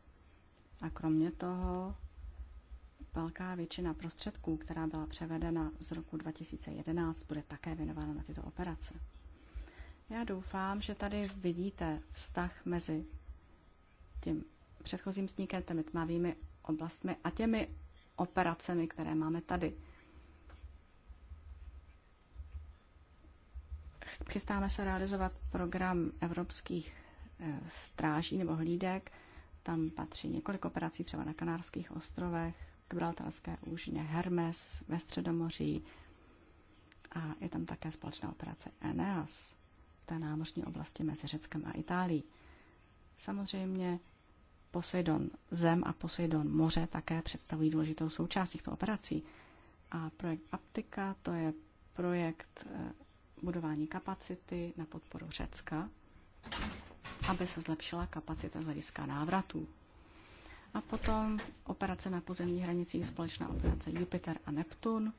a kromě toho velká většina prostředků, která byla převedena z roku 2011, bude také věnována na tyto operace. Já doufám, že tady vidíte vztah mezi tím předchozím sníkem těmi tmavými oblastmi a těmi operacemi, které máme tady. Chystáme se realizovat program evropských eh, stráží nebo hlídek, tam patří několik operací třeba na Kanárských ostrovech, Gibraltarské úžině Hermes ve Středomoří a je tam také společná operace Eneas v té námořní oblasti mezi Řeckem a Itálií. Samozřejmě Poseidon zem a Poseidon moře také představují důležitou součást těchto operací. A projekt Aptika to je projekt eh, budování kapacity na podporu Řecka aby se zlepšila kapacita z hlediska návratů. A potom operace na pozemních hranicích, společná operace Jupiter a Neptun.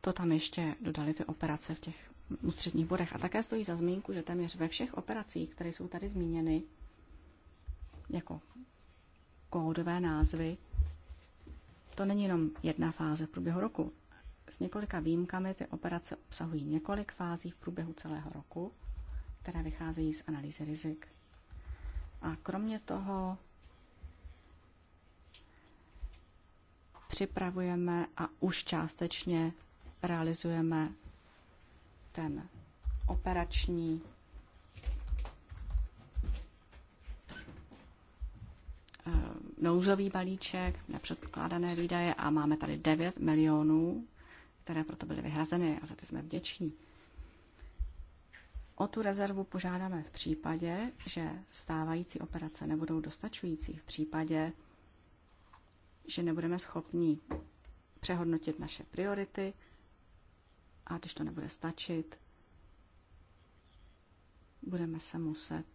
To tam ještě dodali ty operace v těch ústředních bodech. A také stojí za zmínku, že téměř ve všech operacích, které jsou tady zmíněny, jako kódové názvy, to není jenom jedna fáze v průběhu roku. S několika výjimkami ty operace obsahují několik fází v průběhu celého roku, které vycházejí z analýzy rizik. A kromě toho připravujeme a už částečně realizujeme ten operační eh, nouzový balíček, nepředpokládané výdaje a máme tady 9 milionů které proto byly vyhrazeny a za ty jsme vděční. O tu rezervu požádáme v případě, že stávající operace nebudou dostačující, v případě, že nebudeme schopni přehodnotit naše priority a když to nebude stačit, budeme se muset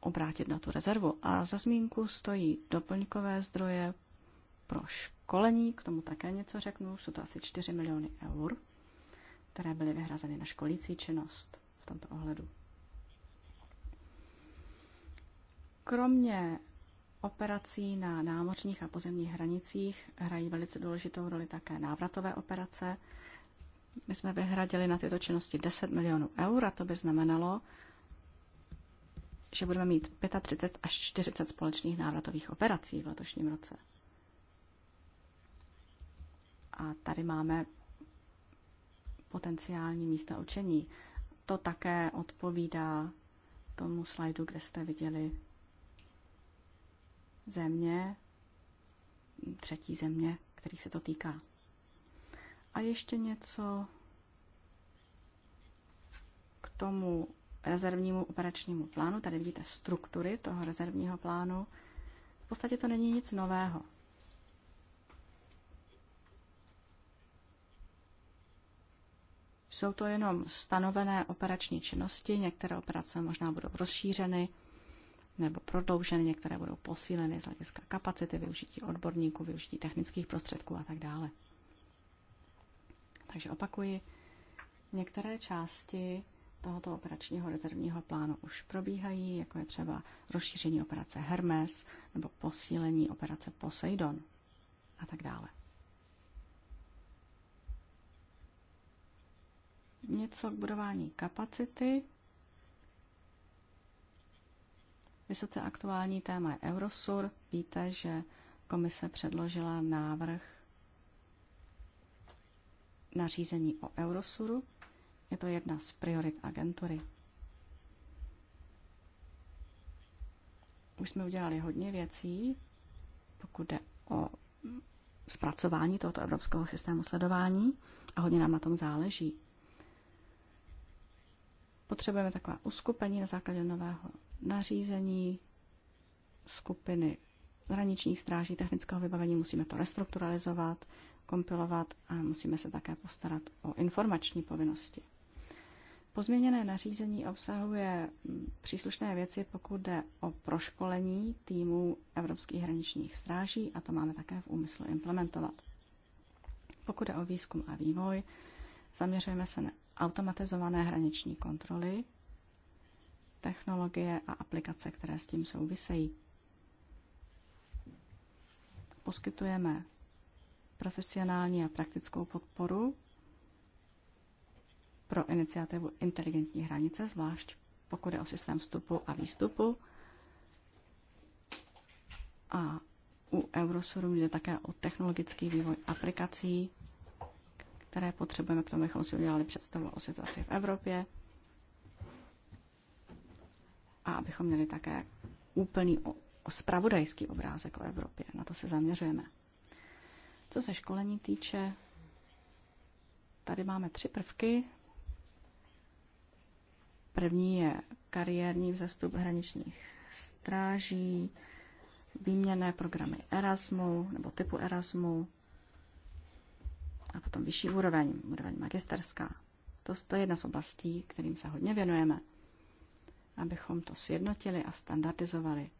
obrátit na tu rezervu. A za zmínku stojí doplňkové zdroje pro školení, k tomu také něco řeknu, jsou to asi 4 miliony eur, které byly vyhrazeny na školící činnost v tomto ohledu. Kromě operací na námořních a pozemních hranicích hrají velice důležitou roli také návratové operace. My jsme vyhradili na tyto činnosti 10 milionů eur a to by znamenalo, že budeme mít 35 až 40 společných návratových operací v letošním roce a tady máme potenciální místa učení. To také odpovídá tomu slajdu, kde jste viděli země, třetí země, který se to týká. A ještě něco k tomu rezervnímu operačnímu plánu. Tady vidíte struktury toho rezervního plánu. V podstatě to není nic nového. Jsou to jenom stanovené operační činnosti, některé operace možná budou rozšířeny nebo prodlouženy, některé budou posíleny z hlediska kapacity, využití odborníků, využití technických prostředků a tak dále. Takže opakuji, některé části tohoto operačního rezervního plánu už probíhají, jako je třeba rozšíření operace Hermes nebo posílení operace Poseidon a tak dále. něco k budování kapacity. Vysoce aktuální téma je Eurosur. Víte, že komise předložila návrh nařízení o Eurosuru. Je to jedna z priorit agentury. Už jsme udělali hodně věcí, pokud jde o zpracování tohoto evropského systému sledování a hodně nám na tom záleží. Potřebujeme taková uskupení na základě nového nařízení, skupiny hraničních stráží technického vybavení, musíme to restrukturalizovat, kompilovat a musíme se také postarat o informační povinnosti. Pozměněné nařízení obsahuje mm, příslušné věci, pokud jde o proškolení týmů Evropských hraničních stráží a to máme také v úmyslu implementovat. Pokud jde o výzkum a vývoj, zaměřujeme se na automatizované hraniční kontroly, technologie a aplikace, které s tím souvisejí. Poskytujeme profesionální a praktickou podporu pro iniciativu Inteligentní hranice, zvlášť pokud je o systém vstupu a výstupu. A u Eurosuru jde také o technologický vývoj aplikací které potřebujeme k tomu, abychom si udělali představu o situaci v Evropě a abychom měli také úplný o, o spravodajský obrázek o Evropě. Na to se zaměřujeme. Co se školení týče, tady máme tři prvky. První je kariérní vzestup hraničních stráží, výměné programy Erasmu nebo typu Erasmu, a potom vyšší úroveň, úroveň magisterská. To, to je jedna z oblastí, kterým se hodně věnujeme, abychom to sjednotili a standardizovali,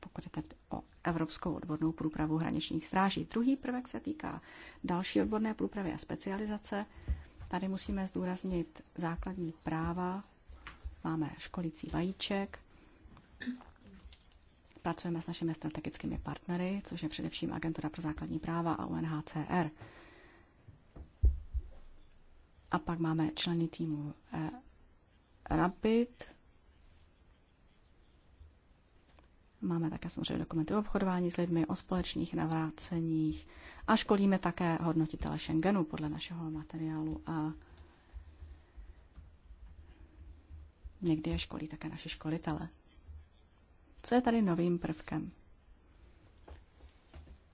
pokud je tedy o evropskou odbornou průpravu hraničních stráží. Druhý prvek se týká další odborné průpravy a specializace. Tady musíme zdůraznit základní práva, máme školící vajíček, Pracujeme s našimi strategickými partnery, což je především Agentura pro základní práva a UNHCR. A pak máme členy týmu eh, Rapid. Máme také samozřejmě dokumenty o obchodování s lidmi, o společných navráceních a školíme také hodnotitele Schengenu podle našeho materiálu a někdy je školí také naše školitele. Co je tady novým prvkem?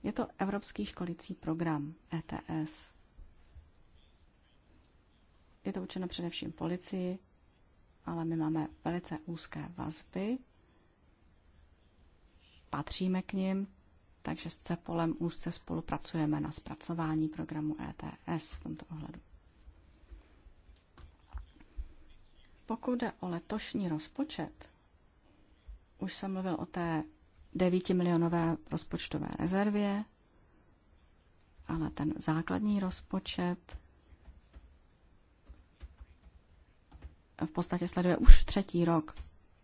Je to Evropský školicí program ETS. Je to učeno především policii, ale my máme velice úzké vazby, patříme k ním, takže s CEPOLem úzce spolupracujeme na zpracování programu ETS v tomto ohledu. Pokud jde o letošní rozpočet, už jsem mluvil o té 9 milionové rozpočtové rezervě, ale ten základní rozpočet v podstatě sleduje už třetí rok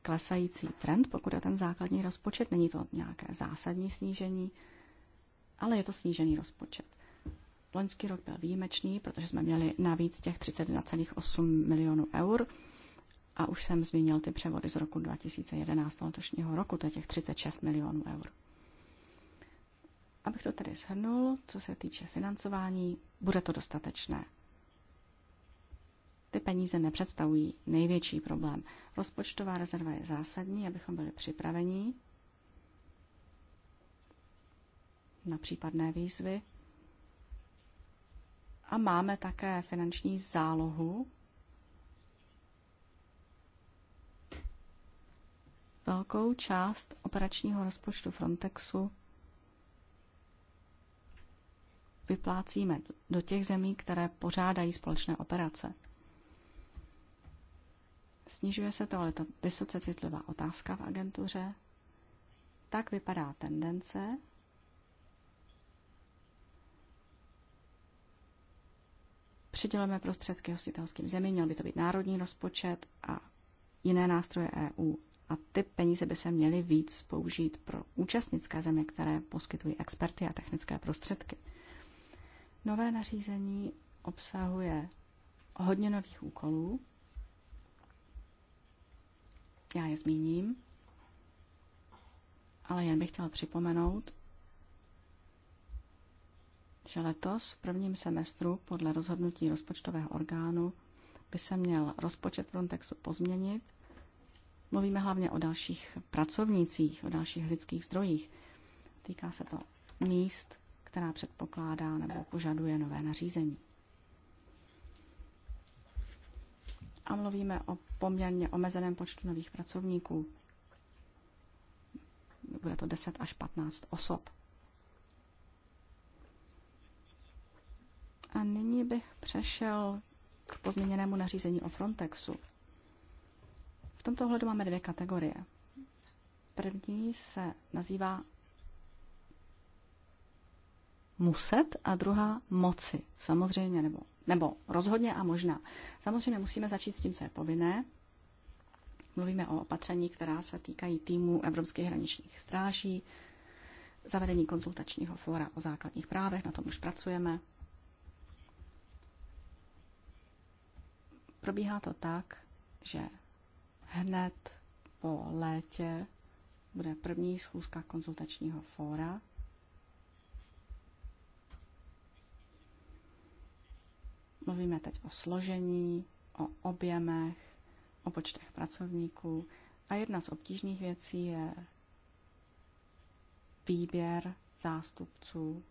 klesající trend, pokud je ten základní rozpočet. Není to nějaké zásadní snížení, ale je to snížený rozpočet. Loňský rok byl výjimečný, protože jsme měli navíc těch 31,8 milionů eur. A už jsem zmínil ty převody z roku 2011 letošního roku, to je těch 36 milionů eur. Abych to tedy shrnul, co se týče financování, bude to dostatečné. Ty peníze nepředstavují největší problém. Rozpočtová rezerva je zásadní, abychom byli připraveni na případné výzvy. A máme také finanční zálohu, velkou část operačního rozpočtu Frontexu vyplácíme do těch zemí, které pořádají společné operace. Snižuje se to, ale to vysoce citlivá otázka v agentuře. Tak vypadá tendence. Přidělujeme prostředky hostitelským zemím, měl by to být národní rozpočet a jiné nástroje EU a ty peníze by se měly víc použít pro účastnické země, které poskytují experty a technické prostředky. Nové nařízení obsahuje hodně nových úkolů. Já je zmíním, ale jen bych chtěla připomenout, že letos v prvním semestru podle rozhodnutí rozpočtového orgánu by se měl rozpočet Frontexu pozměnit Mluvíme hlavně o dalších pracovnících, o dalších lidských zdrojích. Týká se to míst, která předpokládá nebo požaduje nové nařízení. A mluvíme o poměrně omezeném počtu nových pracovníků. Bude to 10 až 15 osob. A nyní bych přešel k pozměněnému nařízení o Frontexu tomto ohledu máme dvě kategorie. První se nazývá muset a druhá moci. Samozřejmě, nebo, nebo rozhodně a možná. Samozřejmě musíme začít s tím, co je povinné. Mluvíme o opatření, která se týkají týmu Evropských hraničních stráží, zavedení konzultačního fóra o základních právech, na tom už pracujeme. Probíhá to tak, že Hned po létě bude první schůzka konzultačního fóra. Mluvíme teď o složení, o objemech, o počtech pracovníků. A jedna z obtížných věcí je výběr zástupců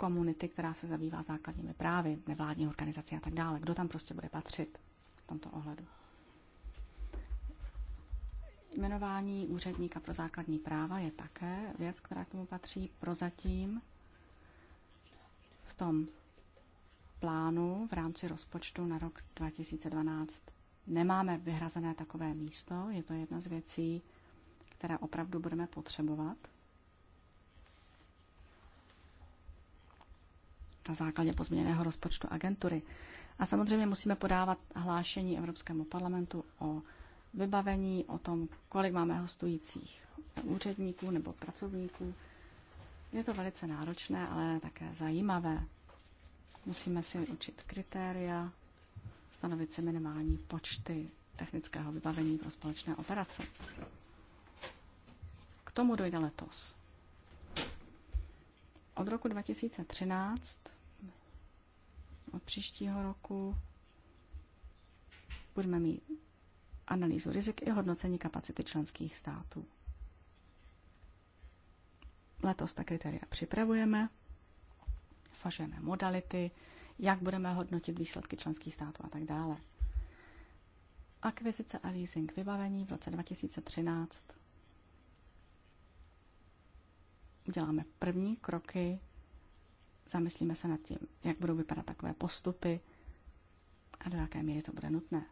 komunity, která se zabývá základními právy, nevládní organizace a tak dále. Kdo tam prostě bude patřit v tomto ohledu? Jmenování úředníka pro základní práva je také věc, která k tomu patří. Prozatím v tom plánu v rámci rozpočtu na rok 2012 nemáme vyhrazené takové místo. Je to jedna z věcí, které opravdu budeme potřebovat na základě pozměněného rozpočtu agentury. A samozřejmě musíme podávat hlášení Evropskému parlamentu o vybavení, o tom, kolik máme hostujících úředníků nebo pracovníků. Je to velice náročné, ale také zajímavé. Musíme si učit kritéria, stanovit si minimální počty technického vybavení pro společné operace. K tomu dojde letos. Od roku 2013, od příštího roku, budeme mít analýzu rizik i hodnocení kapacity členských států. Letos ta kritéria připravujeme, svažujeme modality, jak budeme hodnotit výsledky členských států a tak dále. Akvizice a leasing vybavení v roce 2013 uděláme první kroky, zamyslíme se nad tím, jak budou vypadat takové postupy a do jaké míry to bude nutné.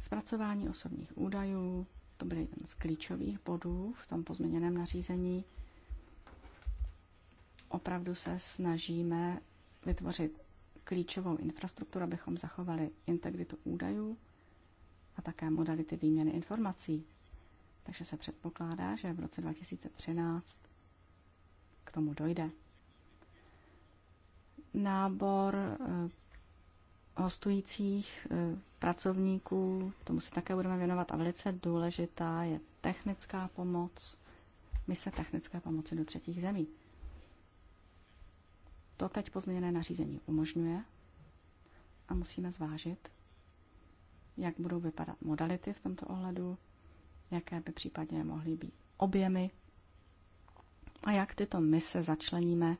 Zpracování osobních údajů, to byl jeden z klíčových bodů v tom pozměněném nařízení. Opravdu se snažíme vytvořit klíčovou infrastrukturu, abychom zachovali integritu údajů a také modality výměny informací. Takže se předpokládá, že v roce 2013 k tomu dojde. Nábor eh, hostujících eh, pracovníků, tomu se také budeme věnovat a velice důležitá je technická pomoc, mise technické pomoci do třetích zemí. To teď pozměněné nařízení umožňuje a musíme zvážit, jak budou vypadat modality v tomto ohledu, jaké by případně mohly být objemy a jak tyto mise začleníme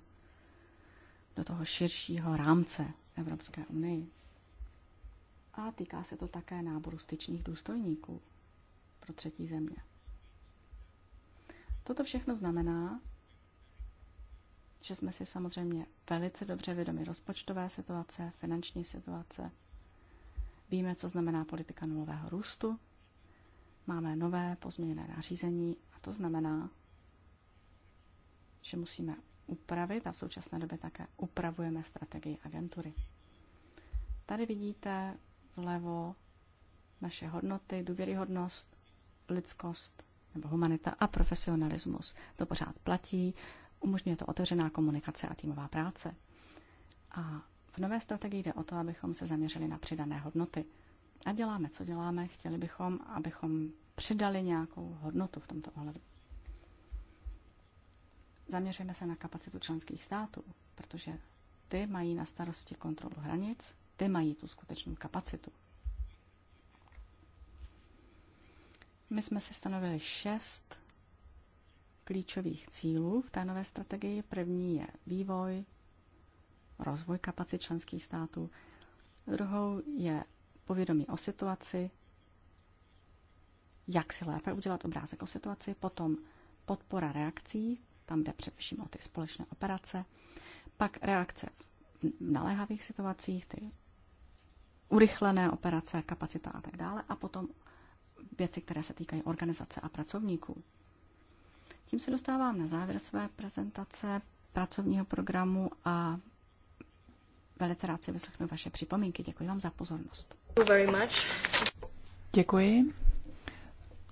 do toho širšího rámce Evropské unii. A týká se to také náboru styčných důstojníků pro třetí země. Toto všechno znamená, že jsme si samozřejmě velice dobře vědomi rozpočtové situace, finanční situace. Víme, co znamená politika nulového růstu. Máme nové pozměněné nařízení a to znamená, že musíme upravit a v současné době také upravujeme strategii agentury. Tady vidíte vlevo naše hodnoty, důvěryhodnost, lidskost nebo humanita a profesionalismus. To pořád platí, umožňuje to otevřená komunikace a týmová práce. A v nové strategii jde o to, abychom se zaměřili na přidané hodnoty. A děláme, co děláme, chtěli bychom, abychom přidali nějakou hodnotu v tomto ohledu. Zaměřujeme se na kapacitu členských států, protože ty mají na starosti kontrolu hranic, ty mají tu skutečnou kapacitu. My jsme si stanovili šest klíčových cílů v té nové strategii. První je vývoj, rozvoj kapacit členských států. Druhou je povědomí o situaci, jak si lépe udělat obrázek o situaci, potom podpora reakcí, tam jde především o ty společné operace. Pak reakce v naléhavých situacích, ty urychlené operace, kapacita a tak dále. A potom věci, které se týkají organizace a pracovníků. Tím se dostávám na závěr své prezentace pracovního programu a velice rád si vyslechnu vaše připomínky. Děkuji vám za pozornost. Very much. Děkuji.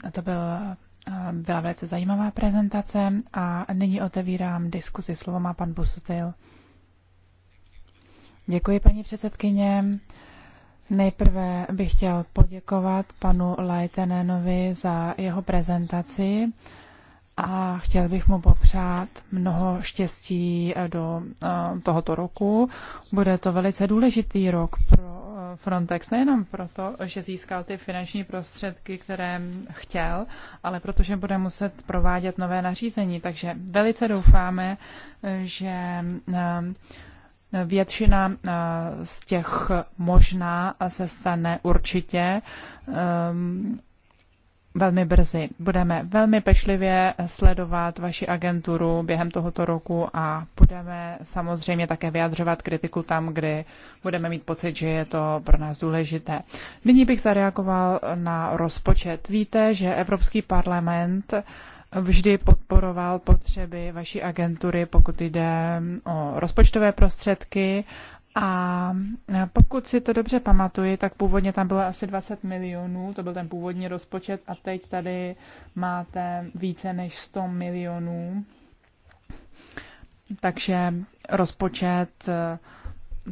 A to byla byla velice zajímavá prezentace a nyní otevírám diskusi. Slovo má pan Busutil. Děkuji, paní předsedkyně. Nejprve bych chtěl poděkovat panu Leitenenovi za jeho prezentaci a chtěl bych mu popřát mnoho štěstí do eh, tohoto roku. Bude to velice důležitý rok pro Frontex nejenom proto, že získal ty finanční prostředky, které chtěl, ale protože bude muset provádět nové nařízení. Takže velice doufáme, že eh, Většina eh, z těch možná se stane určitě. Eh, velmi brzy. Budeme velmi pečlivě sledovat vaši agenturu během tohoto roku a budeme samozřejmě také vyjadřovat kritiku tam, kdy budeme mít pocit, že je to pro nás důležité. Nyní bych zareagoval na rozpočet. Víte, že Evropský parlament vždy podporoval potřeby vaší agentury, pokud jde o rozpočtové prostředky a pokud si to dobře pamatuji, tak původně tam bylo asi 20 milionů, to byl ten původní rozpočet a teď tady máte více než 100 milionů. Takže rozpočet eh,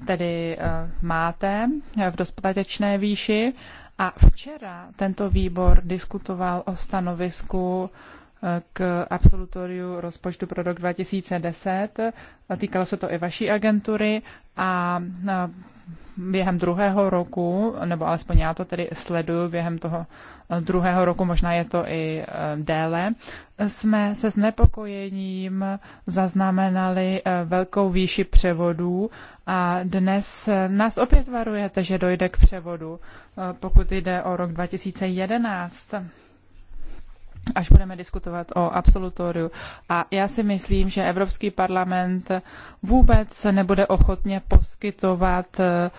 tedy eh, máte v dostatečné výši. A včera tento výbor diskutoval o stanovisku k absolutoriu rozpočtu pro rok 2010. Týkalo se to i vaší agentury a během druhého roku, nebo alespoň já to tedy sleduju během toho e, druhého roku, možná je to i e, déle, jsme se znepokojením zaznamenali e, velkou výši převodů a dnes nás opět varujete, že dojde k převodu, pokud jde o rok 2011 až budeme diskutovat o absolutoriu. A já si myslím, že Evropský parlament vůbec nebude ochotně poskytovat eh,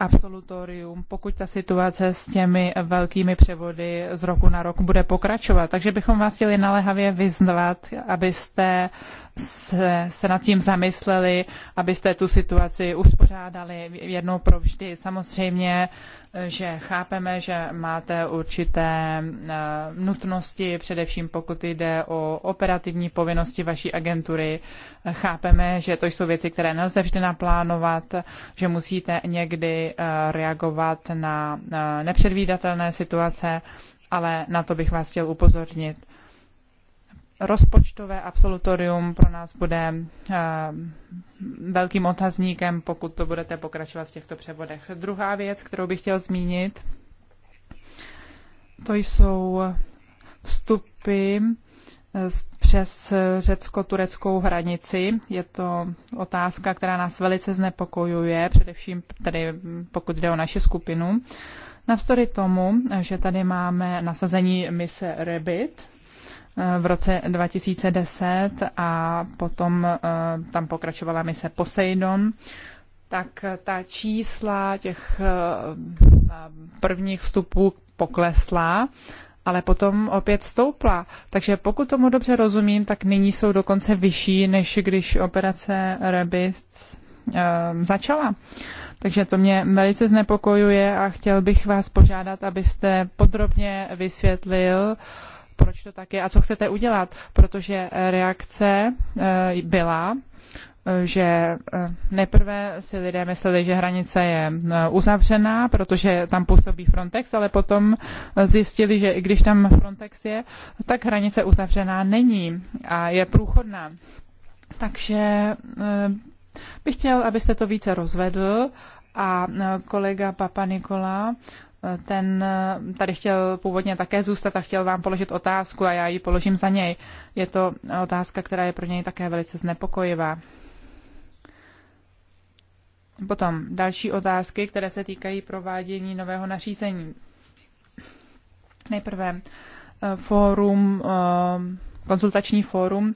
absolutorium, pokud ta situace s těmi velkými převody z roku na rok bude pokračovat. Takže bychom vás chtěli naléhavě vyzvat, abyste se, se nad tím zamysleli, abyste tu situaci uspořádali jednou pro vždy. Samozřejmě že chápeme, že máte určité eh, nutnosti, především pokud jde o operativní povinnosti vaší agentury. Chápeme, že to jsou věci, které nelze vždy naplánovat, že musíte někdy eh, reagovat na eh, nepředvídatelné situace, ale na to bych vás chtěl upozornit rozpočtové absolutorium pro nás bude eh, velkým otazníkem, pokud to budete pokračovat v těchto převodech. Druhá věc, kterou bych chtěl zmínit, to jsou vstupy eh, přes řecko-tureckou hranici. Je to otázka, která nás velice znepokojuje, především tady hm, pokud jde o naši skupinu. Navzdory tomu, že tady máme nasazení mise Rebit, v roce 2010 a potom eh, tam pokračovala mise Poseidon, tak ta čísla těch eh, prvních vstupů poklesla, ale potom opět stoupla. Takže pokud tomu dobře rozumím, tak nyní jsou dokonce vyšší, než když operace Rabbit eh, začala. Takže to mě velice znepokojuje a chtěl bych vás požádat, abyste podrobně vysvětlil, uh, proč to tak je a co chcete udělat, protože reakce eh, byla, eh, že eh, nejprve si lidé mysleli, že hranice je uzavřená, protože tam působí Frontex, ale potom zjistili, že i když tam Frontex je, tak hranice uzavřená není a je průchodná. Takže bych chtěl, abyste to více rozvedl a kolega Papa Nikola ten tady chtěl původně také zůstat a chtěl vám položit otázku a já ji položím za něj. Je to otázka, která je pro něj také velice znepokojivá. Potom další otázky, které se týkají provádění nového nařízení. Nejprve eh, fórum, eh, konzultační fórum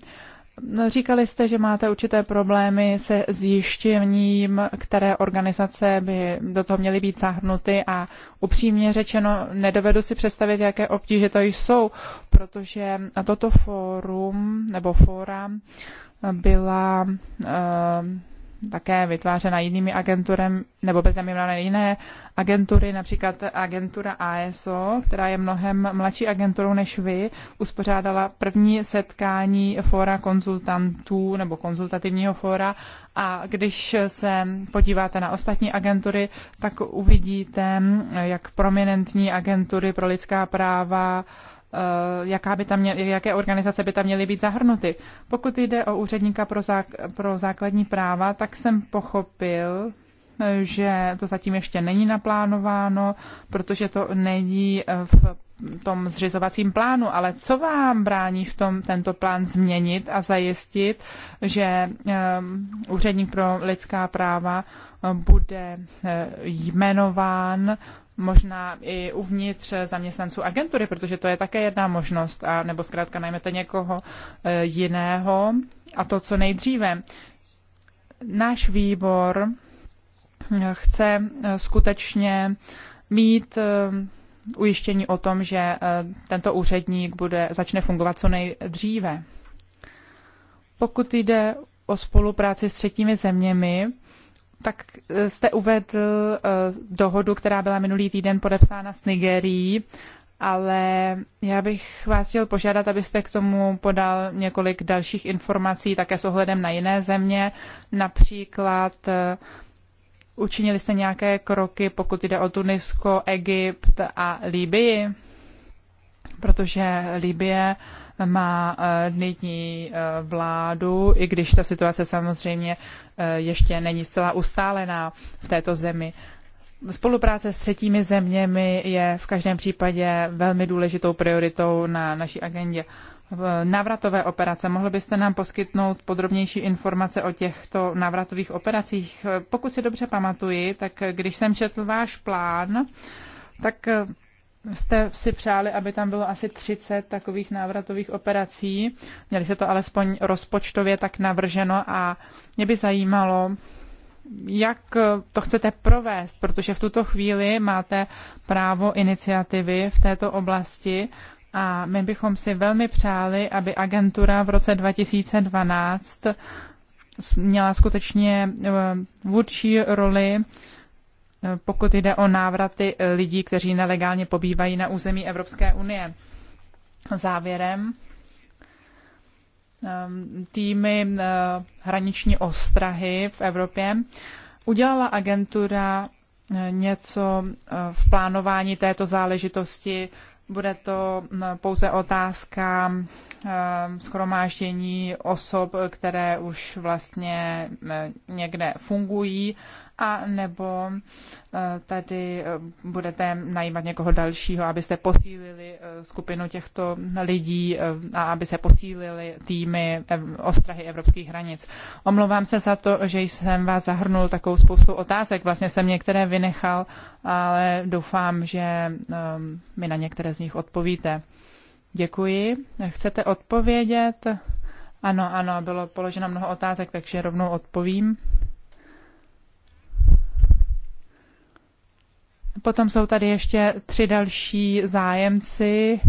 No, říkali jste, že máte určité problémy se zjištěním, které organizace by do toho měly být zahrnuty a upřímně řečeno nedovedu si představit, jaké obtíže to jsou, protože toto fórum nebo fóra byla eh, také vytvářena jinými agenturem, nebo bez na jiné agentury, například agentura ASO, která je mnohem mladší agenturou než vy, uspořádala první setkání fóra konzultantů nebo konzultativního fóra a když se podíváte na ostatní agentury, tak uvidíte, jak prominentní agentury pro lidská práva, Eh, jaká by tam měly, jaké organizace by tam měly být zahrnuty. Pokud jde o úředníka pro, zák, pro základní práva, tak jsem pochopil, eh, že to zatím ještě není naplánováno, protože to není eh, v tom zřizovacím plánu, ale co vám brání v tom tento plán změnit a zajistit, že ehm, úředník pro lidská práva bude jmenován možná i uvnitř zaměstnanců agentury, protože to je také jedna možnost, a nebo zkrátka najmete někoho eh, jiného a to co nejdříve. Náš výbor hm, chce eh, skutečně mít hm, ujištění o tom, že eh, tento úředník bude, začne fungovat co nejdříve. Pokud jde o spolupráci s třetími zeměmi, tak eh, jste uvedl eh, dohodu, která byla minulý týden podepsána s Nigerií, ale já bych vás chtěl požádat, abyste k tomu podal několik dalších informací, také s ohledem na jiné země, například eh, Učinili jste nějaké kroky, pokud jde o Tunisko, Egypt a Libii? Protože Libie má eh, nyní eh, vládu, i když ta situace samozřejmě eh, ještě není zcela ustálená v této zemi. Spolupráce s třetími zeměmi je v každém případě velmi důležitou prioritou na naší agendě. Návratové operace. Mohli byste nám poskytnout podrobnější informace o těchto návratových operacích? Pokud si dobře pamatuji, tak když jsem četl váš plán, tak jste si přáli, aby tam bylo asi 30 takových návratových operací. Měli se to alespoň rozpočtově tak navrženo a mě by zajímalo, jak to chcete provést, protože v tuto chvíli máte právo iniciativy v této oblasti a my bychom si velmi přáli, aby agentura v roce 2012 měla skutečně eh, vůdčí roli pokud jde o návraty eh, lidí, kteří nelegálně pobývají na území Evropské unie. Závěrem, ehm, týmy eh, hraniční ostrahy v Evropě udělala agentura eh, něco v plánování této záležitosti. Bude to mm, pouze otázka ehm, schromáždění osob, které už vlastně někde fungují a nebo eh, tady eh, budete najímat někoho dalšího, abyste posílili eh, skupinu těchto lidí a aby se posílili týmy ostrahy evropských hranic. Omlouvám se za to, že jsem vás zahrnul takovou spoustu otázek, vlastně jsem některé vynechal, ale doufám, že ehm, mi na některé z nich odpovíte. Děkuji. Chcete odpovědět? Ano, ano, bylo položeno mnoho otázek, takže rovnou odpovím. Potom jsou tady ještě tři další zájemci.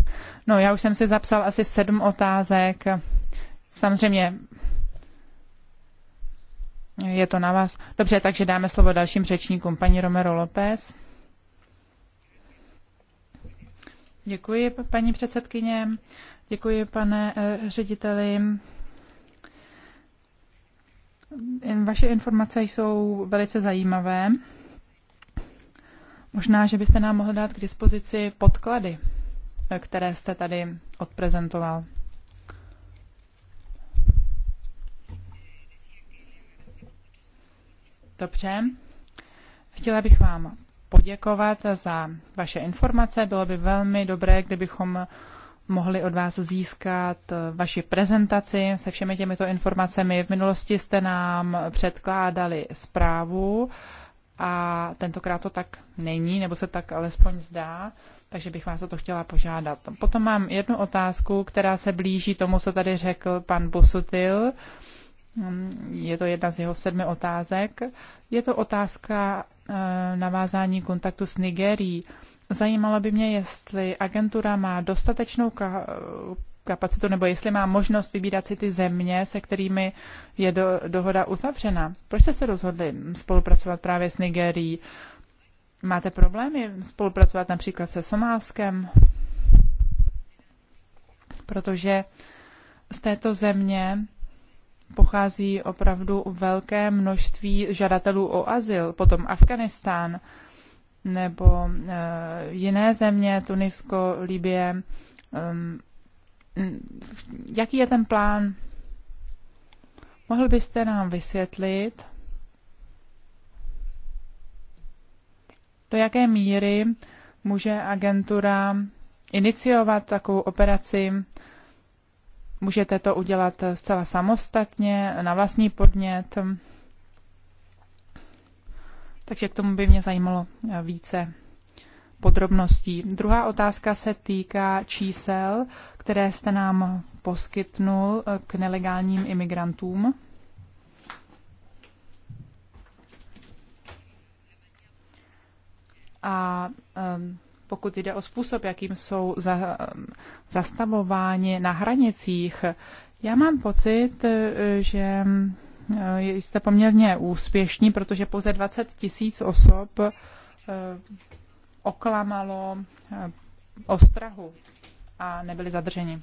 No, já už jsem si zapsal asi sedm otázek. Samozřejmě je to na vás. Dobře, takže dáme slovo dalším řečníkům. Paní Romero López. Děkuji, paní předsedkyně. Děkuji, pane eh, řediteli. Vaše informace jsou velice zajímavé. Možná, že byste nám mohl dát k dispozici podklady, eh, které jste tady odprezentoval. Dobře. Chtěla bych vám poděkovat za vaše informace. Bylo by velmi dobré, kdybychom mohli od vás získat eh, vaši prezentaci se všemi těmito informacemi. V minulosti jste nám předkládali zprávu a tentokrát to tak není, nebo se tak alespoň zdá, takže bych vás o to chtěla požádat. Potom mám jednu otázku, která se blíží tomu, co tady řekl pan Bosutil. Je to jedna z jeho sedmi otázek. Je to otázka eh, navázání kontaktu s Nigerií. Zajímalo by mě, jestli agentura má dostatečnou kapacitu, nebo jestli má možnost vybírat si ty země, se kterými je do, dohoda uzavřena. Proč jste se rozhodli spolupracovat právě s Nigerií? Máte problémy spolupracovat například se Somálskem? Protože z této země pochází opravdu velké množství žadatelů o azyl, potom Afganistán nebo e, jiné země, Tunisko, Libie, ehm, Mm, jaký je ten plán? Mohl byste nám vysvětlit, do jaké míry může agentura iniciovat takovou operaci? Můžete to udělat zcela samostatně, na vlastní podnět? Takže k tomu by mě zajímalo eh, více podrobností. Druhá otázka se týká čísel které jste nám poskytnul eh, k nelegálním imigrantům. A ehm, pokud jde o způsob, jakým jsou za, ehm, zastavováni na hranicích, já mám pocit, eh, že eh, jste poměrně úspěšní, protože pouze 20 tisíc osob oklamalo ostrahu a nebyli zadrženi.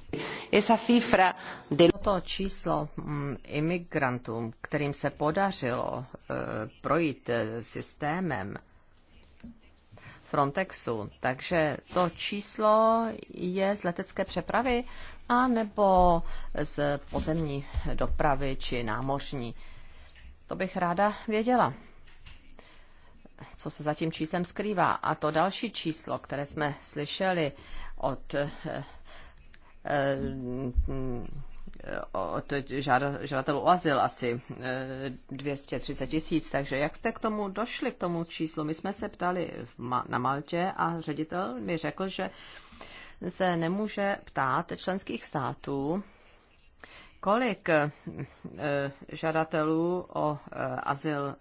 Toto číslo mm, imigrantům, kterým se podařilo e, projít e, systémem Frontexu, takže to číslo je z letecké přepravy a nebo z pozemní dopravy či námořní. To bych ráda věděla co se za tím číslem skrývá. A to další číslo, které jsme slyšeli, od eh, eh, eh, od žadatelů o azyl asi 230 tisíc. Takže jak jste k tomu došli, k tomu číslu? My jsme se ptali na Maltě a ředitel mi řekl, že se nemůže ptát členských států, kolik žadatelů o azyl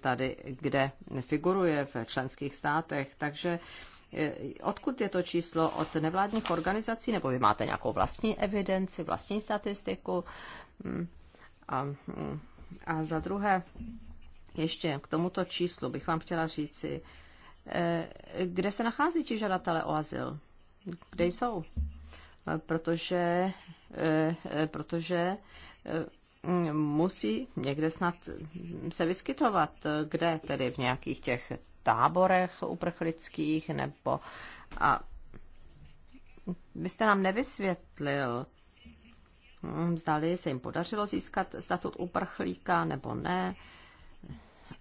tady kde figuruje v členských státech. Takže Eh, odkud je to číslo? Od nevládních organizací? Nebo vy máte nějakou vlastní evidenci, vlastní statistiku? Hmm. A, hmm. a za druhé, ještě k tomuto číslu bych vám chtěla říci, eh, kde se nachází ti žadatelé o azyl? Kde jsou? Eh, protože, protože musí někde snad se vyskytovat, kde tedy v nějakých těch táborech uprchlických nebo a vy jste nám nevysvětlil, zdali se jim podařilo získat statut uprchlíka nebo ne.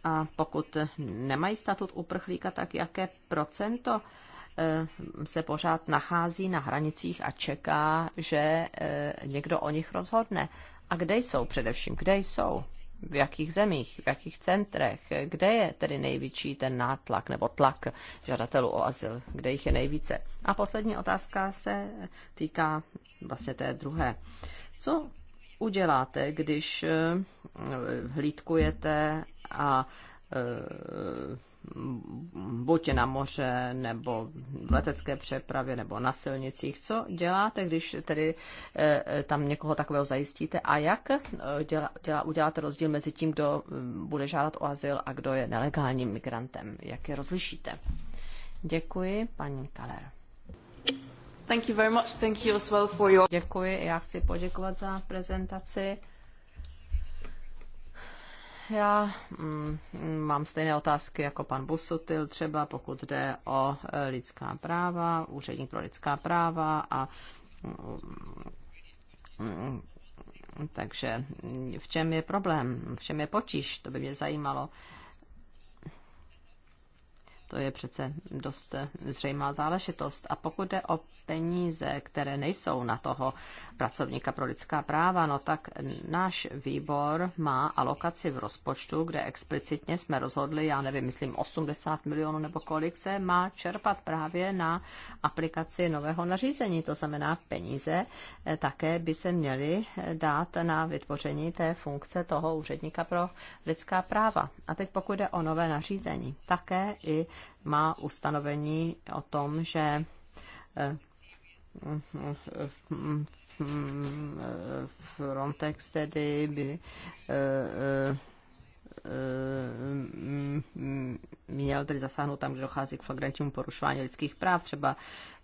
A pokud nemají statut uprchlíka, tak jaké procento eh, se pořád nachází na hranicích a čeká, že eh, někdo o nich rozhodne. A kde jsou především? Kde jsou? v jakých zemích, v jakých centrech, kde je tedy největší ten nátlak nebo tlak žadatelů o azyl, kde jich je nejvíce. A poslední otázka se týká vlastně té druhé. Co uděláte, když eh, hlídkujete a eh, buď na moře, nebo v letecké přepravě, nebo na silnicích. Co děláte, když tedy eh, eh, tam někoho takového zajistíte a jak děla, eh, děla, uděláte rozdíl mezi tím, kdo mm, bude žádat o azyl a kdo je nelegálním migrantem? Jak je rozlišíte? Děkuji, paní Kaler. Thank you very much. Thank you as well for your... Děkuji, já chci poděkovat za prezentaci já mm, mám stejné otázky jako pan Busutil, třeba pokud jde o e, lidská práva, úředník pro lidská práva a mm, mm, takže v čem je problém, v čem je potíž, to by mě zajímalo. To je přece dost e, zřejmá záležitost. A pokud jde o peníze, které nejsou na toho pracovníka pro lidská práva, no tak náš výbor má alokaci v rozpočtu, kde explicitně jsme rozhodli, já nevím, myslím 80 milionů nebo kolik se má čerpat právě na aplikaci nového nařízení. To znamená, peníze eh, také by se měly dát na vytvoření té funkce toho úředníka pro lidská práva. A teď pokud jde o nové nařízení, také i má ustanovení o tom, že eh, Frontex tedy by eh, eh, měl tedy zasáhnout tam, kde dochází k flagrantnímu porušování lidských práv. Třeba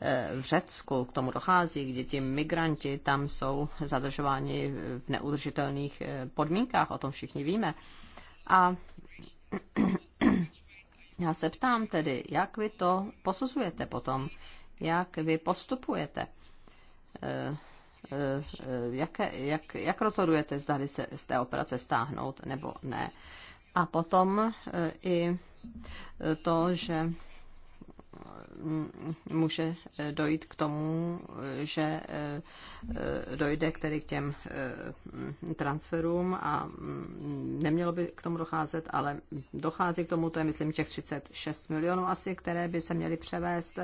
eh, v Řecku k tomu dochází, kde ti migranti tam jsou zadržováni v neudržitelných podmínkách, o tom všichni víme. A já se ptám tedy, jak vy to posuzujete potom? jak vy postupujete. Eh, eh, jak, jak, jak rozhodujete, zda se z té operace stáhnout nebo ne. A potom eh, i to, že mm, může dojít k tomu, že dojde k, tedy k těm mm, transferům a mm, nemělo by k tomu docházet, ale dochází k tomu, to je myslím těch 36 milionů asi, které by se měly převést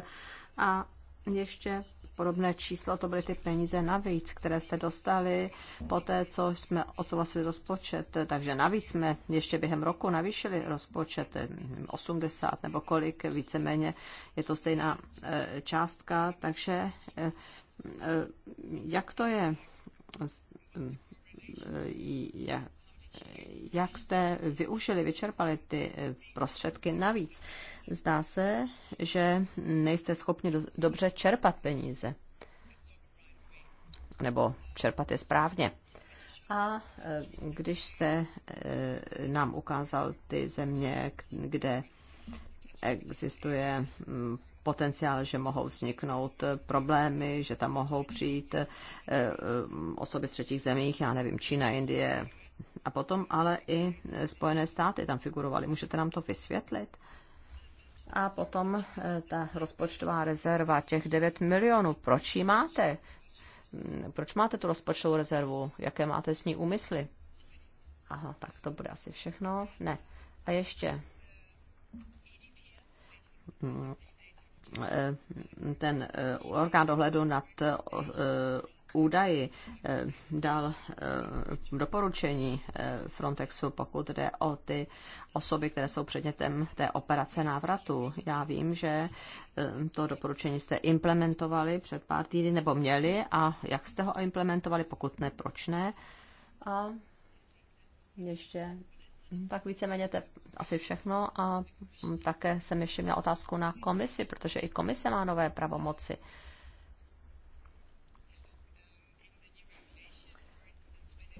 a ještě podobné číslo, to byly ty peníze navíc, které jste dostali po té, co jsme odsouhlasili rozpočet. Takže navíc jsme ještě během roku navýšili rozpočet 80 nebo kolik, víceméně je to stejná eh, částka. Takže eh, eh, jak to je? jak jste využili, vyčerpali ty eh, prostředky navíc. Zdá se, že nejste schopni do, dobře čerpat peníze. Nebo čerpat je správně. A eh, když jste eh, nám ukázal ty země, kde existuje hm, potenciál, že mohou vzniknout problémy, že tam mohou přijít hm, osoby třetích zemích, já nevím, Čína, Indie, a potom ale i e, Spojené státy tam figurovaly. Můžete nám to vysvětlit? A potom e, ta rozpočtová rezerva, těch 9 milionů, proč ji máte? Mm, proč máte tu rozpočtovou rezervu? Jaké máte s ní úmysly? Aha, tak to bude asi všechno. Ne. A ještě mm, e, ten orgán dohledu nad údaji, eh, dal eh, doporučení eh, Frontexu, pokud jde o ty osoby, které jsou předmětem té operace návratu. Já vím, že to doporučení jste implementovali před pár týdny nebo měli a jak jste ho implementovali, pokud ne, proč ne? A ještě tak víceméně to je asi všechno a také jsem ještě měla otázku na komisi, protože i komise má nové pravomoci.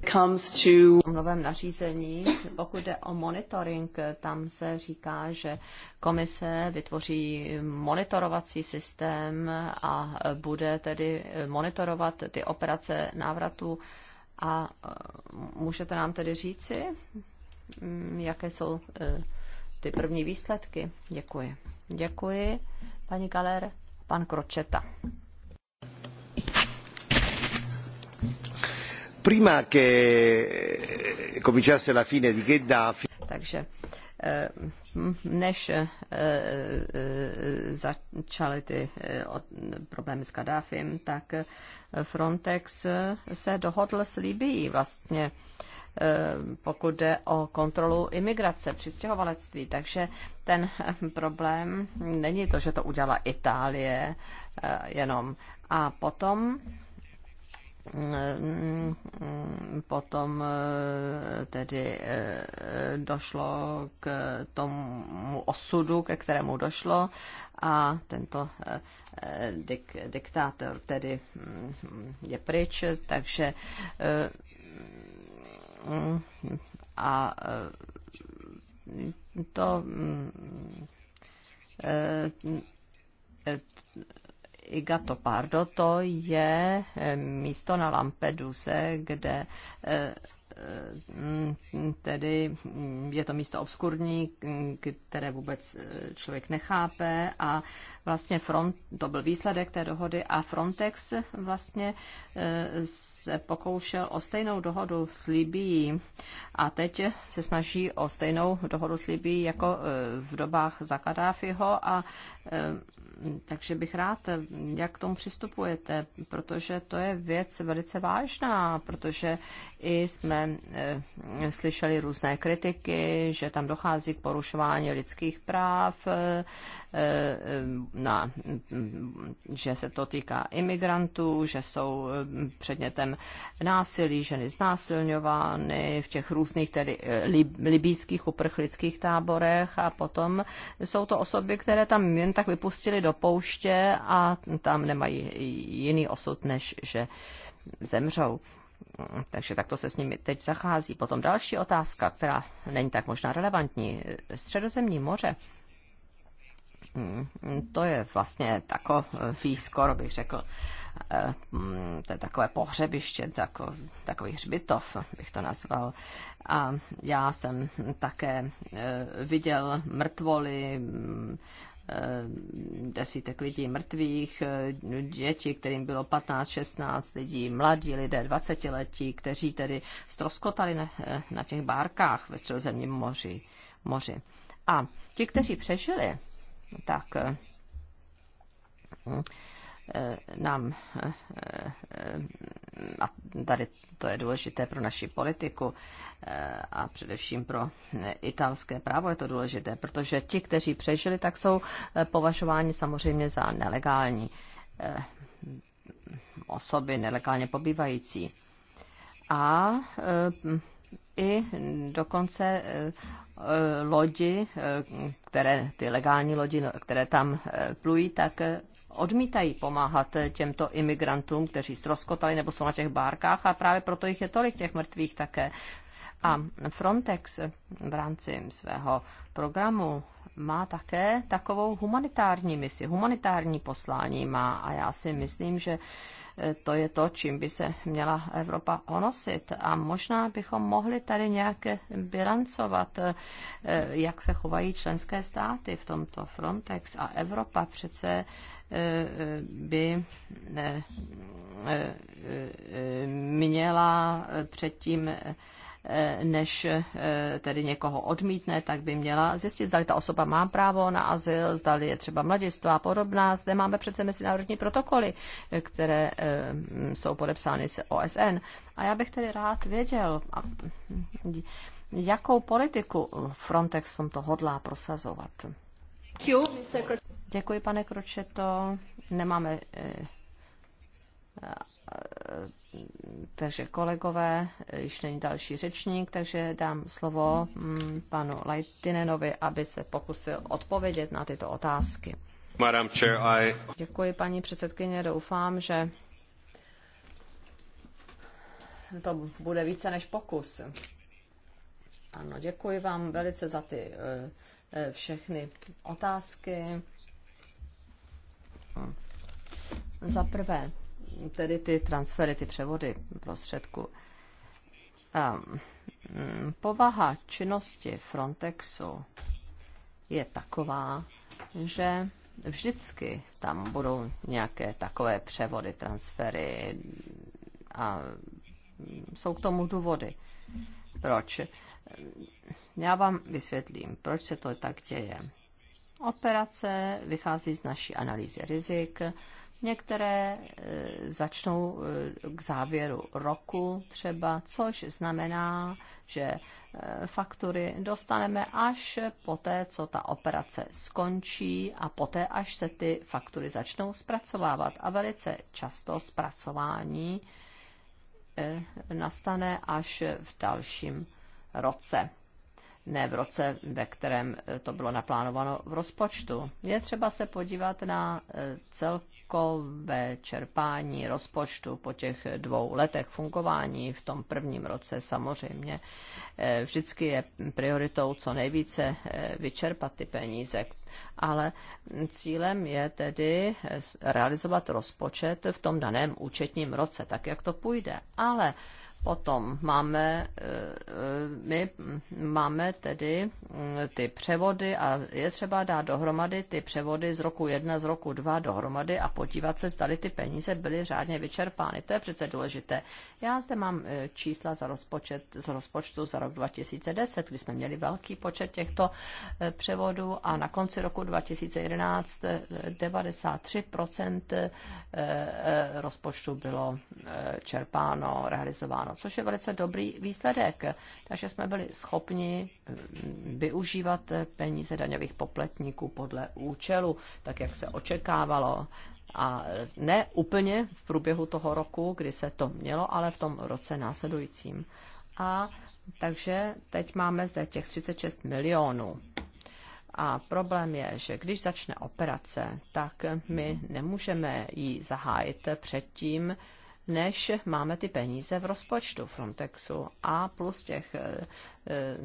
V novém nařízení, pokud jde o monitoring, tam se říká, že komise vytvoří monitorovací systém a bude tedy monitorovat ty operace návratu a e, můžete nám tedy říci, mm, jaké jsou e, ty první výsledky? Děkuji. Děkuji, paní Galer, pan Kročeta. Prima che eh, cominciasse la fine di Gheddafi. Takže eh, než eh, začaly ty problémy s Kadáfim, tak Frontex se dohodl s Libií vlastně pokud jde o kontrolu imigrace, přistěhovalectví. Takže ten problém není to, že to udělala Itálie jenom. A potom Mm, potom eh, tedy eh, došlo k tomu osudu, ke kterému došlo a tento eh, dik, diktátor tedy mm, je pryč, takže a to mm, Igato Pardo, to je eh, místo na Lampeduse, kde eh, mm, tedy mm, je to místo obskurní, mm, které vůbec eh, člověk nechápe a vlastně front, to byl výsledek té dohody a Frontex vlastně se pokoušel o stejnou dohodu s Libií a teď se snaží o stejnou dohodu s Libií jako v dobách za Kadáfiho a takže bych rád, jak k tomu přistupujete, protože to je věc velice vážná, protože i jsme eh, slyšeli různé kritiky, že tam dochází k porušování lidských práv, Eh, na, že se to týká imigrantů, že jsou eh, předmětem násilí, ženy znásilňovány v těch různých tedy eh, lib, libýských uprchlických táborech a potom jsou to osoby, které tam jen tak vypustili do pouště a tam nemají jiný osud, než že zemřou. Takže takto se s nimi teď zachází. Potom další otázka, která není tak možná relevantní. Středozemní moře to je vlastně takový, skoro bych řekl, eh, to je takové pohřebiště, takový, takový hřbitov, bych to nazval. A já jsem také eh, viděl mrtvoly, eh, desítek lidí mrtvých, děti, kterým bylo 15-16 lidí, mladí lidé, 20 letí, kteří tedy stroskotali na, na těch bárkách ve středozemním moři. moři. A ti, kteří přežili, tak eh, eh, nám, eh, a tady to je důležité pro naši politiku a především pro italské právo je to důležité, protože ti, kteří přežili, tak jsou považováni samozřejmě za nelegální osoby, nelegálně pobývající. A i dokonce e, e, lodi, e, které ty legální lodi, no, které tam plují, tak odmítají pomáhat těmto imigrantům, kteří ztroskotali nebo jsou na těch bárkách a právě proto jich je tolik těch mrtvých také. A Frontex v rámci svého programu má také takovou humanitární misi, humanitární poslání má a já si myslím, že to je to, čím by se měla Evropa onosit. A možná bychom mohli tady nějak bilancovat, eh, jak se chovají členské státy v tomto Frontex a Evropa přece eh, by eh, měla předtím než eh, tedy někoho odmítne, tak by měla zjistit, zda ta osoba má právo na azyl, zda je třeba mladistvá a podobná. Zde máme přece mezinárodní protokoly, které eh, jsou podepsány s OSN. A já bych tedy rád věděl, jakou politiku Frontex v tomto hodlá prosazovat. Děkuji, pane Kročeto. Nemáme eh, takže kolegové, již není další řečník, takže dám slovo mm, panu Leitinenovi, aby se pokusil odpovědět na tyto otázky. Chair, I... Děkuji, paní předsedkyně, doufám, že to bude více než pokus. Ano, děkuji vám velice za ty eh, eh, všechny otázky. Hm. Za prvé, tedy ty transfery, ty převody prostředku. A mm, povaha činnosti Frontexu je taková, že vždycky tam budou nějaké takové převody, transfery a jsou k tomu důvody. Proč? Já vám vysvětlím, proč se to tak děje. Operace vychází z naší analýzy rizik Některé e, začnou e, k závěru roku třeba, což znamená, že e, faktury dostaneme až poté, co ta operace skončí a poté, až se ty faktury začnou zpracovávat. A velice často zpracování nastane až v dalším roce ne v roce, ve kterém to bylo naplánováno v rozpočtu. Je třeba se podívat na cel, celkové čerpání rozpočtu po těch dvou letech fungování v tom prvním roce samozřejmě eh, vždycky je prioritou co nejvíce eh, vyčerpat ty peníze. Ale cílem je tedy eh, realizovat rozpočet v tom daném účetním roce, tak jak to půjde. Ale Potom máme, eh, my máme tedy mm, ty převody a je třeba dát dohromady ty převody z roku 1, z roku 2 dohromady a podívat se, zda ty peníze byly řádně vyčerpány. To je přece důležité. Já zde mám eh, čísla za rozpočet, z rozpočtu za rok 2010, kdy jsme měli velký počet těchto eh, převodů a na konci roku 2011 93% rozpočtu bylo čerpáno, realizováno což je velice dobrý výsledek. Takže jsme byli schopni mm, využívat eh, peníze daňových poplatníků podle účelu, tak jak se očekávalo. A ne úplně v průběhu toho roku, kdy se to mělo, ale v tom roce následujícím. A takže teď máme zde těch 36 milionů. A problém je, že když začne operace, tak my nemůžeme ji zahájit předtím, než máme ty peníze v rozpočtu Frontexu. A plus těch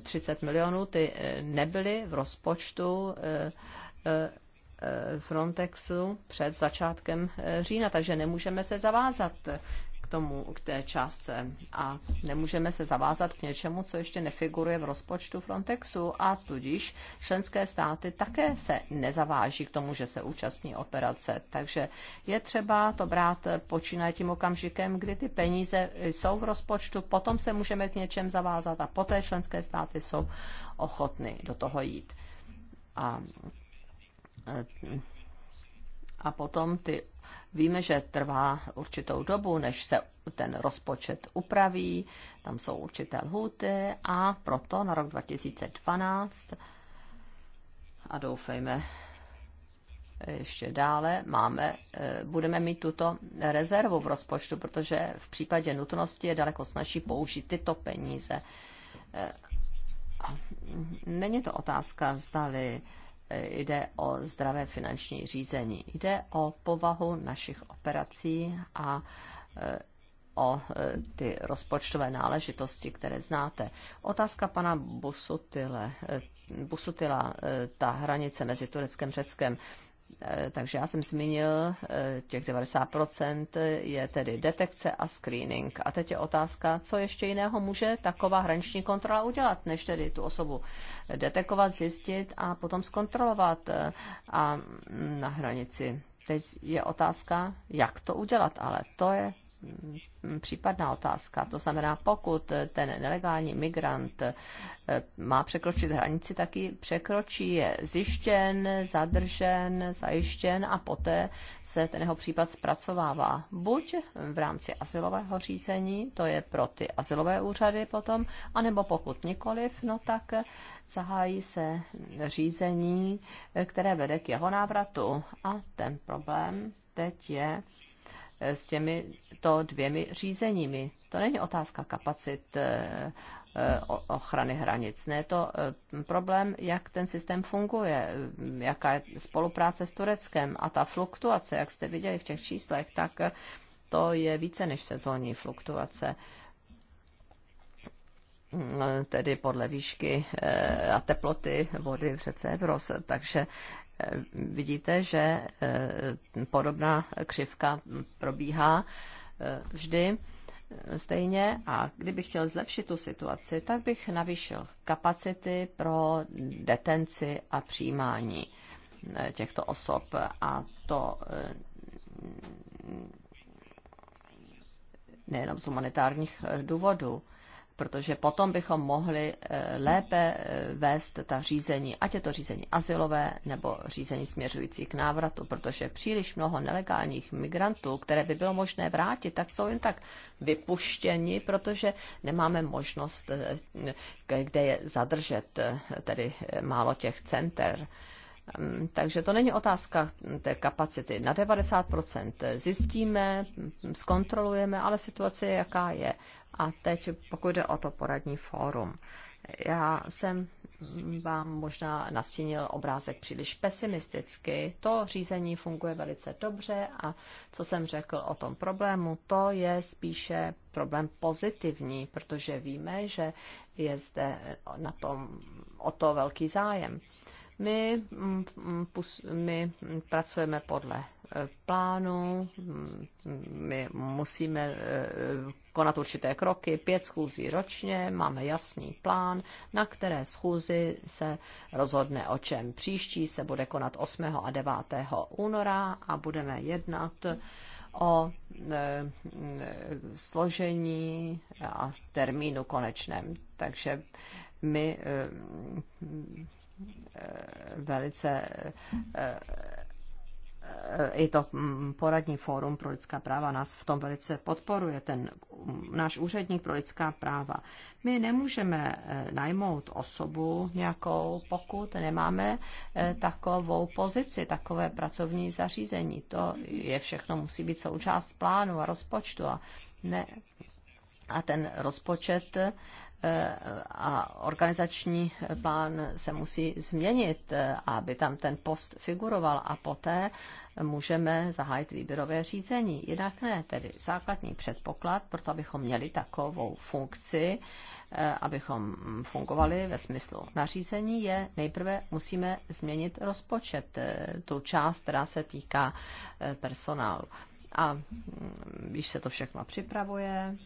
30 eh, eh, milionů, ty eh, nebyly v rozpočtu Frontexu před začátkem října, takže nemůžeme se zavázat k tomu, k té částce a nemůžeme se zavázat k něčemu, co ještě nefiguruje v rozpočtu Frontexu a tudíž členské státy také se nezaváží k tomu, že se účastní operace. Takže je třeba to brát počínaje tím okamžikem, kdy ty peníze jsou v rozpočtu, potom se můžeme k něčem zavázat a poté členské státy jsou ochotny do toho jít. A a potom ty Víme, že trvá určitou dobu, než se ten rozpočet upraví, tam jsou určité lhuty a proto na rok 2012 a doufejme ještě dále máme, eh, budeme mít tuto rezervu v rozpočtu, protože v případě nutnosti je daleko snažší použít tyto peníze. Eh, není to otázka, zdali jde o zdravé finanční řízení. Jde o povahu našich operací a e, o e, ty rozpočtové náležitosti, které znáte. Otázka pana Busutile, e, Busutila, ta hranice mezi Tureckem a Řeckem, Eh, takže já jsem zmínil, eh, těch 90% je tedy detekce a screening. A teď je otázka, co ještě jiného může taková hraniční kontrola udělat, než tedy tu osobu detekovat, zjistit a potom zkontrolovat eh, a mm, na hranici. Teď je otázka, jak to udělat, ale to je případná otázka. To znamená, pokud ten nelegální migrant eh, má překročit hranici, tak ji překročí, je zjištěn, zadržen, zajištěn a poté se ten jeho případ zpracovává. Buď v rámci asilového řízení, to je pro ty asilové úřady potom, anebo pokud nikoliv, no tak zahájí se řízení, eh, které vede k jeho návratu. A ten problém teď je Eh, s těmito dvěmi řízeními. To není otázka kapacit eh, eh, ochrany hranic. Ne, to problém, jak ten systém funguje, hm, jaká je spolupráce s Tureckem a ta fluktuace, jak jste viděli v těch číslech, tak to je více než sezónní fluktuace hm, tedy podle výšky a teploty vody v řece Evros. Takže vidíte, že eh, podobná křivka probíhá eh, vždy eh, stejně a kdybych chtěl zlepšit tu situaci, tak bych navýšil kapacity pro detenci a přijímání těchto osob a to nejenom z humanitárních důvodů protože potom bychom mohli eh, lépe eh, vést ta řízení, ať je to řízení asilové nebo řízení směřující k návratu, protože příliš mnoho nelegálních migrantů, které by bylo možné vrátit, tak jsou jen tak vypuštěni, protože nemáme možnost, eh, kde je zadržet, tedy málo těch center. Mm, takže to není otázka mm, té kapacity. Na 90% zjistíme, mm, zkontrolujeme, ale situace je, jaká je. A teď, pokud jde o to poradní fórum, já jsem vám možná nastínil obrázek příliš pesimisticky. To řízení funguje velice dobře a co jsem řekl o tom problému, to je spíše problém pozitivní, protože víme, že je zde na tom o to velký zájem. My, mm, mm, my pracujeme podle plánu. My musíme eh, konat určité kroky, pět schůzí ročně, máme jasný plán, na které schůzi se rozhodne o čem. Příští se bude konat 8. a 9. února a budeme jednat o eh, složení a termínu konečném. Takže my eh, velice i eh, to mm, poradní fórum pro lidská práva nás v tom velice podporuje, ten mm, náš úředník pro lidská práva. My nemůžeme eh, najmout osobu nějakou, pokud nemáme eh, takovou pozici, takové pracovní zařízení. To je všechno, musí být součást plánu a rozpočtu a ne, a ten rozpočet eh, a organizační plán se musí změnit, eh, aby tam ten post figuroval a poté můžeme zahájit výběrové řízení. Jinak ne, tedy základní předpoklad, proto abychom měli takovou funkci, eh, abychom fungovali ve smyslu nařízení, je nejprve musíme změnit rozpočet, tu část, která se týká personálu. A když mm, se to všechno připravuje,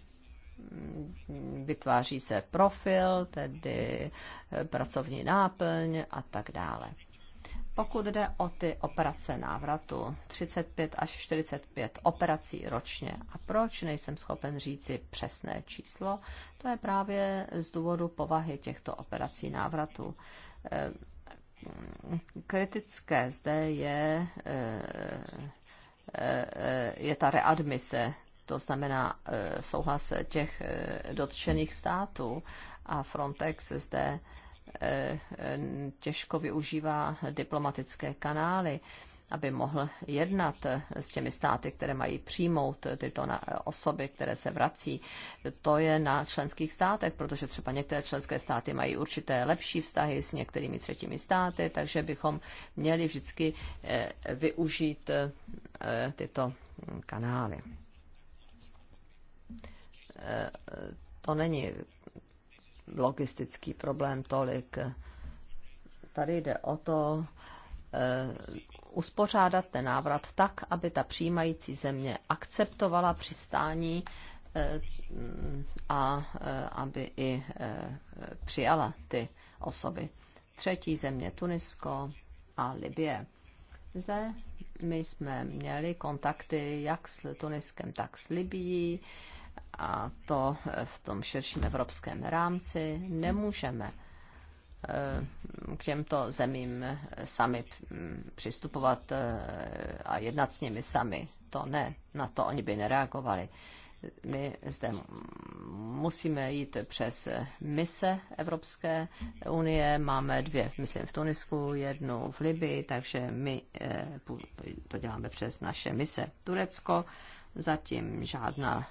vytváří se profil, tedy eh, pracovní náplň a tak dále. Pokud jde o ty operace návratu, 35 až 45 operací ročně. A proč nejsem schopen říci přesné číslo? To je právě z důvodu povahy těchto operací návratu. Eh, kritické zde je, eh, je ta readmise to znamená eh, souhlas těch eh, dotčených států a Frontex zde eh, těžko využívá diplomatické kanály, aby mohl jednat s těmi státy, které mají přijmout tyto osoby, které se vrací. To je na členských státech, protože třeba některé členské státy mají určité lepší vztahy s některými třetími státy, takže bychom měli vždycky využít tyto kanály. Eh, to není logistický problém tolik. Tady jde o to eh, uspořádat ten návrat tak, aby ta přijímající země akceptovala přistání eh, a aby i přijala ty osoby. Třetí země Tunisko a Libie. Zde my jsme měli kontakty jak s Tuniskem, tak s Libií a to eh, v tom širším evropském rámci nemůžeme eh, k těmto zemím eh, sami mm, přistupovat a jednat s nimi sami. To ne, na to oni by nereagovali. My zde musíme jít přes mise Evropské unie. Máme dvě, myslím, v Tunisku, jednu v Libii, takže my to děláme přes naše mise. Turecko zatím žádná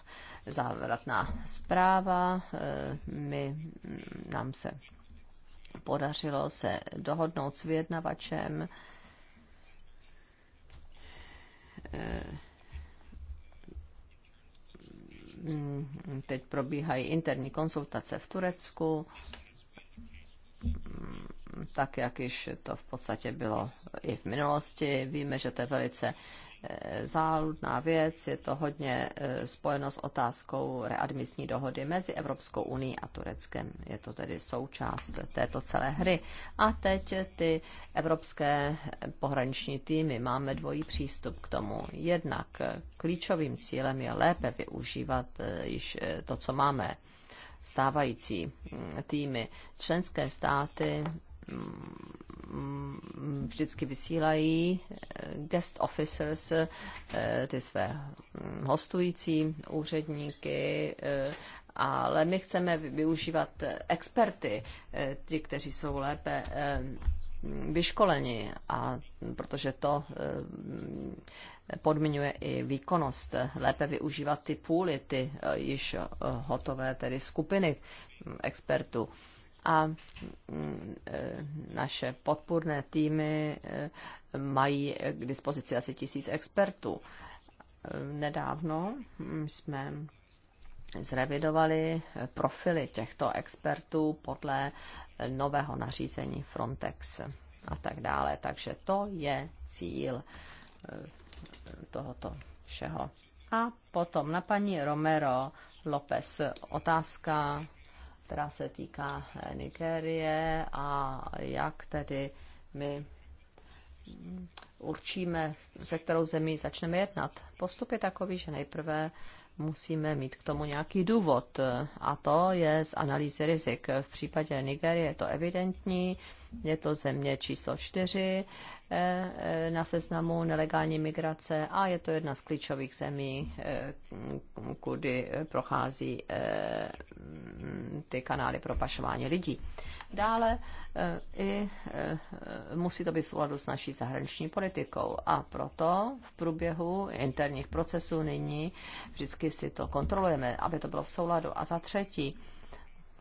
závratná zpráva. Eh, my, mm, nám se podařilo se dohodnout s vyjednavačem eh, mm, teď probíhají interní konsultace v Turecku, mm, tak jak již to v podstatě bylo i v minulosti. Víme, že to je velice Eh, záludná věc, je to hodně eh, spojeno s otázkou readmisní dohody mezi Evropskou unii a Tureckem. Je to tedy součást této celé hry. A teď ty evropské pohraniční týmy máme dvojí přístup k tomu. Jednak eh, klíčovým cílem je lépe využívat již to, co máme stávající mm, týmy. Členské státy vždycky vysílají eh, guest officers, eh, ty své hm, hostující úředníky, eh, ale my chceme využívat experty, ti, kteří jsou lépe vyškoleni, a protože to podmiňuje i výkonnost, lépe využívat ty půly, ty již hotové tedy skupiny hm, expertů a mm, e, naše podpůrné týmy e, mají k dispozici asi tisíc expertů. E, nedávno mm, jsme zrevidovali profily těchto expertů podle nového nařízení Frontex a tak dále. Takže to je cíl tohoto všeho. A potom na paní Romero López otázka která se týká eh, Nigérie a jak tedy my mm, určíme, se kterou zemí začneme jednat. Postup je takový, že nejprve musíme mít k tomu nějaký důvod eh, a to je z analýzy rizik. V případě Nigerie je to evidentní, je to země číslo čtyři, Eh, na seznamu nelegální migrace a je to jedna z klíčových zemí, eh, kudy prochází eh, ty kanály pro pašování lidí. Dále i musí to být v souladu s naší zahraniční politikou a proto v průběhu interních procesů nyní vždycky si to kontrolujeme, aby to bylo v souladu. A za třetí,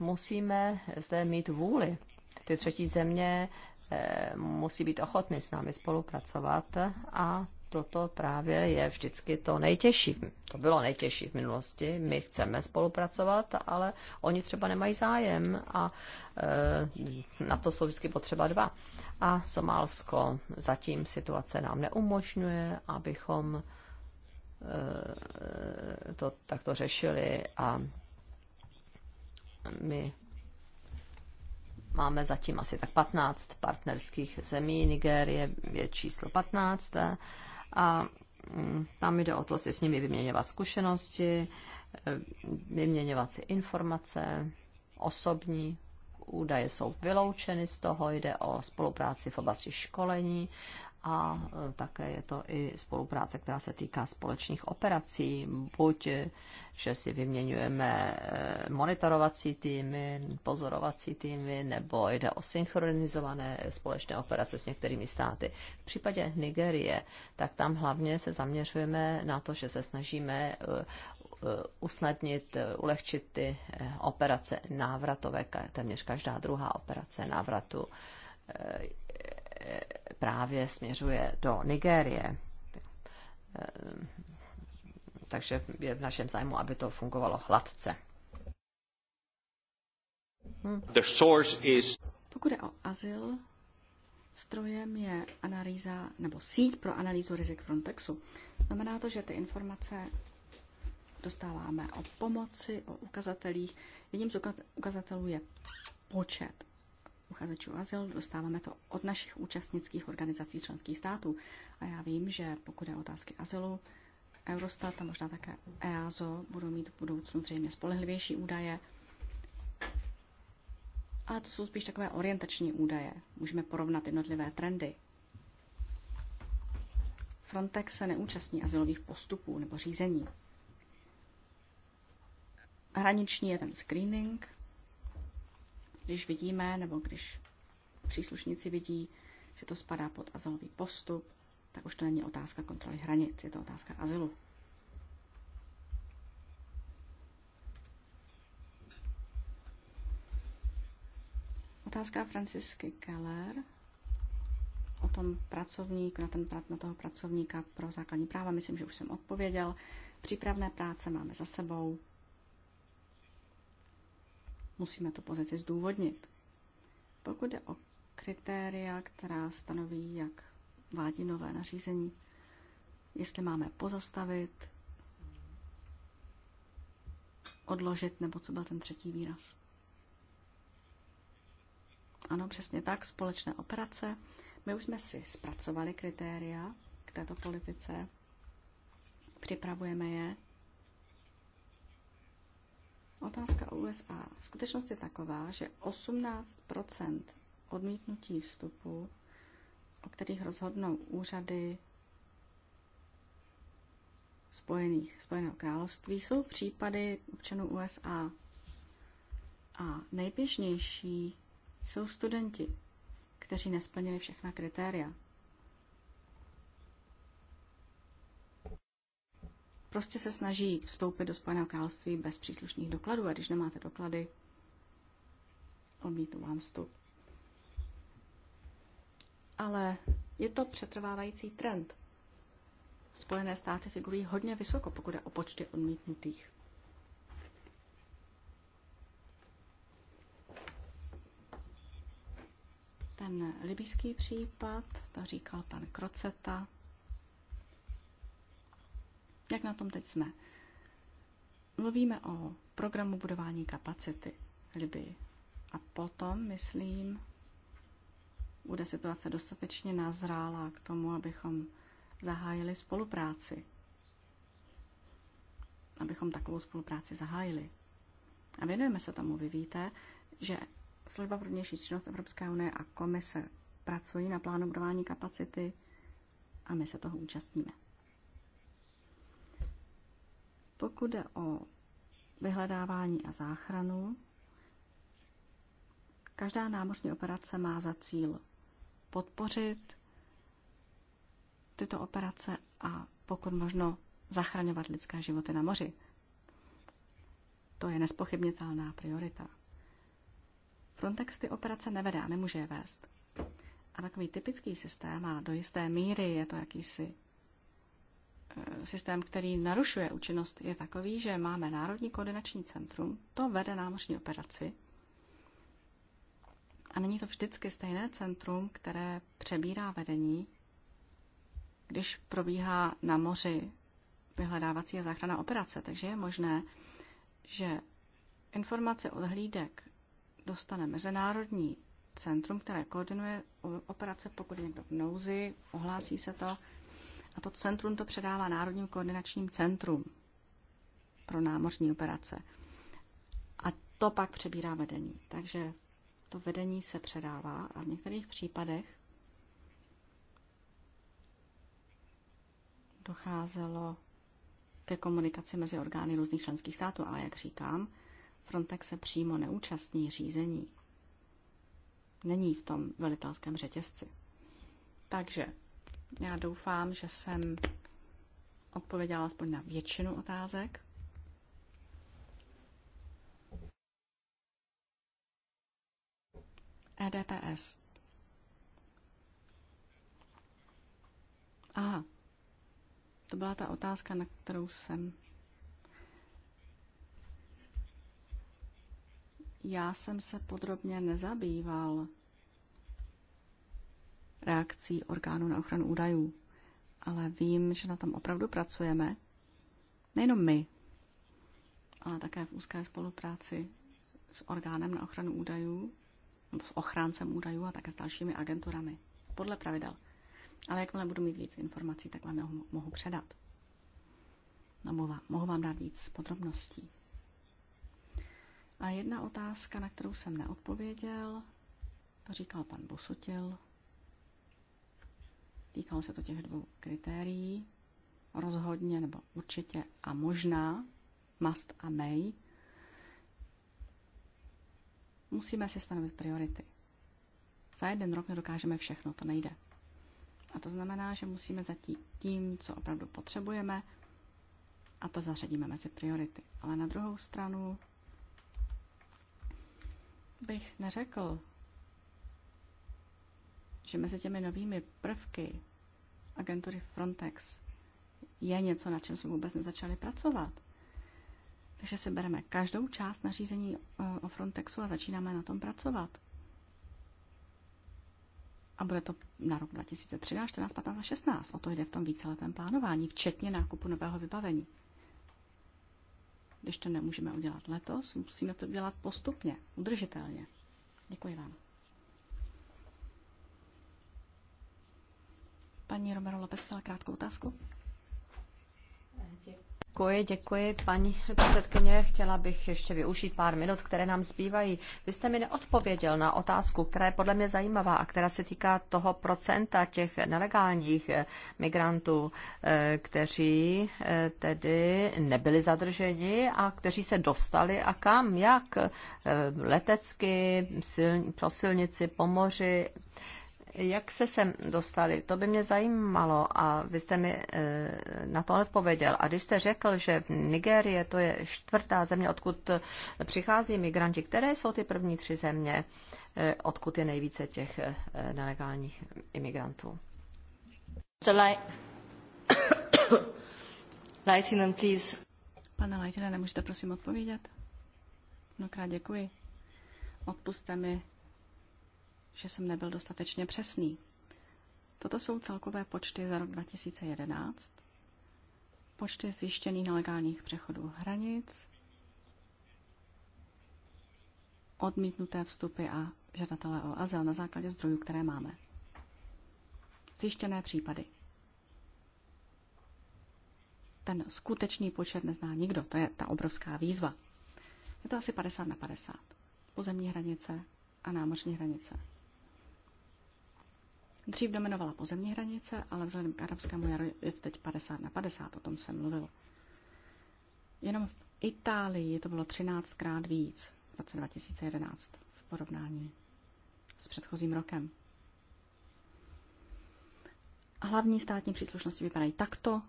musíme zde mít vůli ty třetí země Eh, musí být ochotný s námi spolupracovat a toto právě je vždycky to nejtěžší. To bylo nejtěžší v minulosti. My chceme spolupracovat, ale oni třeba nemají zájem a e, na to jsou vždycky potřeba dva. A Somálsko zatím situace nám neumožňuje, abychom e, to takto řešili a my Máme zatím asi tak 15 partnerských zemí, Nigérie je číslo 15 a mm, tam jde o to si s nimi vyměňovat zkušenosti, eh, vyměňovat si informace, osobní údaje jsou vyloučeny z toho, jde o spolupráci v oblasti školení, a e, také je to i spolupráce, která se týká společných operací, buď, e, že si vyměňujeme e, monitorovací týmy, pozorovací týmy, nebo jde o synchronizované společné operace s některými státy. V případě Nigerie, tak tam hlavně se zaměřujeme na to, že se snažíme usnadnit, ulehčit ty operace návratové, téměř každá druhá operace návratu právě směřuje do Nigérie. Takže je v našem zájmu, aby to fungovalo hladce. Hmm. Pokud je o azyl, strojem je analýza nebo síť pro analýzu rizik Frontexu. Znamená to, že ty informace dostáváme o pomoci, o ukazatelích. Jedním z ukazatelů je počet uchazečů azyl, dostáváme to od našich účastnických organizací členských států. A já vím, že pokud je otázky azylu, Eurostat a možná také EASO budou mít v budoucnu zřejmě spolehlivější údaje. A to jsou spíš takové orientační údaje. Můžeme porovnat jednotlivé trendy. Frontex se neúčastní azylových postupů nebo řízení. Hraniční je ten screening, když vidíme, nebo když příslušníci vidí, že to spadá pod azylový postup, tak už to není otázka kontroly hranic, je to otázka azylu. Otázka Francisky Keller o tom pracovník, na, ten, na toho pracovníka pro základní práva, myslím, že už jsem odpověděl. Přípravné práce máme za sebou. Musíme tu pozici zdůvodnit. Pokud jde o kritéria, která stanoví, jak vádí nové nařízení, jestli máme pozastavit, odložit, nebo co byl ten třetí výraz. Ano, přesně tak, společné operace. My už jsme si zpracovali kritéria k této politice, připravujeme je Otázka o USA. Skutečnost je taková, že 18 odmítnutí vstupu, o kterých rozhodnou úřady Spojených, Spojeného království, jsou případy občanů USA. A nejběžnější jsou studenti, kteří nesplnili všechna kritéria. prostě se snaží vstoupit do Spojeného království bez příslušných dokladů a když nemáte doklady, odmítnu vám vstup. Ale je to přetrvávající trend. Spojené státy figurují hodně vysoko, pokud je o počty odmítnutých. Ten libýský případ, to říkal pan Kroceta, jak na tom teď jsme? Mluvíme o programu budování kapacity Libii. A potom, myslím, bude situace dostatečně nazrála k tomu, abychom zahájili spolupráci. Abychom takovou spolupráci zahájili. A věnujeme se tomu. Vy víte, že Služba pro vnější činnost Evropské unie a komise pracují na plánu budování kapacity a my se toho účastníme. Pokud jde o vyhledávání a záchranu, každá námořní operace má za cíl podpořit tyto operace a pokud možno zachraňovat lidské životy na moři. To je nespochybnitelná priorita. Frontex ty operace nevede a nemůže je vést. A takový typický systém, a do jisté míry je to jakýsi systém, který narušuje účinnost, je takový, že máme Národní koordinační centrum, to vede námořní operaci. A není to vždycky stejné centrum, které přebírá vedení, když probíhá na moři vyhledávací a záchrana operace. Takže je možné, že informace od hlídek dostane mezinárodní centrum, které koordinuje operace, pokud někdo v nouzi, ohlásí se to, a to centrum to předává Národním koordinačním centrum pro námořní operace. A to pak přebírá vedení. Takže to vedení se předává a v některých případech docházelo ke komunikaci mezi orgány různých členských států, ale jak říkám, Frontex se přímo neúčastní řízení. Není v tom velitelském řetězci. Takže já doufám, že jsem odpověděla aspoň na většinu otázek. EDPS. Aha, to byla ta otázka, na kterou jsem. Já jsem se podrobně nezabýval reakcí orgánů na ochranu údajů. Ale vím, že na tom opravdu pracujeme. Nejenom my, ale také v úzké spolupráci s orgánem na ochranu údajů, nebo s ochráncem údajů a také s dalšími agenturami. Podle pravidel. Ale jakmile budu mít víc informací, tak vám je mohu předat. Nebo vám, mohu vám dát víc podrobností. A jedna otázka, na kterou jsem neodpověděl, to říkal pan Bosutil. Týkalo se to těch dvou kritérií, rozhodně nebo určitě a možná, must a may. Musíme si stanovit priority. Za jeden rok nedokážeme všechno, to nejde. A to znamená, že musíme zatím tím, co opravdu potřebujeme, a to zařadíme mezi priority. Ale na druhou stranu bych neřekl, že mezi těmi novými prvky agentury Frontex je něco, na čem jsme vůbec nezačali pracovat. Takže si bereme každou část nařízení eh, o Frontexu a začínáme na tom pracovat. A bude to na rok 2013, 14, 15 a 16. O to jde v tom víceletém plánování, včetně nákupu nového vybavení. Když to nemůžeme udělat letos, musíme to dělat postupně, udržitelně. Děkuji vám. Paní Romero Lopes měla krátkou otázku. Děkuji, děkuji, paní předsedkyně. Chtěla bych ještě využít pár minut, které nám zbývají. Vy jste mi neodpověděl na otázku, která je podle mě zajímavá a která se týká toho procenta těch nelegálních eh, migrantů, eh, kteří eh, tedy nebyli zadrženi a kteří se dostali a kam, jak letecky, silni, po silnici, po moři jak se sem dostali? To by mě zajímalo a vy jste mi eh, na to odpověděl. A když jste řekl, že v Nigérie to je čtvrtá země, odkud přichází migranti, které jsou ty první tři země, eh, odkud je nejvíce těch eh, nelegálních imigrantů? So light. Lightning, please. Pane Leitine, nemůžete prosím odpovědět? Mnohokrát děkuji. Odpuste mi, že jsem nebyl dostatečně přesný. Toto jsou celkové počty za rok 2011, počty zjištěných nelegálních přechodů hranic, odmítnuté vstupy a žadatelé o azyl na základě zdrojů, které máme. Zjištěné případy. Ten skutečný počet nezná nikdo, to je ta obrovská výzva. Je to asi 50 na 50. Pozemní hranice a námořní hranice. Dřív dominovala pozemní hranice, ale vzhledem k arabskému jaru je to teď 50 na 50, o tom se mluvil. Jenom v Itálii to bylo 13 krát víc v roce 2011 v porovnání s předchozím rokem. Hlavní státní příslušnosti vypadají takto.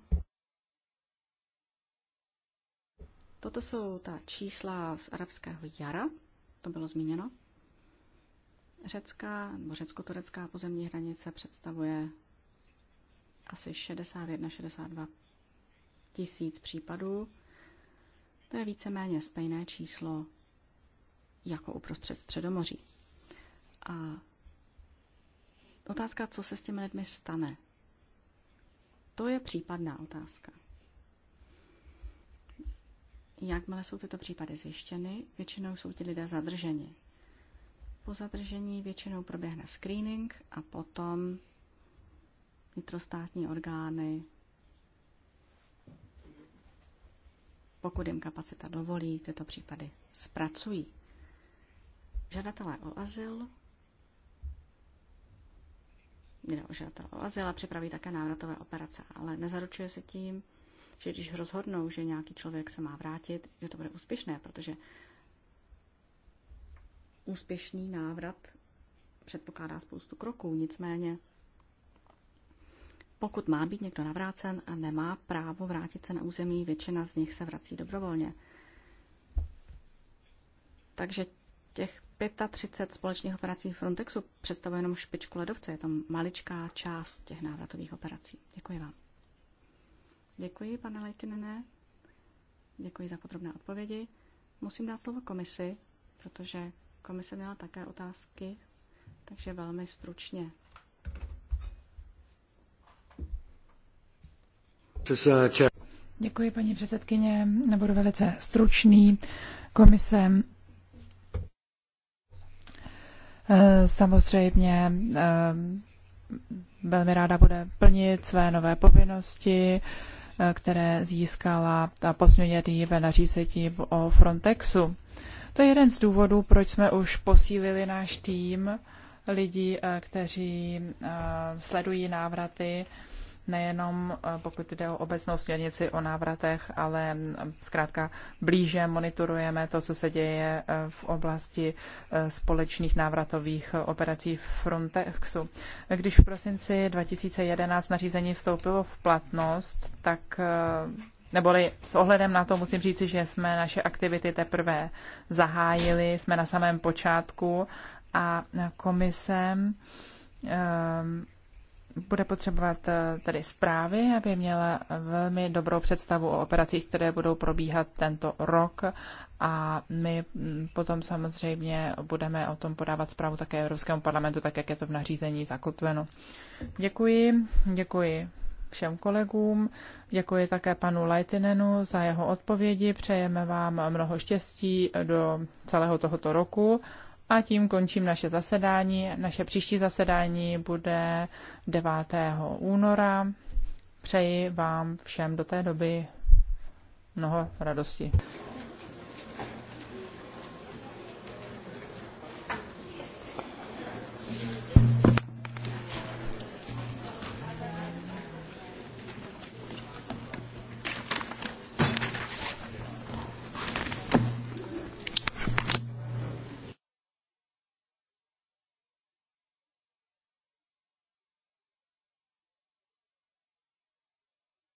Toto jsou ta čísla z arabského jara, to bylo zmíněno. Řecká nebo řecko-turecká pozemní hranice představuje asi 61-62 tisíc případů. To je víceméně stejné číslo jako uprostřed Středomoří. A otázka, co se s těmi lidmi stane, to je případná otázka. Jakmile jsou tyto případy zjištěny, většinou jsou ti lidé zadrženi. Po zadržení většinou proběhne screening a potom vnitrostátní orgány, pokud jim kapacita dovolí, tyto případy zpracují. Žadatelé o azyl jde o žadatel o azyl a připraví také návratové operace, ale nezaručuje se tím, že když rozhodnou, že nějaký člověk se má vrátit, že to bude úspěšné, protože úspěšný návrat předpokládá spoustu kroků, nicméně pokud má být někdo navrácen a nemá právo vrátit se na území, většina z nich se vrací dobrovolně. Takže těch 35 společných operací Frontexu představuje jenom špičku ledovce. Je tam maličká část těch návratových operací. Děkuji vám. Děkuji, pane Leitinene. Děkuji za podrobné odpovědi. Musím dát slovo komisi, protože Komise měla také otázky, takže velmi stručně. Děkuji, paní předsedkyně. Nebudu velice stručný. Komise eh, samozřejmě eh, velmi ráda bude plnit své nové povinnosti, eh, které získala ta posměnětý ve nařízení o Frontexu. To je jeden z důvodů, proč jsme už posílili náš tým lidí, eh, kteří eh, sledují návraty, nejenom eh, pokud jde o obecnou směrnici o návratech, ale zkrátka blíže monitorujeme to, co se děje v oblasti společných návratových operací Frontexu. Když v prosinci 2011 nařízení vstoupilo v platnost, tak neboli s ohledem na to musím říci, že jsme naše aktivity teprve zahájili, jsme na samém počátku a komisem ehm, um, bude potřebovat eh, tedy zprávy, aby měla velmi dobrou představu o operacích, které budou probíhat tento rok a my mm, potom samozřejmě budeme o tom podávat zprávu také Evropskému parlamentu, tak jak je to v nařízení zakotveno. Děkuji, děkuji všem kolegům. Děkuji také panu Leitinenu za jeho odpovědi. Přejeme vám mnoho štěstí do celého tohoto roku. A tím končím naše zasedání. Naše příští zasedání bude 9. února. Přeji vám všem do té doby mnoho radosti.